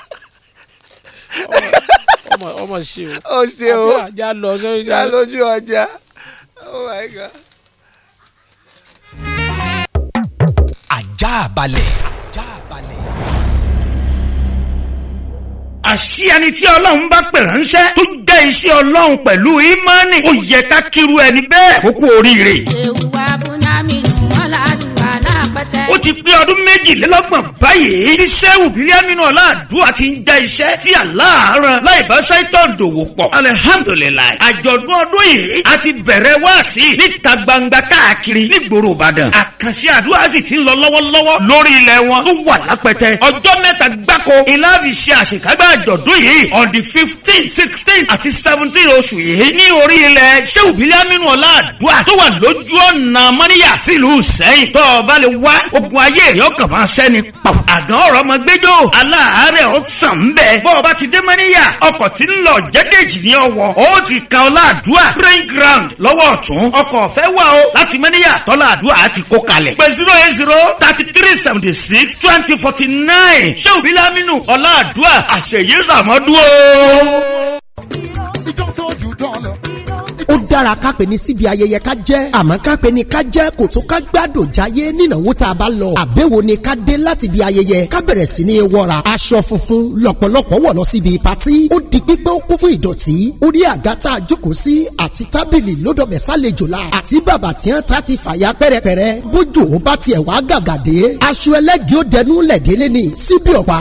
S2: ọmọ ṣe o. o ṣe o ajá lọ sórí. ajá lójú ọjà
S3: oh my god.
S10: ajá àbálẹ̀. àṣì ẹni tí ọlọ́run bá pè ránṣẹ́ tó jẹ́ iṣẹ́ ọlọ́run pẹ̀lú ìmánì ó yẹ ká kírú ẹni bẹ́ẹ̀ kókó oríire.
S12: ṣé wàá bùnà ní
S10: ó ti pé ọdún méjìlélọ́gbọ̀n báyìí tí sẹ́wù bílíọ̀nù ọ̀la àdúrà ti ń ja iṣẹ́ tí àlàárọ̀ láì bá ṣáìtàn dòwò pọ̀ alihamudulilayi àjọ̀dún ọdún yìí a ti bẹ̀rẹ̀ wáàsí níta gbangba káàkiri nígboro ìbàdàn àkànṣe àdúrà sì ti ń lọ lọ́wọ́lọ́wọ́ lórí ilẹ̀ wọn tó wà lápẹtẹ ọjọ́ mẹ́ta gbáko ìlàfi ṣe àṣekágbá àjọ̀dún yìí on the fifteen sixteen àti seventeen oṣù yìí ní orí ilẹ̀ sẹ́wù bílíọ̀nù ọ̀la àdúrà tó wà lójú ọ̀nà mọ́níyà sílùú sẹ́yìn tó o bá lè wá ogun ayé èèyàn kàn máa sẹ́ni pọ̀ àgàn ọ̀rọ̀ ọmọ gbẹjọ́ aláàárẹ̀ ó sàn ń bẹ̀ bọ́ ọba ti dé mọ́níyà ọkọ̀ tí ń lọ jẹ́dẹ̀jì ní ọwọ́ ó ti ka ọlá praying ground lọ́wọ́ ọ̀tún ọkọ̀ ọ̀fẹ́ wà ó láti mọ́níyà tọ́lá á ti kó kalẹ̀ pé zero eight zero thirty three seventy six twenty forty nine ṣé òbí lámínú ọlá àdúrà àṣeyé ràmọ́dún ìjọ
S6: tó jù dán lọ dára ká pè ní síbi ayẹyẹ ká jẹ́ àmọ́ ká pè ní ká jẹ́ kò tó ká gbádùn jáyé nínáwó tá a bá lọ àbẹ̀wò ni ká dé láti ibi ayẹyẹ ká bẹ̀rẹ̀ sí ní wọ́ra aṣọ funfun lọ́pọ̀lọpọ̀ wọ̀ lọ síbi patí ó di pípé kún fún ìdọ̀tí ó àga tá a jókòó sí àti tábìlì lódọ̀bẹ̀ sálejò la àti bàbà tí wọ́n ta ti fàya pẹ́rẹpẹ́rẹ bójú ó bá tiẹ̀ wá gàgàdé aṣọ ẹlẹ́gì ó dẹnu lẹ̀dẹ́lẹ́ ni síbi ọ̀pọ̀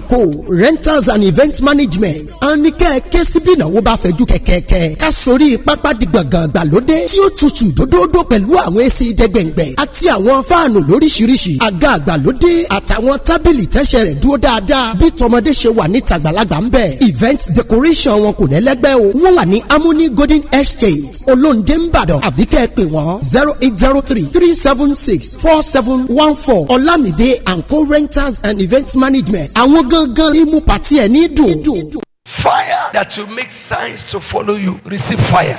S6: àwọn and event management a ní kẹ́ ẹ ké síbi ìnáwó bá fẹjú kẹ̀kẹ́kẹ́ ká sórí pápá di gbọ̀ngàn gbàlódé tí ó tutù dódódó pẹ̀lú àwọn èsì jẹgbẹ̀ngbẹ̀ àti àwọn fáànù lóríṣiríṣi àga àgbàlódé àtàwọn tábìlì tẹ́sẹ̀ rẹ̀ dúró dáadáa bí tọmọdé ṣe wà ní tàgbàlagbà ń bẹ̀ event decoration wọn kò lẹ́lẹ́gbẹ́ o wọ́n wà ní amúní golden estate olóńdé ńbàdàn àbí kẹ́ ẹ pè wọ́n zero eight zero three three seven six four seven one four olamide and co renters and event management àwọn gangan imú pàtí ẹ̀ needle.
S5: Fire that will make signs to follow you. Receive fire.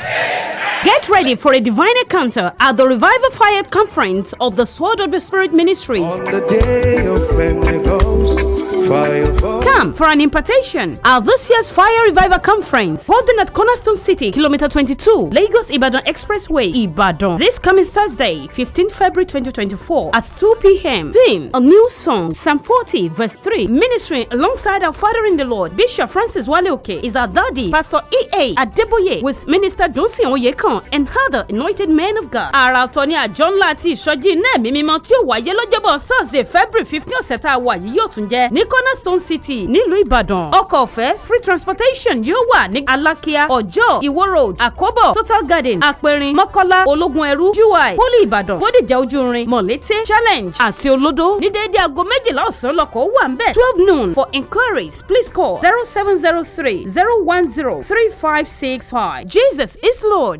S12: Get ready for a divine encounter at the Revival Fire Conference of the Sword of the Spirit Ministries. On the
S4: day of Pentecost.
S2: Come
S12: for an impartation at this year's Fire Revival Conference, holding at Cornerstone City, Kilometer 22, Lagos Ibadan Expressway, Ibadan. This coming Thursday, 15 February 2024, at 2 p.m. Theme: A new song, Psalm 40, verse 3. Ministering alongside our Father in the Lord, Bishop Francis Waleoke, is our daddy, Pastor E.A. Adeboye, with Minister Dunsin Oyekan and other anointed men of God. Our Attorney John Lati Shoji Mimi Mimantio Waye Lojabo Thursday, February 15th, Seta Wayi Nico cornerstone city nílùú ìbàdàn ọkọ̀ ọ̀fẹ́ free transportation yóò wà ní alákíá ọjọ́ ìwó road àkọ́bọ̀ total garden àpẹrin mọ́kọ́lá ológun ẹrú ui poli ìbàdàn bódìjà ojúrin mọ̀lété challenge àti olódó ní déédéé aago méjìlá ọ̀sán lọ́kọ̀ wà ń bẹ̀ twelve noon for inquiries please call zero seven zero three zero one zero three five six five jesus is lord.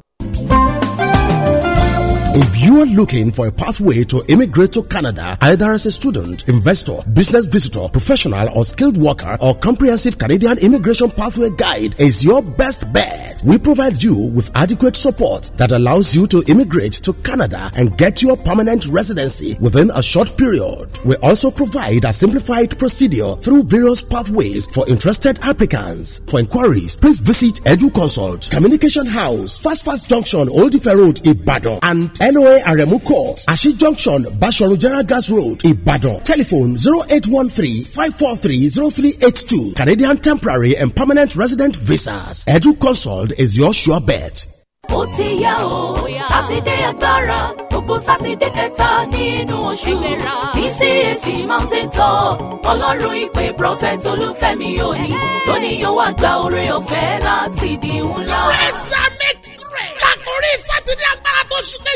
S5: If you are looking for a pathway to immigrate to Canada, either as a student, investor, business visitor, professional, or skilled worker, our comprehensive Canadian immigration pathway guide is your best bet. We provide you with adequate support that allows you to immigrate to Canada and get your permanent residency within a short period. We also provide a simplified procedure through various pathways for interested applicants. For inquiries, please visit EduConsult, Communication House, Fast Fast Junction, Old Ife Road, Ibadan, and NOA Aremu Court, Ashi Junction, Basharu Gas Road, Ibadan. Telephone 0813-543-0382. Canadian Temporary and Permanent Resident Visas. Edu Consult is your sure bet.
S1: ó ti yá o sátidé agbára gbogbo sátidé kẹta nínú oṣù ní CAC mountain top ọlọ́run ìpè prophet olúfẹ́mi òní lónìí yóò wá gba oore ọ̀fẹ́ láti di ńlá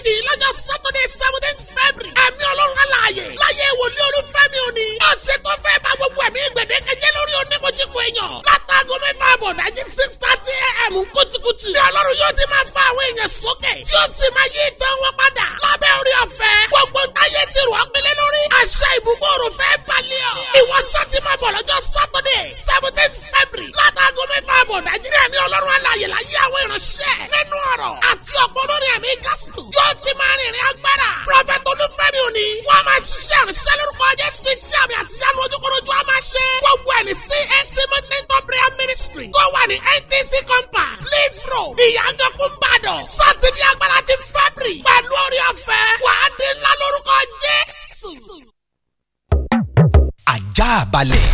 S4: méjì lọ́jọ́ sátọ́dẹ̀ seventeen february ẹ̀mí ọlọ́run aláàyè láyé wòlíì olúfẹ́mi òní ọ̀sẹ̀ tó fẹ́ bá gbogbo ẹ̀mí gbèdéke lórí oníkojúkọ èèyàn. látago mẹ́fà àbọ̀dájí six thirty am kùtùkùtù. ní ọlọ́run yóò ti máa fa àwọn èèyàn sókè. tí ó sì máa yí ìtàn wọn padà. lábẹ́ orí ọ̀fẹ́. gbogbo táyé ti rò ọ́pẹ́lẹ́ lórí. àṣà ìbúgbòrò fẹ́ balẹ̀ ọ́. ìwọ sátì máa bọ̀ lọ́jọ́ sátọ́dẹ̀ seventeen february. látago mẹ́fà àbọ̀dájí. ní ẹ̀mí ọlọ́run alàyè la yí àwọn ìránṣẹ́. nínú ọ̀rọ̀ àti ọ̀pọ̀ lórí ẹ̀mí gásùtù. yóò ti máa rìnrìn agbára. prọfẹ̀tì olúfẹ́mi òní. wọ́n máa ṣiṣẹ́ ìránṣẹ́ lórúkọ jẹ́ sí iṣẹ́ àmì CAC Mountain prayer ministry tó wà ní NTC compound leaf road ìyàgànkú Ìbàdàn sátidé agbára ti fẹ́bìrì pẹ̀lú orí ọ̀fẹ́ wàá di ńlá lórúkọ Jésù.
S10: ajá balẹ̀.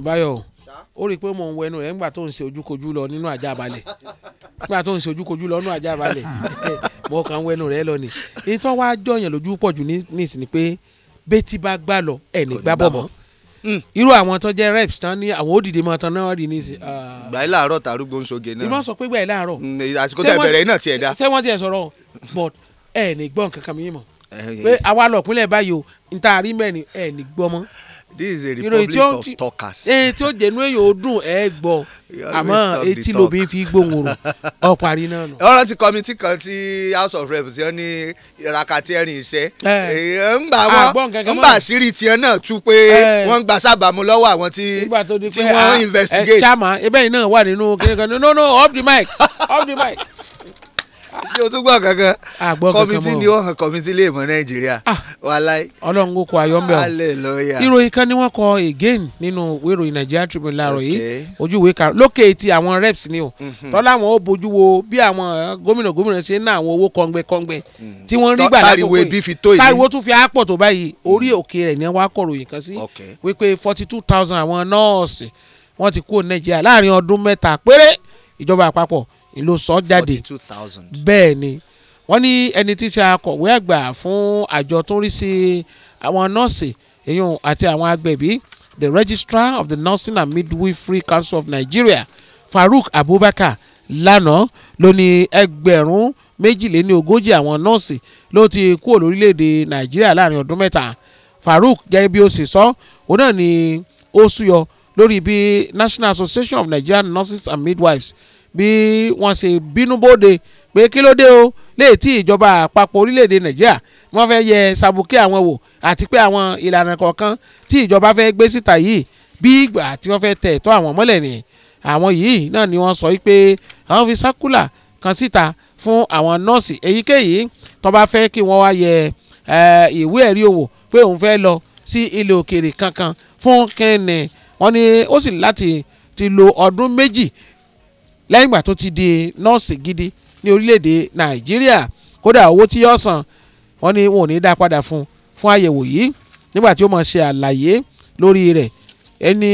S2: báyọ̀ ó rí i pé mò ń wẹnu rẹ̀ nígbà tó ń ṣe ojúkojú lọ nínú ajá balẹ̀ nígbà tó ń ṣe ojúkojú lọ nínú ajá balẹ̀ mo kàn ń wẹnu rẹ̀ lọ ni ìtọ́ wa jọyàn lójú pọ̀ jù nísìn ni pé bẹ́tí bá gbà lọ ẹ̀ní gbà bọ̀ mọ́ hmm. irú àwọn tó jẹ́ reps tán ní àwọn òdìdí mọ́ tán náà rí nísìn. Ah. gbà ẹ́ láàárọ̀ tàrúgbó ń soge náà. ìmọ̀ sọ pé gbà ẹ́ láàárọ̀. Hmm, àsìkò tẹ bẹ̀rẹ̀ náà tiẹ̀ dá. ṣé wọ́n tiẹ̀ sọ̀rọ̀ but ẹ̀ẹ́nì gbọ́n kankan mi mọ̀ eh, eh. pé àwa lọ̀kúnlẹ̀ báyìí o ntaari mẹ́rin ẹ̀ẹ́nì gbọ́mọ́ this is a republic of talkers. èyí tí ó eh, jẹnu èyàn ó dùn ẹ gbọ́ àmọ́ etí lóbi fi gbóhùn rò ọ parí náà nù.
S3: ọ̀rọ̀ ti kọ́mítì kan ti house of reps yẹn ní rakati ẹ̀rìn iṣẹ́ ńgbà wọn ńgbà sírí
S2: tiẹ̀ náà tú pé eh. wọ́n ń gba sábàámu lọ́wọ́ àwọn tí wọ́n ah, eh, investigate. ẹ ṣáàmà ebe yìí náà wà nínú kíni kan no no off the mic off the mic ṣé o
S3: tún gbọ́ kankan kọ́mítì ni wọ́n kan kọ́mítì lè mọ nàìjíríà ah,
S2: wàláì. ọlọ́run kò kọ ayọ́mbẹ́ o ìròyìn kan ni wọ́n kọ again nínú ìròyìn nàìjíríà tribune láàárọ̀ yìí ojú ìwé karùn-ún lókè ti àwọn reps ni o mhm. tọ́lá àwọn ó bójú wo bí àwọn eh, gómìnà gómìnà ṣe ń ná àwọn owó kọ́ngbẹ́kọ́ngbẹ́ mhm. tí wọ́n rí gbà lákòókò yìí táriwo tún fi àpọ̀ tó báyìí orí òkè rẹ̀ ni wọ́n á kọ̀ròyìn kan sí wípé forty two thousand àwọn nọ́ọ̀sì wọ́n ti kúrò nàìjíríà láàrin ọdún mẹ́ta péré ìjọba àpapọ̀ ló sọ jáde bẹ́ẹ̀ ni wọ́n ní ẹni tí ṣe akọ̀wé àgbà fún àjọ tó ń rí sí àwọn nọ́ọ̀sì èyàn àti àwọn agbẹ̀bí the registrar of the nursing and midwifery council of nigeria farouk abubakar lánàá ló ní ẹgbẹ̀rún méjìléní ogójì àwọn nọ́ọ̀sì ló ti kúrò lórílẹ̀‐èdè nàìjíríà láàrin ọdún mẹ́ta farouk gẹ́gẹ́ bí ó sì sọ òun náà ni ó súyọ lórí bí national association of nigerian nurses and midwives bí wọ́n ṣe bínú bóde pé kí ló dé o léè tí ìjọba àpapọ̀ orílẹ̀-èdè nàìjíríà wọ́n fẹ́ yẹ sàbùkẹ́ àwọn wò àti pé àwọn ìlànà kọ̀ọ̀kan tí ìjọba fẹ́ gbé síta yìí bí ìgbà tí wọ́n fẹ́ tẹ̀ ẹ̀tọ́ àwọn mọ́lẹ̀ ni àwọn yìí náà ni wọ́n sọ pé àwọn fi sákúlà kan síta fún àwọn nọ́ọ̀sì èyíkéyìí tó bá fẹ́ kí wọ́n wá yẹ ìwé ẹ̀rí òwò pé òun fẹ́ lọ sí ilé òkèèrè kankan fún kẹ́ẹ̀nẹ̀ wọ́n ní ó sì láti ti lo ọdún méjì lẹ́yìn ìgbà tó ti di nọ́ọ̀sì gidi ní orílẹ̀-èdè nàìjíríà kódà owó tí yóò san wọ́n ní wọn ò ní dá padà fún fún àyẹ̀wò yìí nígbà tí ó máa ṣe àlàyé lórí rẹ̀ ẹni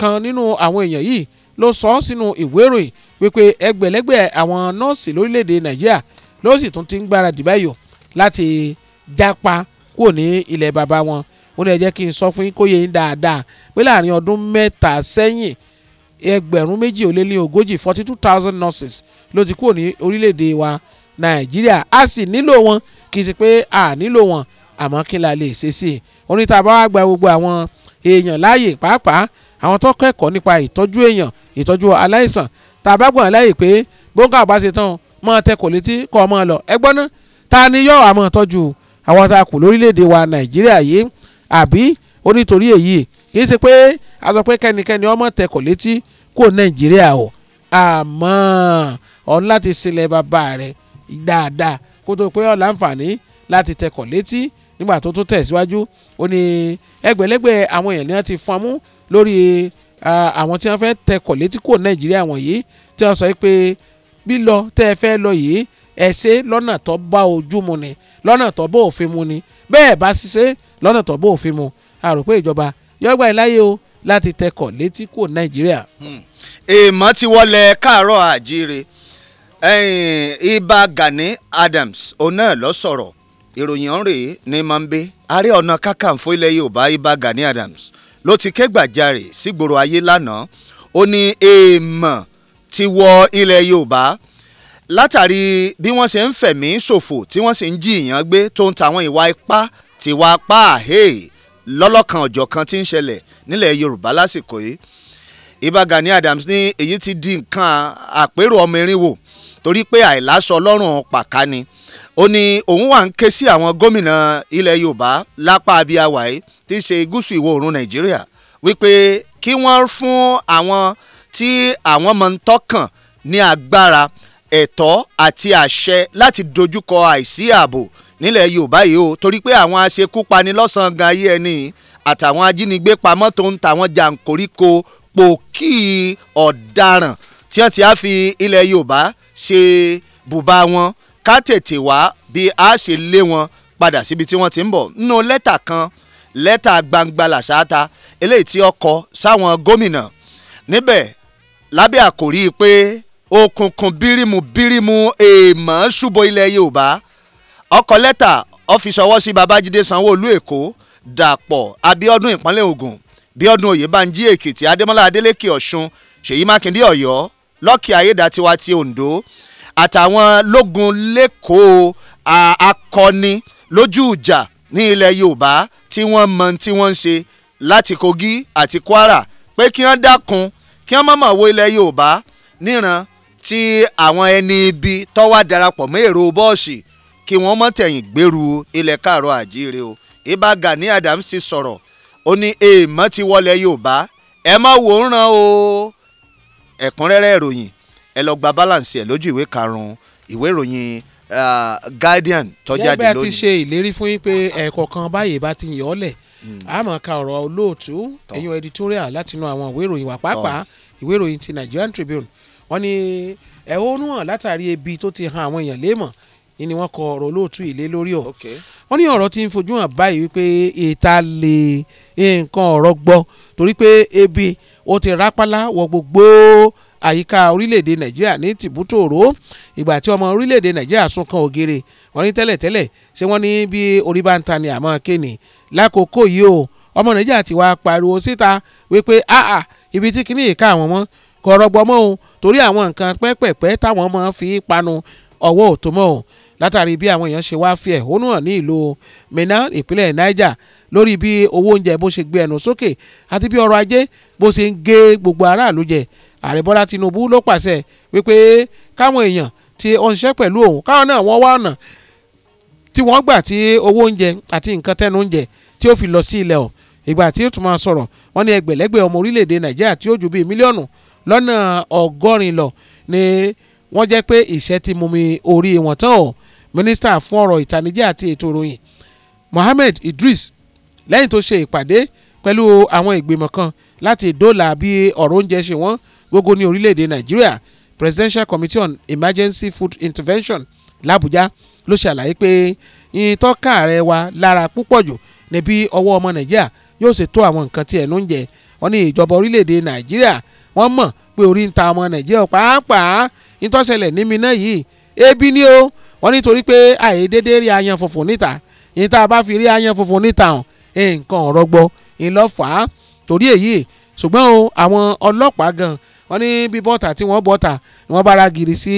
S2: kan nínú àwọn èèyàn yìí ló sọ ọ́ sínú ìwé ìròyìn wípé ẹgbẹ̀lẹ́gbẹ̀ àwọn nọ́ọ̀sì lórílẹ̀‐èdè nàìjíríà ló sì tún ti ń gbáradì báyò láti jápa kúrò ní ilẹ̀ bàbá wọn ó ní ẹ jẹ́ kí n sọ fún yín kó yé yín dáadáa pé láàrin ọdún mẹ́ta sẹ́yìn ẹgbẹ̀rún méjì ó lé ní ogójì forty two thousand nurses ló ti kúrò ní orílẹ̀-èdè wa nàìjíríà a sì nílò wọn kì í ṣe pé a nílò wọn àmọ́ kí la lè ṣe sí i oníta bá wá gba gbogbo àwọn èèyàn láàyè pàápàá àwọn tó kẹ́kọ̀ọ́ nípa ìtọ́jú èèyàn ìtọ́jú aláìsàn tá a bá gbọ̀n láàyè pé gbóǹkà bá ṣe tán mọ́ tẹ kò létí kọ́ mọ́ lọ ẹgbọ́n náà ta ni yọ̀ àmọ́ tọ́jú àwọn tá a kù lórílẹ̀‐èdè wa nàìjíríà yìí àbí onítorí èyí kì í ṣe pé a sọ pé kẹ́nikẹ́ni ọmọ tẹkọ̀ létí kò nàìjíríà o àmọ́ ọ̀n láti sílẹ̀ bàbá rẹ̀ dáadáa kó tó pé ọ̀la ǹfààní láti tẹkọ̀ létí nígbà tó tún tẹ̀síwájú ó ní ẹgbẹ̀lẹ́gbẹ̀ àwọn èèyàn ni wọ́n ti fọn mú lórí àwọn tí wọ́n fẹ́ tẹkọ̀ létí kò nàìjíríà wọ̀nyí tí wọ́n sọ pé lílọ tẹ́ ẹ fẹ́ lọ yìí ẹ ṣe lọ́nà tó bá ojú mu ni lọ́nà tó bá òfin mu ni bẹ́ẹ̀ bá ṣiṣẹ́ lọ́nà tó bá òfin mu àròpé ìjọba yọgbà ìláyé o láti tẹkọ̀ létí kò nàìjíríà. Hmm.
S3: èèmọ̀ ti wọlé káàárọ̀ àjíire ibà Gani Adams òun náà lọ sọ̀rọ̀ ìròyìn ọ̀rẹ́ ní mambe ààrẹ ọ̀nà kakanfò ilẹ̀ yorùbá ibà Gani Adams ló ti ké gbàjarè sígboro ayé lánàá ó ní èèmọ̀ ti wọ ilẹ̀ yorùbá látàrí bí wọ́n ṣe ń fẹ̀mí ṣòfò tí wọ́n sì ń jí ìyàn gbé tó ń ta àwọn ìwà ipá tiwa pa àhẹ́ẹ̀ lọ́lọ́kan ọ̀jọ̀ kan tí ń ṣẹlẹ̀ nílẹ̀ Yorùbá lásìkò yìí Ìbà Gani Adams ní èyí ti di nǹkan àpérò ọmọ erin wò torí pé àìláṣọ ọlọ́run pàká ni ó ní òun wà ń ké sí àwọn gómìnà ilẹ̀ Yorùbá lápá abíyá wàyí tí í ṣe gúúsù ìwọ̀ oòrùn Nàìjíríà wípé kí wọ́n fún àwọn tí àwọn mọ̀ ń tọ́kàn ní agbára ẹ̀tọ́ àti àṣẹ láti dojúkọ àìsí ààbò nílẹ̀ Yorùbá yìí o torí pé àwọn aṣekúpani lọ́sàn-án gan ayé ẹni àtàwọn ajínigbé pamọ́ tó ń tàwọn jàǹkóríko pòkì ọ̀daràn tí wọ́n ti á fi ilẹ̀ Yorùbá ṣe bùbá wọn ká tètè wá bí a ṣe lé wọn padà síbi tí wọ́n ti ń bọ̀ nínú lẹ́tà kan lẹ́tà gbangba làṣáta eléyìí tí ó kọ sáwọn gómìnà níbẹ̀ lábẹ́ àkòrí pé òkùnkùn bírímù bírímù èèmọ̀ ṣùbọ̀ ilẹ̀ Yorùbá ọkọ lẹ́tà ọ́fíìsì ọwọ́ sí babájídé sanwó-olú èkó dàpọ̀ abíọ́dún ìpínlẹ̀ ògùn bíọ́dún oyèbánjí èkìtì adémọ́lá adélékè ọ̀ṣun ṣèyí mákindé ọ̀yọ́ lọ́kì ayédatiwa ti oǹdó àtàwọn lógun lẹ́kọ̀ọ́ akọni lójú ìjà ní ilẹ̀ yorùbá tí wọ́n mọ tí wọ́n ń ṣe láti kogi àti kwara pé kí wọ́n dákun kí wọ́n mọ̀mọ́ wo ilẹ̀ yorùbá níran tí àwọn ẹni ibi tọ́wọ́ darapọ̀ mọ́ èrò bọ́ọ̀sì kí wọ́n mọ́ tẹ̀yìn gbèrú ilẹ̀ káàrọ̀ àjíire o ibà Gani adam sì sọ̀rọ̀ ó ní èèmọ́ ti wọlé Yorùbá ẹ má wò ó ràn o ẹ̀kúnrẹ́rẹ́ ìròyìn ẹ lọ gba balance ẹ lójú ìwé karùn-ún ìwé ìròyìn Guardian tó jáde lónìí. jẹ́bẹ̀ẹ́ ti ṣe
S2: ìlérí fún yín pé ẹ̀kọ́ kan báyìí bá ti yàn ọ́ lẹ̀ àmọ́ hmm. ka ọ̀rọ̀ olóòtú ẹ̀yìn editorial látinú àwọn ìwé ìròyìn wà pàápàá ìwé ìròyìn ti Nigerian Tribune wọ́n ní ẹ̀hónú hàn látàrí ebi tó ti han àwọn èèyàn léèmọ̀ ni wọ́n kọ ọ̀rọ̀ olóòtú ilé lórí ọ̀ wọ́n ní ọ̀rọ̀ tí ń fojú hàn báyìí wípé ìta lè nǹkan ọ̀rọ̀ gbọ́ torí pé ebi ó ti rápálá wọ gbogbo àyíká orílẹ̀-èdè nàìjíríà ní tìbútòrò ìgbà tí ọmọ orílẹ̀-èdè nàìjíríà sún kan ògiri wọ́n ní tẹ́lẹ̀tẹ́lẹ̀ ṣé wọ́n ní bí orí bá ń ta ni àmọ́ kéènì lákòókò yìí o ọmọ nàìjíríà ti wá pariwo síta wípé áà ibi tí kìíní ìka àwọn mọ́ kọ̀rọ̀gbọ́mọ́ o torí àwọn nǹkan pẹ́pẹ́pẹ́ táwọn ọmọ fi panu ọwọ́ òtó mọ́ òun látàrí bí àwọn èèyàn ṣe wá fi ẹ̀hónú hàn ní ìlú Minna ìpínlẹ̀ Niger lórí bí owó oúnjẹ bó ṣe gbé ẹnu sókè àti bí ọrọ̀ ajé bó ṣe ń gé gbogbo aráàlú jẹ ààrẹ Bọ́lá Tinubu ló pàṣẹ wípé káwọn èèyàn tí ó ń ṣiṣẹ́ pẹ̀lú òun káwọn náà wọ́n wá ọ̀nà tí wọ́n gbà tí owó oúnjẹ àti nǹkan tẹ́nu oúnjẹ tí ó fi lọ sí ilẹ̀ ọ̀ ìgbà tí ó tún máa sọ̀rọ̀ wọ́n ní ẹgbẹ̀lẹ́gbẹ̀ ọmọ orílẹ̀-èdè Nàìjíríà tí ó ju bíi mílíọ̀nù lọ́nà ọgọ́rin lọ ní wọ́n jẹ́ pé ìṣẹ́ ti mú mi orí wọn tán o mínísítà fún ọ̀rọ̀ ìtànìjẹ́ àti ètò ìròyìn Mohammed Idris lẹ́yìn tó ṣe ìpàdé pẹ̀lú àwọn ìgbìmọ̀ kan láti dóòlà bí ọ̀rọ̀ oúnjẹ ṣe wọ́n gógó ní orílẹ̀-èdè Nàìjíríà Presidential Committee on Emergency Food Intervention l'Abuja ló ṣàlàyé pé ìtọ́ka ààrẹ wa lára púpọ̀ jù ní bí ọwọ́ ọmọ Nàìjíríà yóò ṣe tó àwọn nǹkan tí ẹnu ń jẹ wọ́n ní ìjọba orílẹ̀-èdè Nàìjíríà wọ́n mọ̀ pé orí ń ta ọmọ Nàìjíríà pàápàá ìtọ́sẹ̀lẹ̀ ní Minna yìí ebi ni o wọ́n nítorí pé àìdédé rí ayan funfun níta yìí tá a bá fi rí ayan funfun níta hàn nǹkan ọ̀rọ̀gbọ ńlọ́fà torí èyí ṣùgbọ́n o àwọn ọlọ́pàá gan wọ́n ní bí bọ́tà tí wọ́n bọ́tà ni wọ́n bára gìrì sí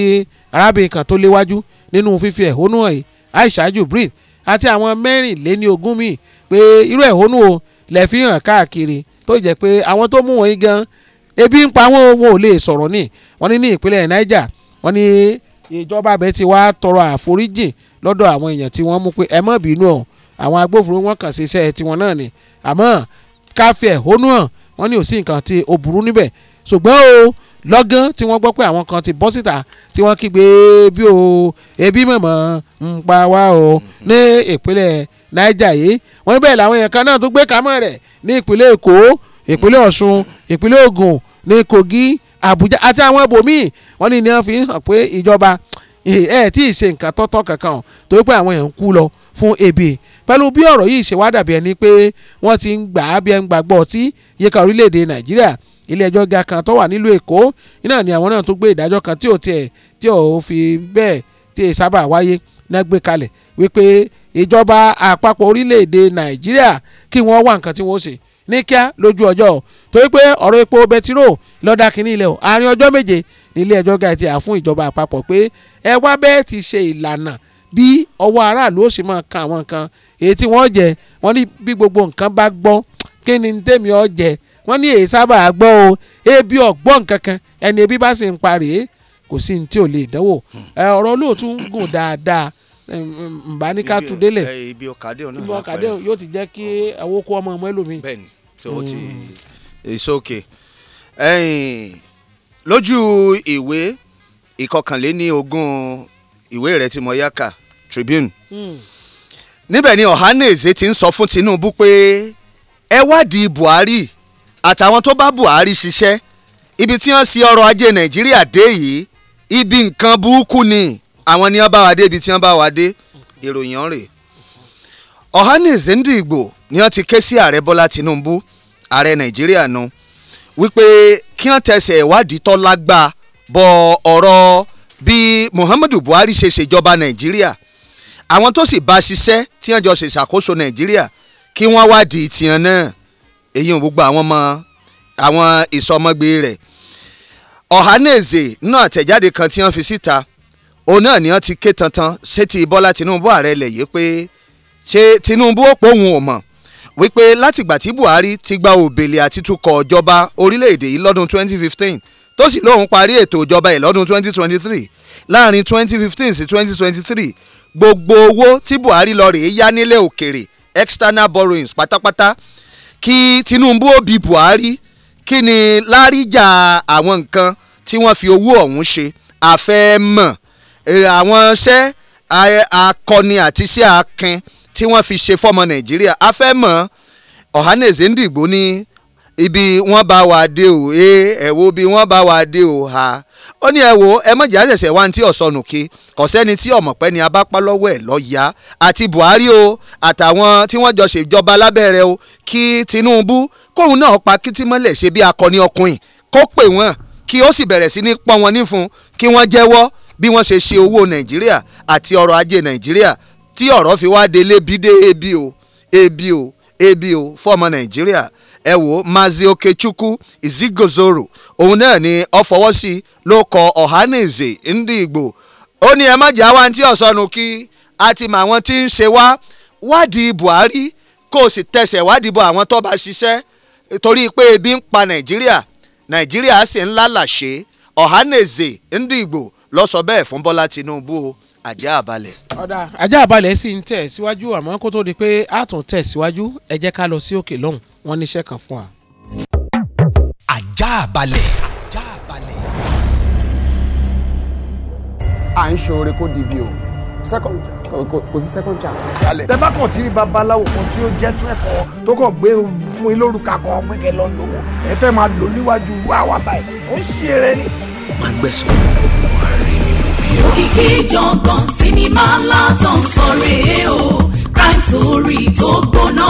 S2: arábìnrin kan tó léwájú nínú fífi ẹ̀hónú ẹ̀ Aisha Jubril àti àwọn mẹ́rìnléní ogún míì pé irú ẹ̀hónú o lè fi hàn káàkiri tó jẹ́ pé àwọn tó mú wọn yín gan-an ebi ń pa wọn wọn ò lè sọ̀rọ̀ ní wọ́n ní ní ìpínlẹ̀ Niger wọ́n ní ìjọba abẹ ti wá tọrọ àforíjì lọ́dọ̀ àwọn èèyàn tí wọ́n mú pé ẹ má bínú o àwọn agbófinró wọn kàn sí iṣẹ́ tiwọn náà ni àmọ́ káfí ẹ̀hónú hàn wọ́n ní ò sí nǹkan tí ó burú níbẹ̀ ṣùgbọ́n o lọ́gán tí wọ́n gbọ́ pé àwọn kan ti bọ́ síta tí wọ́n kígbe bí o ebi mọ̀mọ́ ń pa wá o ní ìpínlẹ̀ Niger yìí wọ́n ní bẹ́ẹ̀ làwọn èèyàn kan náà tó gbé kámọ́ rẹ̀ ní ìpínlẹ̀ Èkó ìpínlẹ̀ ọ̀ṣun ìpínlẹ̀ ògùn ní kogi àbújá àti àwọn ibòmíì wọ́n ní ní wọ́n fi hàn pé ìjọba ẹ̀ tí ì ṣe nǹkan tọ́tọ́ kankan torí pé àwọn èèyàn ń kú lọ fún ebi pẹ̀lú bí ọ̀rọ̀ yìí ṣe wá dàbí ẹni pé wọ́n ti ń gbà á bí ẹn gbàgbọ́ tí yíká orílẹ̀-èdè nàìjíríà ilé ẹjọ́ ga kan tó wà nílùú èkó iná ni àwọn náà tún gbé ìdájọ́ kan tí ò tiẹ̀ tí ò fi bẹ́ẹ̀ tí ì sábà wáyé náà gbé kalẹ̀ wípé ìjọba àpapọ̀ orílẹ̀-èdè nàìjíríà kí wọ́n wá nǹkan tí wọ́n ṣe ní kíá lójú ọjọ́ torí pé ọ̀rọ̀ epo bẹtiró lọ́dà kínní ilẹ̀ o àárín ọjọ́ méje nílé ẹjọ́ ga ti à fún ìjọba àpapọ̀ pé ẹ wá bẹ́ẹ̀ ti ṣe ìlànà bí ọwọ́ aráàlú ó sì máa kan àwọn nǹkan èyí tí wọ́n jẹ wọ́n ní bí gbogbo nǹkan bá gbọ́ kí ni tèmi ọ jẹ wọ́n ní èyí sábà gbọ́ o ebi ọ̀gbọ́n kankan ẹni ebi bá sì ń parí kò sí ní tí ò lè dánwò ọ̀rọ̀ olóòtú ń gùn dáadáa nbà tu délẹ̀ ibi ọ̀kadẹ́ eh, ọ̀nà ibi ọ̀kadẹ́ yóò ti jẹ́ kí owó kó ọmọ ọmọ ẹlòmíì. bẹ́ẹ̀ni so ti hmm.
S3: it's okay lójú ìwé ìkọkànléní ogún ìwé rẹ tí mo yá Tribune hmm. níbẹ̀ ni Ohanaeze ti ń sọ fún Tinubu pé ẹ wádìí Buhari àtàwọn tó bá Buhari ṣiṣẹ́ ibi tí wọ́n sì ọrọ̀ ajé Nàìjíríà dé yìí ibi nǹkan burúkú ni àwọn ni wọ́n bá wa dé ibi tí wọ́n bá wa dé ìròyìn ọ̀rẹ́ Ọ̀hánèzè Ndigbo ni wọ́n ti ké sí ààrẹ Bọ́lá Tinubu ààrẹ Nàìjíríà nu wípé kí wọ́n tẹsẹ̀ ìwádìí tó lágbàá bọ ọ̀rọ̀ bí Muhammadu Buhari ṣe ṣèjọba Nàìjíríà àwọn tó sì bá ṣiṣẹ́ tí wọ́n jọ ṣèṣàkóso Nàìjíríà kí wọ́n wádìí tiẹ̀ náà èyí ò gbogbo àwọn ọmọ àwọn ìsọmọgbé rẹ̀ Ọ̀hánèzè náà tẹ̀jáde kan tí wọ́n fi síta òun náà ni wọ́n ti ké tantan sétí Bọ́lá Tinubu ààrẹ ilẹ̀ yìí pé ṣé Tinubu ó pòun ò mọ̀ wípé látìgbà tí Buhari ti gba òbèlè àti tukọ̀ ìjọba orílẹ̀-èdè yìí lọ́dún 2015 tó sì lóun parí ètò ìjọba ẹ̀ lọ́dún 2023 láàrin 2015 sí 2023 gbogbo owó tí Buhari lọ rèé yá nílẹ̀ òkèrè external borrowings pátápátá kí Tinubu ó bi Buhari kí ni láríjà àwọn nǹkan tí wọ́n fi owó ọ̀hún ṣe àfẹ́ mọ̀ àwọn iṣẹ́ akọni àti iṣẹ́ akin tí wọ́n fi ṣe fọ́mọ nàìjíríà a fẹ́ mọ̀ ọ̀hánèzè ń dìgbò ní ibi wọ́n bá wà dé o ẹ ẹ wo bí wọ́n bá wà dé o ha ó ní ẹ wo ẹ mọ̀jẹ̀ àṣẹ̀ṣẹ̀ wá ní tí ọ̀sọ́nù kí kò sẹ́ni tí ọ̀mọ̀pẹ́ ni abápá lọ́wọ́ ẹ̀ lọ́ọ̀yà àti buhari o àtàwọn tí wọ́n jọ ṣèjọba lábẹ́rẹ́ o kí tinubu kóun náà pa kìtìmọ́lẹ̀ ṣe bí akọni ọkùnrin kó pè wọ́n kí ó sì bẹ̀rẹ̀ sí ní pọ́n wọn nífun kí wọ́n jẹ́wọ́ bí wọ́n ṣe ṣe owó nàìjíríà àti ọrọ̀ ajé nàìjíríà tí ọ̀rọ̀ fi wá délé bídé ebi o ebi o ebi fọmọ nàìjíríà ẹ mazi okechukwu izigozoro òun náà ni ọ fọwọ́ sí ló kọ ọ̀hánèzè ndí ìgbò ó ní ẹ má jà wá tí ọ̀sọ́nu kí a ti mọ àwọn tí ń ṣe wá wádìí buhari kó o sì tẹsẹ̀ wádìí bọ àwọn tó bá ṣiṣẹ́ torí pé ebi ń pa nàìjíríà nàìjíríà sì ń lálàṣe ló sọ bẹ́ẹ̀ fún Bọ́lá Tinubu o ajá àbálẹ̀.
S2: ọ̀dà ajá àbálẹ̀ sì ń tẹ̀ síwájú àmọ́ kó tó di pé a tún tẹ̀ síwájú ẹ jẹ́ ká lọ sí òkè lọ́hùn wọ́n níṣẹ́ kan fún wa. ajá àbálẹ̀. ajá àbálẹ̀.
S9: à ń ṣe kó dibi o second kò sí second chance. tẹ bá
S5: kàn tí rí babaláwo kan tí ó jẹ́ tún ẹ̀kọ́ tó kàn gbé fún ilórúkà kan pé kẹ́ lọ́ọ́ lò
S10: ó ẹ fẹ́ máa lò níwájú wá wá báyìí ó ń ṣe eré ni
S6: máa gbẹ̀sán.
S1: òkìkí jọ̀ǹgàn sinimá látàn sọ̀rẹ́ o prime story tó gbóná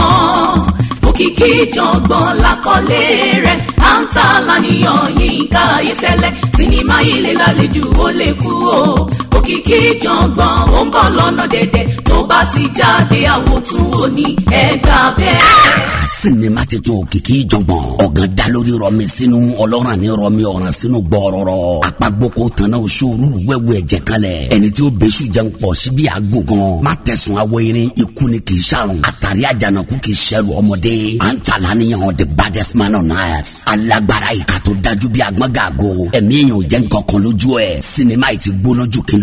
S1: òkìkí jọ̀ǹgàn lákọ́lé rẹ̀ táńtà lànìyàn Yínká Ayéfẹ́lẹ́ sinimá ilé lálejò ó lè kú o òkìkí jọ̀ngbọ̀n ó ń bọ̀ lọ́nà dẹ̀dẹ̀ tó
S11: bá ti jáde àwo tún wò ní ẹgbà bẹ́ẹ̀. sinimá ti tó òkìkí jọ̀ngbọ̀n ọ̀gán dá lórí rọmi sínú ọlọ́run ní rọmi ọ̀ràn sínú gbọ́rọ̀rọ̀ àpagboko tanná oṣù òrùn wẹ́wẹ́ ẹ̀jẹ̀ kalẹ̀ ẹni tí ó bẹ́sù jẹun pọ̀ síbi àgùngàn má tẹ̀sùn awọ irin ikú ni kì í ṣàrùn àtàrí àjànàkú kì í ṣẹrù ọmọdé à ń tà lánìyàn the baddest man on earth lágbára ìka tó dájú bí agbọ́n ẹ̀mí èèyàn jẹ́ nǹkan lójú ẹ̀ sinimá yìí ti gbóná jù kí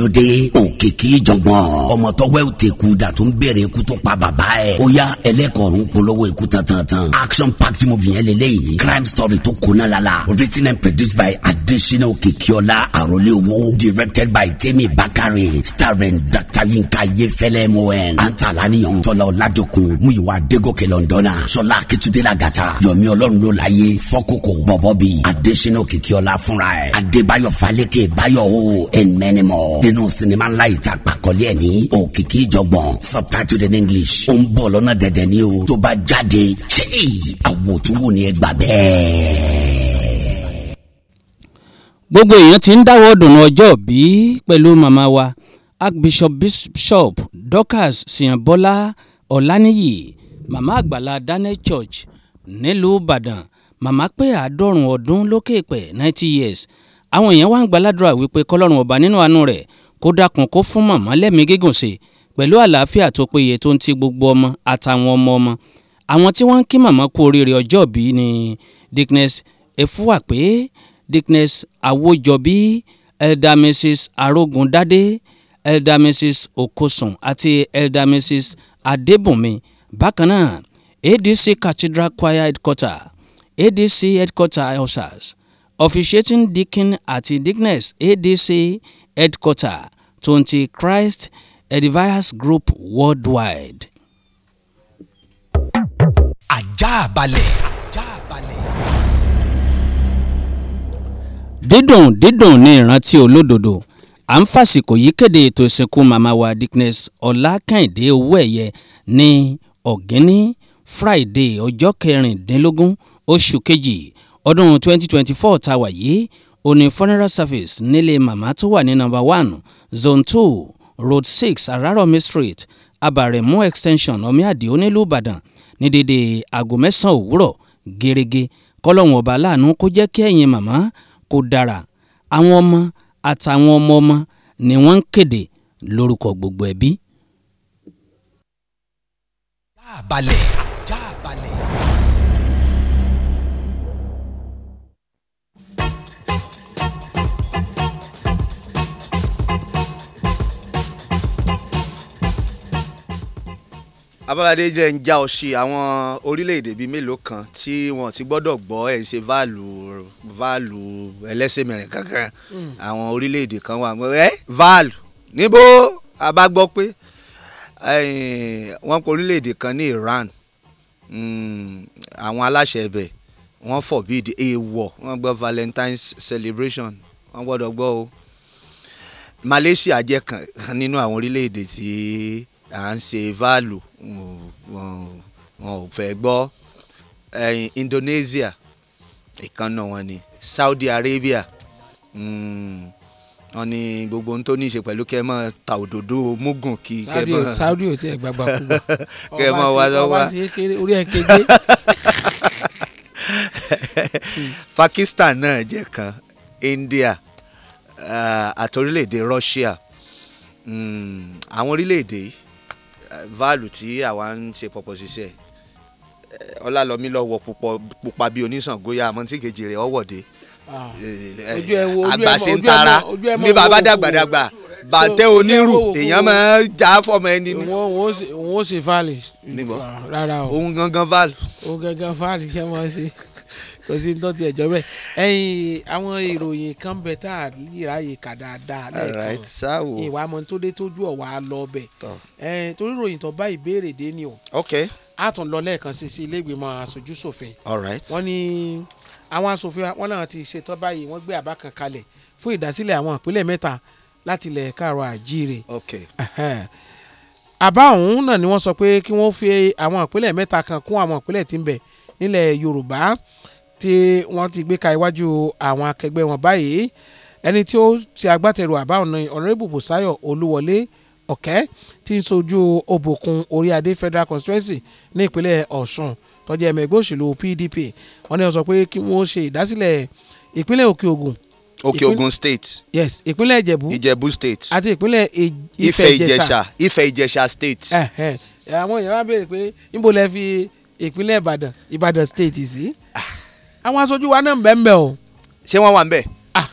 S11: òkè kí jọ̀gbọ́n ọmọ tọ́wẹ́ ò ń bẹ̀rẹ̀ ikú tó pa bàbá ẹ̀ ó yá ẹlẹ́kọ̀ọ́rùn polówó ikú tantan action packed movie yẹn lélẹ́yìí crime story tó kóná lala written and produced by adesina okekiola arolẹ́wọ́ directed by temi bakare starring dr yinka yefẹlẹ mohan antalaniyan tọ́lá ọ̀ladọ̀kun muyiwa adegoke lọ́ndọ́nà sọlá akitudela gata yomi ọlọ́run ló láyé fọ́kù kòkó bọ̀bọ̀ bi adésínà kìkíọ́lá fúnra ẹ̀ adébáyọ̀ falẹ́kẹ̀ bayo o and many more nínú sinimá ńlá yìí ta pàkọ́lé ẹ̀ ní òkìkí ìjọgbọ̀n subtitled in english ó ń bọ̀ lọ́nà dẹ̀dẹ̀ ni o tó bá jáde ṣéè àwòtúwò ni ẹ gbà bẹ́ẹ̀.
S14: gbogbo èèyàn ti ń dáwọ́ dùnú ọjọ́ bí pẹ̀lú màmá wa archbishop bishop dorcas siyanbọ́lá ọláníyì màmá àgbàlá daniel church nílùú ìbàdàn màmá pé àádọ́rùn ọdún lókè pẹ̀ ninety years àwọn èèyàn wá ń gbaládùra wípé kọlọ́run ọba nínú àánú rẹ̀ kó dákun kó fún màmá lẹ́mìí gígùn sí pẹ̀lú àlàáfíà tó péye tó ń ti gbogbo ọmọ àtàwọn ọmọ ọmọ àwọn tí wọ́n ń kí màmá kú oríire ọjọ́ bí ni Dickness Efuwape Dickness Awojobi Elder Mrs Arogundade Elder Mrs Okosun àti Elder Mrs Adebunmi bákan náà ADC Cathedral Choir Headquarter ADC headquarter officers officiating deacon àti deaconess ADC headquarter twenty Christ Edifiers Group worldwide. Àjààbalẹ̀. Àjààbalẹ̀. dídùn dídùn ní ìrántí olódodo à ń fàsìkò yìí kéde ètò ìsìnkú màmá wa Dickness Ọlákàndé Owóẹ̀yẹ ní ọ̀gíní Friday ọjọ́ kẹrìndínlógún oṣù kejì ọdún 2024 tá a wà yìí ó ní funeral service nílé màmá tó wà ní number one zone two road six araromi street abaremu extension omiadi onílù ìbàdàn ní dédé aago mẹ́sàn-án òwúrọ̀ gẹ́rẹ́gẹ́ kọ́lọ́hún ọba láàánú kó jẹ́ kí ẹ̀yin màmá kó dára àwọn ọmọ àtàwọn ọmọ ọmọ ni wọ́n ń kéde lórúkọ gbogbo ẹbí.
S3: abọ́ládé jẹ́ ń já ọṣì àwọn orílẹ̀-èdè bíi mélòó kan tí wọn ti gbọ́dọ̀ gbọ́ ẹ̀ ń ṣe válù válù ẹlẹ́sẹ̀ mẹ́rin kankan hmm. àwọn orílẹ̀-èdè kan wà ẹ́ válù níbo a bá gbọ́ pé wọ́n pe orílẹ̀-èdè kan ní Iran hmm, àwọn aláṣẹ ibẹ̀ wọ́n forbid èèwọ̀ wọ́n gbọ́ Valentine's celebration wọ́n gbọ́dọ̀ gbọ́ o Malaysia jẹ́ kan nínú àwọn orílẹ̀-èdè tí. Ti à ń ṣe value wọn ò fẹ́ gbọ́ Indonesia ìkànnà wọn ni Saudi Arabia hmm, wọn ní gbogbo ohun tó ní í ṣe pẹ̀lú kẹ́ ẹ mọ́ ta òdòdó mugun kí kẹ́ ẹ mọ́. Saudi ò tí ẹ gbàgbà kú wa kẹ́ ẹ mọ́ wa lọ́wọ́. ọba ṣe kéré orí ẹ kéde. Pakistan náà jẹ́ kan India eh, àti orílẹ̀-èdè Russia hmm, àwọn orílẹ̀-èdè yìí valu tí àwa ń ṣe pọ̀pọ̀ ṣiṣẹ́ ọlálọ́mí lọ́wọ́ pupa bíi oníṣàngóyà àmọ́ tí kejì rẹ̀ ọ̀wọ̀de ah, àgbàṣe ń tara bí bàbá dàgbàdàgbà bàtẹ onírù èèyàn máa
S2: já fọmọ ẹni ni. òun ó sì fàlì. nígbà òun gangan fàlì. òun gangan fàlì kí ẹ máa ṣe kò sí ní tọ́tí ẹ̀jọ́ bẹ́ẹ̀ ẹ̀yin àwọn ìròyìn kan bẹ tá a yíráyè kà dáadáa lẹ́ẹ̀kan ìwà àmọ́ tó dé tójú ọ̀wà lọ bẹ̀ torí ìròyìn tó bá ìbéèrè dé ni o a tún lọ lẹ́ẹ̀kan sí sí ilé ìgbìmọ̀ aṣojú ṣòfin wọ́n ní àwọn aṣòfin wọn náà ti ṣetán báyìí wọ́n gbé àbá kan kalẹ̀ fún ìdásílẹ̀ àwọn ìpínlẹ̀ mẹ́ta láti ilẹ̀ káàrọ̀ àjíire àbá ọ̀hún náà ni wọ́n sọ pé kí wọ́n fi àwọn ìpínlẹ̀ mẹ́ta kan kún àwọn ìpínlẹ̀ tí ń bẹ nílẹ̀ Yorùbá tí wọ́n ti gbé ka iwájú àwọn akẹgbẹ́ wọn báyìí ẹni tí ó ti agbátẹrù àbá ọ̀nà ọ̀nàrẹ́bù Bùsáyọ̀ Olúwọlé Ọ̀kẹ́ tí ń sojú Òbòkun Oríadé Federal Constituency ní ìpínlẹ̀ Ọ̀ṣun tó jẹ́ ẹ̀mọ́ ẹgbẹ́ òṣèlú PDP wọ́n ní wọ́n sọ pé kí wọ́n ṣe ìdásílẹ̀ ìpínlẹ̀ Òkè Ògùn Òkè Ògùn State yes ìpínlẹ̀ Ìjẹ̀bú
S3: Ìjẹ̀bú State
S2: àti ìpínlẹ̀ Ifẹ̀ Ìjẹ̀ṣà
S3: Ifẹ̀ Ìjẹ̀ṣà State.
S2: àwọn èèyàn wá béèrè pé níbo lẹ fi ìpínlẹ̀ Ìbàdàn Ìbàdàn State sí. àwọn aṣojú wa náà ń bẹ ń bẹ o. ṣé wọ́n wà ń bẹ. Ah,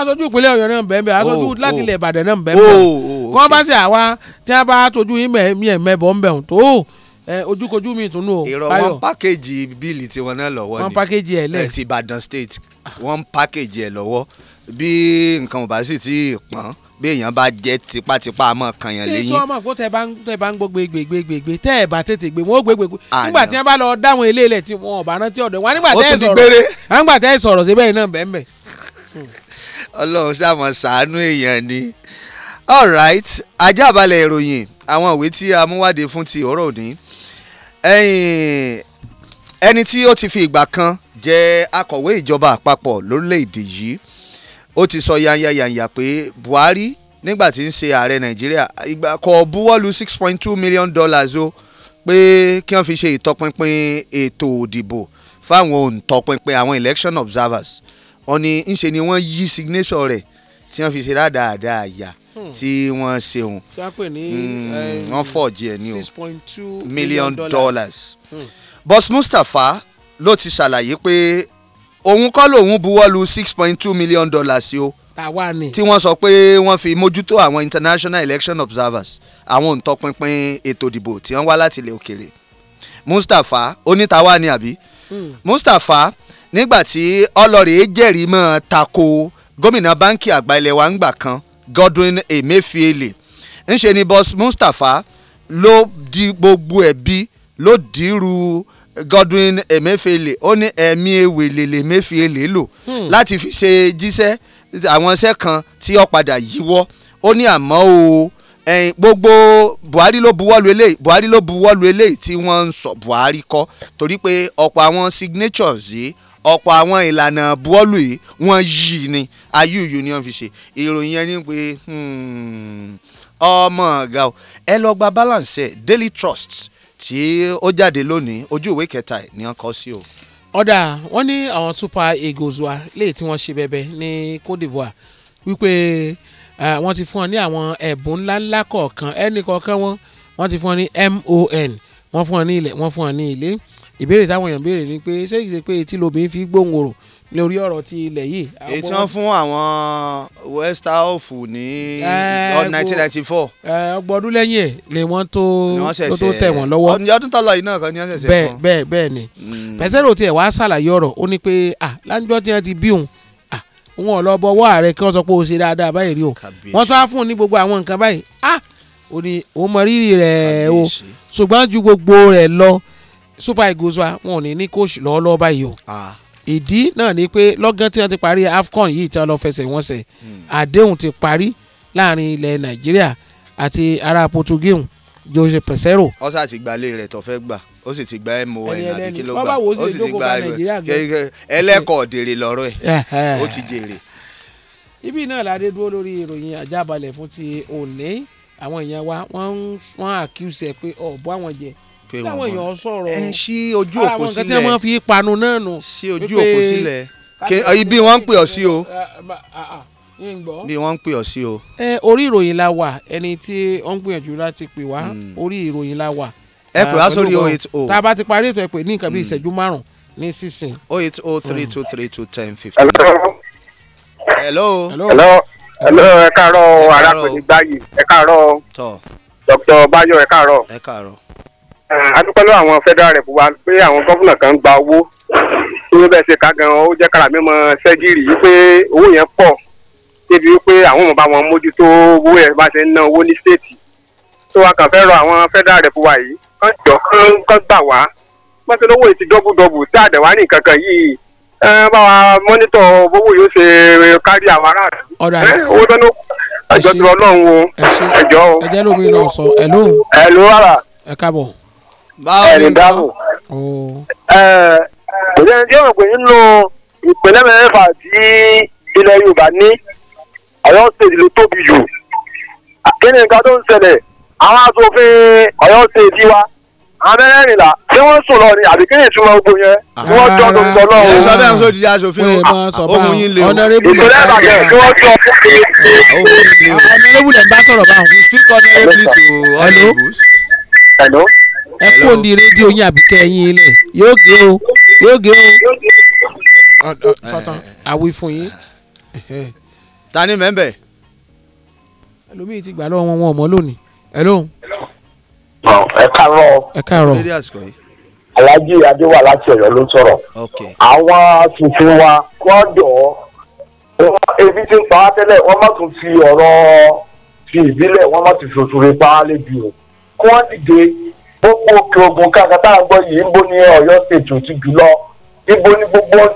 S2: aṣojú ìpínlẹ̀ ọ̀yọ́ náà ń bẹ ń bẹ oh, aṣojú oh. láti ilẹ̀ ìbàdàn náà ń bẹ ń bẹ oh, kí wọ́n bá ṣe àwa tí wọ́n bá tójú yín mẹ́bọ̀ ń bẹ ń tó
S3: ojúkojú mi tún nù o. ìrọ̀ pákéjì bíìlì tiwọn náà lọ́wọ́ ni ẹ̀ ti ìbàdàn state ah. wọn pákéjì ẹ̀ lọ́wọ́ bí nǹkan ò bá sì ti pọ́n bí èèyàn bá jẹ́ tipátipá àmọ́ kan yẹn lẹ́yìn. ètò
S2: ọmọ kó tẹ bá ń tẹ bá ń gbó gbégbégbégbé tẹ ẹ bá tètè gbé wọn ó gbégbégbé nígbà tí wọn bá lọ dáwọn ilé ilẹ̀ tí wọn ò rántí ọ̀dọ̀ wọn nígbà tẹ ẹ sọ̀rọ̀ wọn nígbà tẹ ẹ sọ̀rọ̀ síbẹ̀ iná bẹ́ẹ̀
S3: ọlọ́run sàmọ̀ sàánú èèyàn ni all right ajábalẹ̀ ìròyìn àwọn ìwé tí a mú wáde fún ti ọ̀rọ̀ òní ẹni tí ó ti fi ìgbà kan jẹ́ akọ̀wé ìjọba àpapọ̀ lórílẹ̀‐èdè yìí ó ti sọ yanyanyanya pé Buhari nígbà tí ń ṣe ààrẹ Nàìjíríà ìgbà kò buwọ́lu six point two million dollars o pé kí wọ́n fi ṣe ìtọpinpin ètò òdìbò fáwọn òǹtọpinpin àwọn election observers wọ́n ní ńṣe ni wọ́n yí signature rẹ̀ tí wọ́n fi ṣe dáadáa àyà hmm. tí wọ́n ṣeun
S2: hmm, wọ́n um,
S3: fọ̀jì ẹ̀ ní o six
S2: point two million dollars. Hmm.
S3: Boss Mustapha ló ti ṣàlàyé pé òun kọ́ lòun buwọ́ six point two million dollars sí o tàwa ni tí wọ́n sọ pé wọ́n fi mójútó àwọn international election observers àwọn òǹtọpinpin ètò ìdìbò tí wọ́n wá láti ilẹ̀ òkèrè Mustapha onítàwa ni àbí mm. Mustapha nígbà tí ọlọ́rẹ̀ jẹ́rìí mọ́ tako gómìnà báńkì àgbà ilẹ̀ wa ń gbà kan Godwin Emefiele ńṣe ni boss Mustapha ló di gbogbo ẹ̀bi ló dìrú Godwin Emefiele ó ní ẹ̀mí ewé lèlè Emefiele lò hmm. láti fi ṣe jíṣẹ́ àwọn iṣẹ́ kan tí ó padà yíwọ́ ó ní àmọ́ o ẹyin gbogbo Buhari ló buwọ́lu eléyìí Buhari ló buwọ́lu eléyìí tí wọ́n ń sọ Buhari kọ́ torí pé ọ̀pọ̀ àwọn signatures yìí ọ̀pọ̀ àwọn ìlànà buwọ́lu yìí wọ́n yí ni ayúyú ni wọ́n fi ṣe ìròyìn yẹn ni pé hmm, ọmọ ọ̀gá ẹ lọ gba balance ẹ Daily Trust tí ó jáde lónìí ojú ìwé kẹta ni wọ́n kọ sí o.
S2: ọ̀dà wọ́n ní àwọn super eagles wa léyìí tí wọ́n ṣe bẹ̀bẹ̀ ní Côte d'Ivoire wípé wọ́n ti fún ọ ní àwọn ẹ̀bùn ńláńlá kọ̀ọ̀kan ẹnì kọ̀ọ̀kan wọn wọ́n ti fún ọ ní MON wọ́n fún ọ ní ilẹ̀ ilé ìbéèrè táwọn èèyàn béèrè ni pé ṣé ìṣe pé etí lobìnrin fi gbóhùn lórí ọ̀rọ̀ ti ilẹ̀ yìí. ètò wọn fún àwọn
S3: Westerhof ní nineteen ninety four.
S2: ọgbọ̀n ọdún lẹ́yìn ẹ̀ ni wọ́n tó tó tẹ̀ wọ́n lọ́wọ́. ọdún tó yìí náà kan ní ọ̀sẹ̀ sẹ́kọ̀ọ́. bẹ́ẹ̀ bẹ́ẹ̀ bẹ́ẹ̀ ni hmm. pẹ̀sẹ́rò tiẹ̀ wá ṣàlàyé ọ̀rọ̀ ó ní pé à láńjọ́ tí wọ́n ti bí òun à òun ò lọ bọ ọwọ́ ààrẹ kí wọ́n sọ pé ó ṣe dáadáa báyìí rí o wọ́n tó á fún un ní o ṣùgbọ́n ju gbogbo rẹ̀ lọ Super Eagles wa wọn ò ní ní Ah ìdí náà ni pé lọ́gán tí wọ́n ti parí AFCON yìí tí wọ́n lọ fẹsẹ̀ wọn sẹ̀ àdéhùn ti parí láàrin ilẹ̀ Nàìjíríà àti ará Portugal Jose Peseiro.
S3: ó sá ti gbalé rẹ̀ tó fẹ́ gbà ó sì ti gba mon àbí kí ló gbà ó sì ti gba ẹlẹ́kọ̀ọ́ dèrè lọ́rọ̀ ẹ̀ ó ti dèrè.
S2: ibi náà ládé dúró lórí ìròyìn àjábalẹ̀ fún ti òní àwọn èèyàn wa wọ́n accuse ẹ pé ọ̀bọ àwọn jẹ́ pé wọn mọ táwọn èèyàn sọ̀rọ̀ ẹ ṣí ojú òpó sílẹ̀ àwọn nǹkan tí wọ́n fi panu náà nù. ṣí ojú òpó sílẹ̀ ibi wọ́n ń pè ọ́ sí o
S3: bí wọ́n ń pè ọ́ sí o.
S2: ẹ orí ìròyìn la wà ẹni tí ó ń gbìyànjú láti pè wá hmm. orí ìròyìn la wà. ẹ pè wá ah, sórí o oh oh. tá a bá ti parí ètò ẹ pè ní nǹkan bí hmm. ìṣẹ́jú márùn ní sísìn. o oh three
S3: two three two ten fifteen. hello. hello. hello hello ẹ káàárọ̀ arákùnrin gbáyé ẹ káàárọ̀ dr bayo ẹ káàárọ̀. ẹ káàárọ̀.
S10: Eh, adúpẹ́ lọ́wọ́ àwọn federal rep wa pé àwọn gọ́fúnà kan gba owó tí wọ́n bẹ́ẹ̀ ṣe ká gan ó jẹ́ kára mímọ sẹ́gírì wípé owó yẹn pọ̀ débi wípé àwọn ọmọ bá wọn mójútó owó yẹn bá ṣe ń ná owó ní stéètì tó a kàn fẹ́ rọ àwọn federal rep wa yìí kán jọ kán gbà wá mọ́tò lówó yìí ti dọ́bùdọ́bù tí àdẹ̀wá ní kankan yìí bá wa mọ́nítọ̀ owó yóò ṣe kárí àwọn aráàlú owó tó ní
S2: ẹjọ́ tó ọlọ́run o ẹjọ́ o. ẹ jẹ́ lómi náà sọ ẹ̀ lóhùn. ẹ̀ ló rárá. ẹ káàbọ̀ ẹ̀rìn dáhùn. kò sẹ́ni tí yóò pè nínú
S10: ìpínlẹ̀ mẹ́fà tí ilẹ̀ Yorùbá ní Ọ̀yọ́ state ló tóbi jù kí ni nǹkan tó ń ṣẹlẹ̀ àwọn aṣòfin Ọ̀yọ́ state wa amẹ́rẹ́rìnlá tí wọ́n sùn lọ ni àbí kí ni ìtumọ̀ ogbó yẹn tí wọ́n jọ ló ń sọ náà o. ẹ sọ bẹ́ẹ̀ ń sojú
S2: aṣòfin ohun yín le o. ìpínlẹ̀ Ìbàdàn tí wọ́n jọ ọ̀nẹ́rẹ́bù lẹ̀ ń bá sọ̀rọ̀ báwọn. you speak honorably to all the Hello ẹ kú òní rédíò yín àbí kẹyìn ilẹ̀ yóò gé o yóò gé o. àwí fún yín. ta ni mẹ́ńbẹ̀. ẹlòmíì ti gbà lọ́wọ́ wọn wọn ọmọ lónìí. ẹ lóhùn. ẹ káàárọ̀. ẹ káàárọ̀.
S10: alájí adéwà láti Ọ̀yọ́ ló ń sọ̀rọ̀. àwọn tuntun wa gbọ́dọ̀ ebi tí ń pa á tẹ́lẹ̀ wọ́n má tún fi ọ̀rọ̀ fi ìbílẹ̀ wọ́n má tún fi òṣèré pa á lébi o kí wọ́n dìde gbogbo òkè ògùn kankan tá à ń gbọ́ yìí ń bo ní ọ̀yọ́ state jù lọ ibo ni gbogbo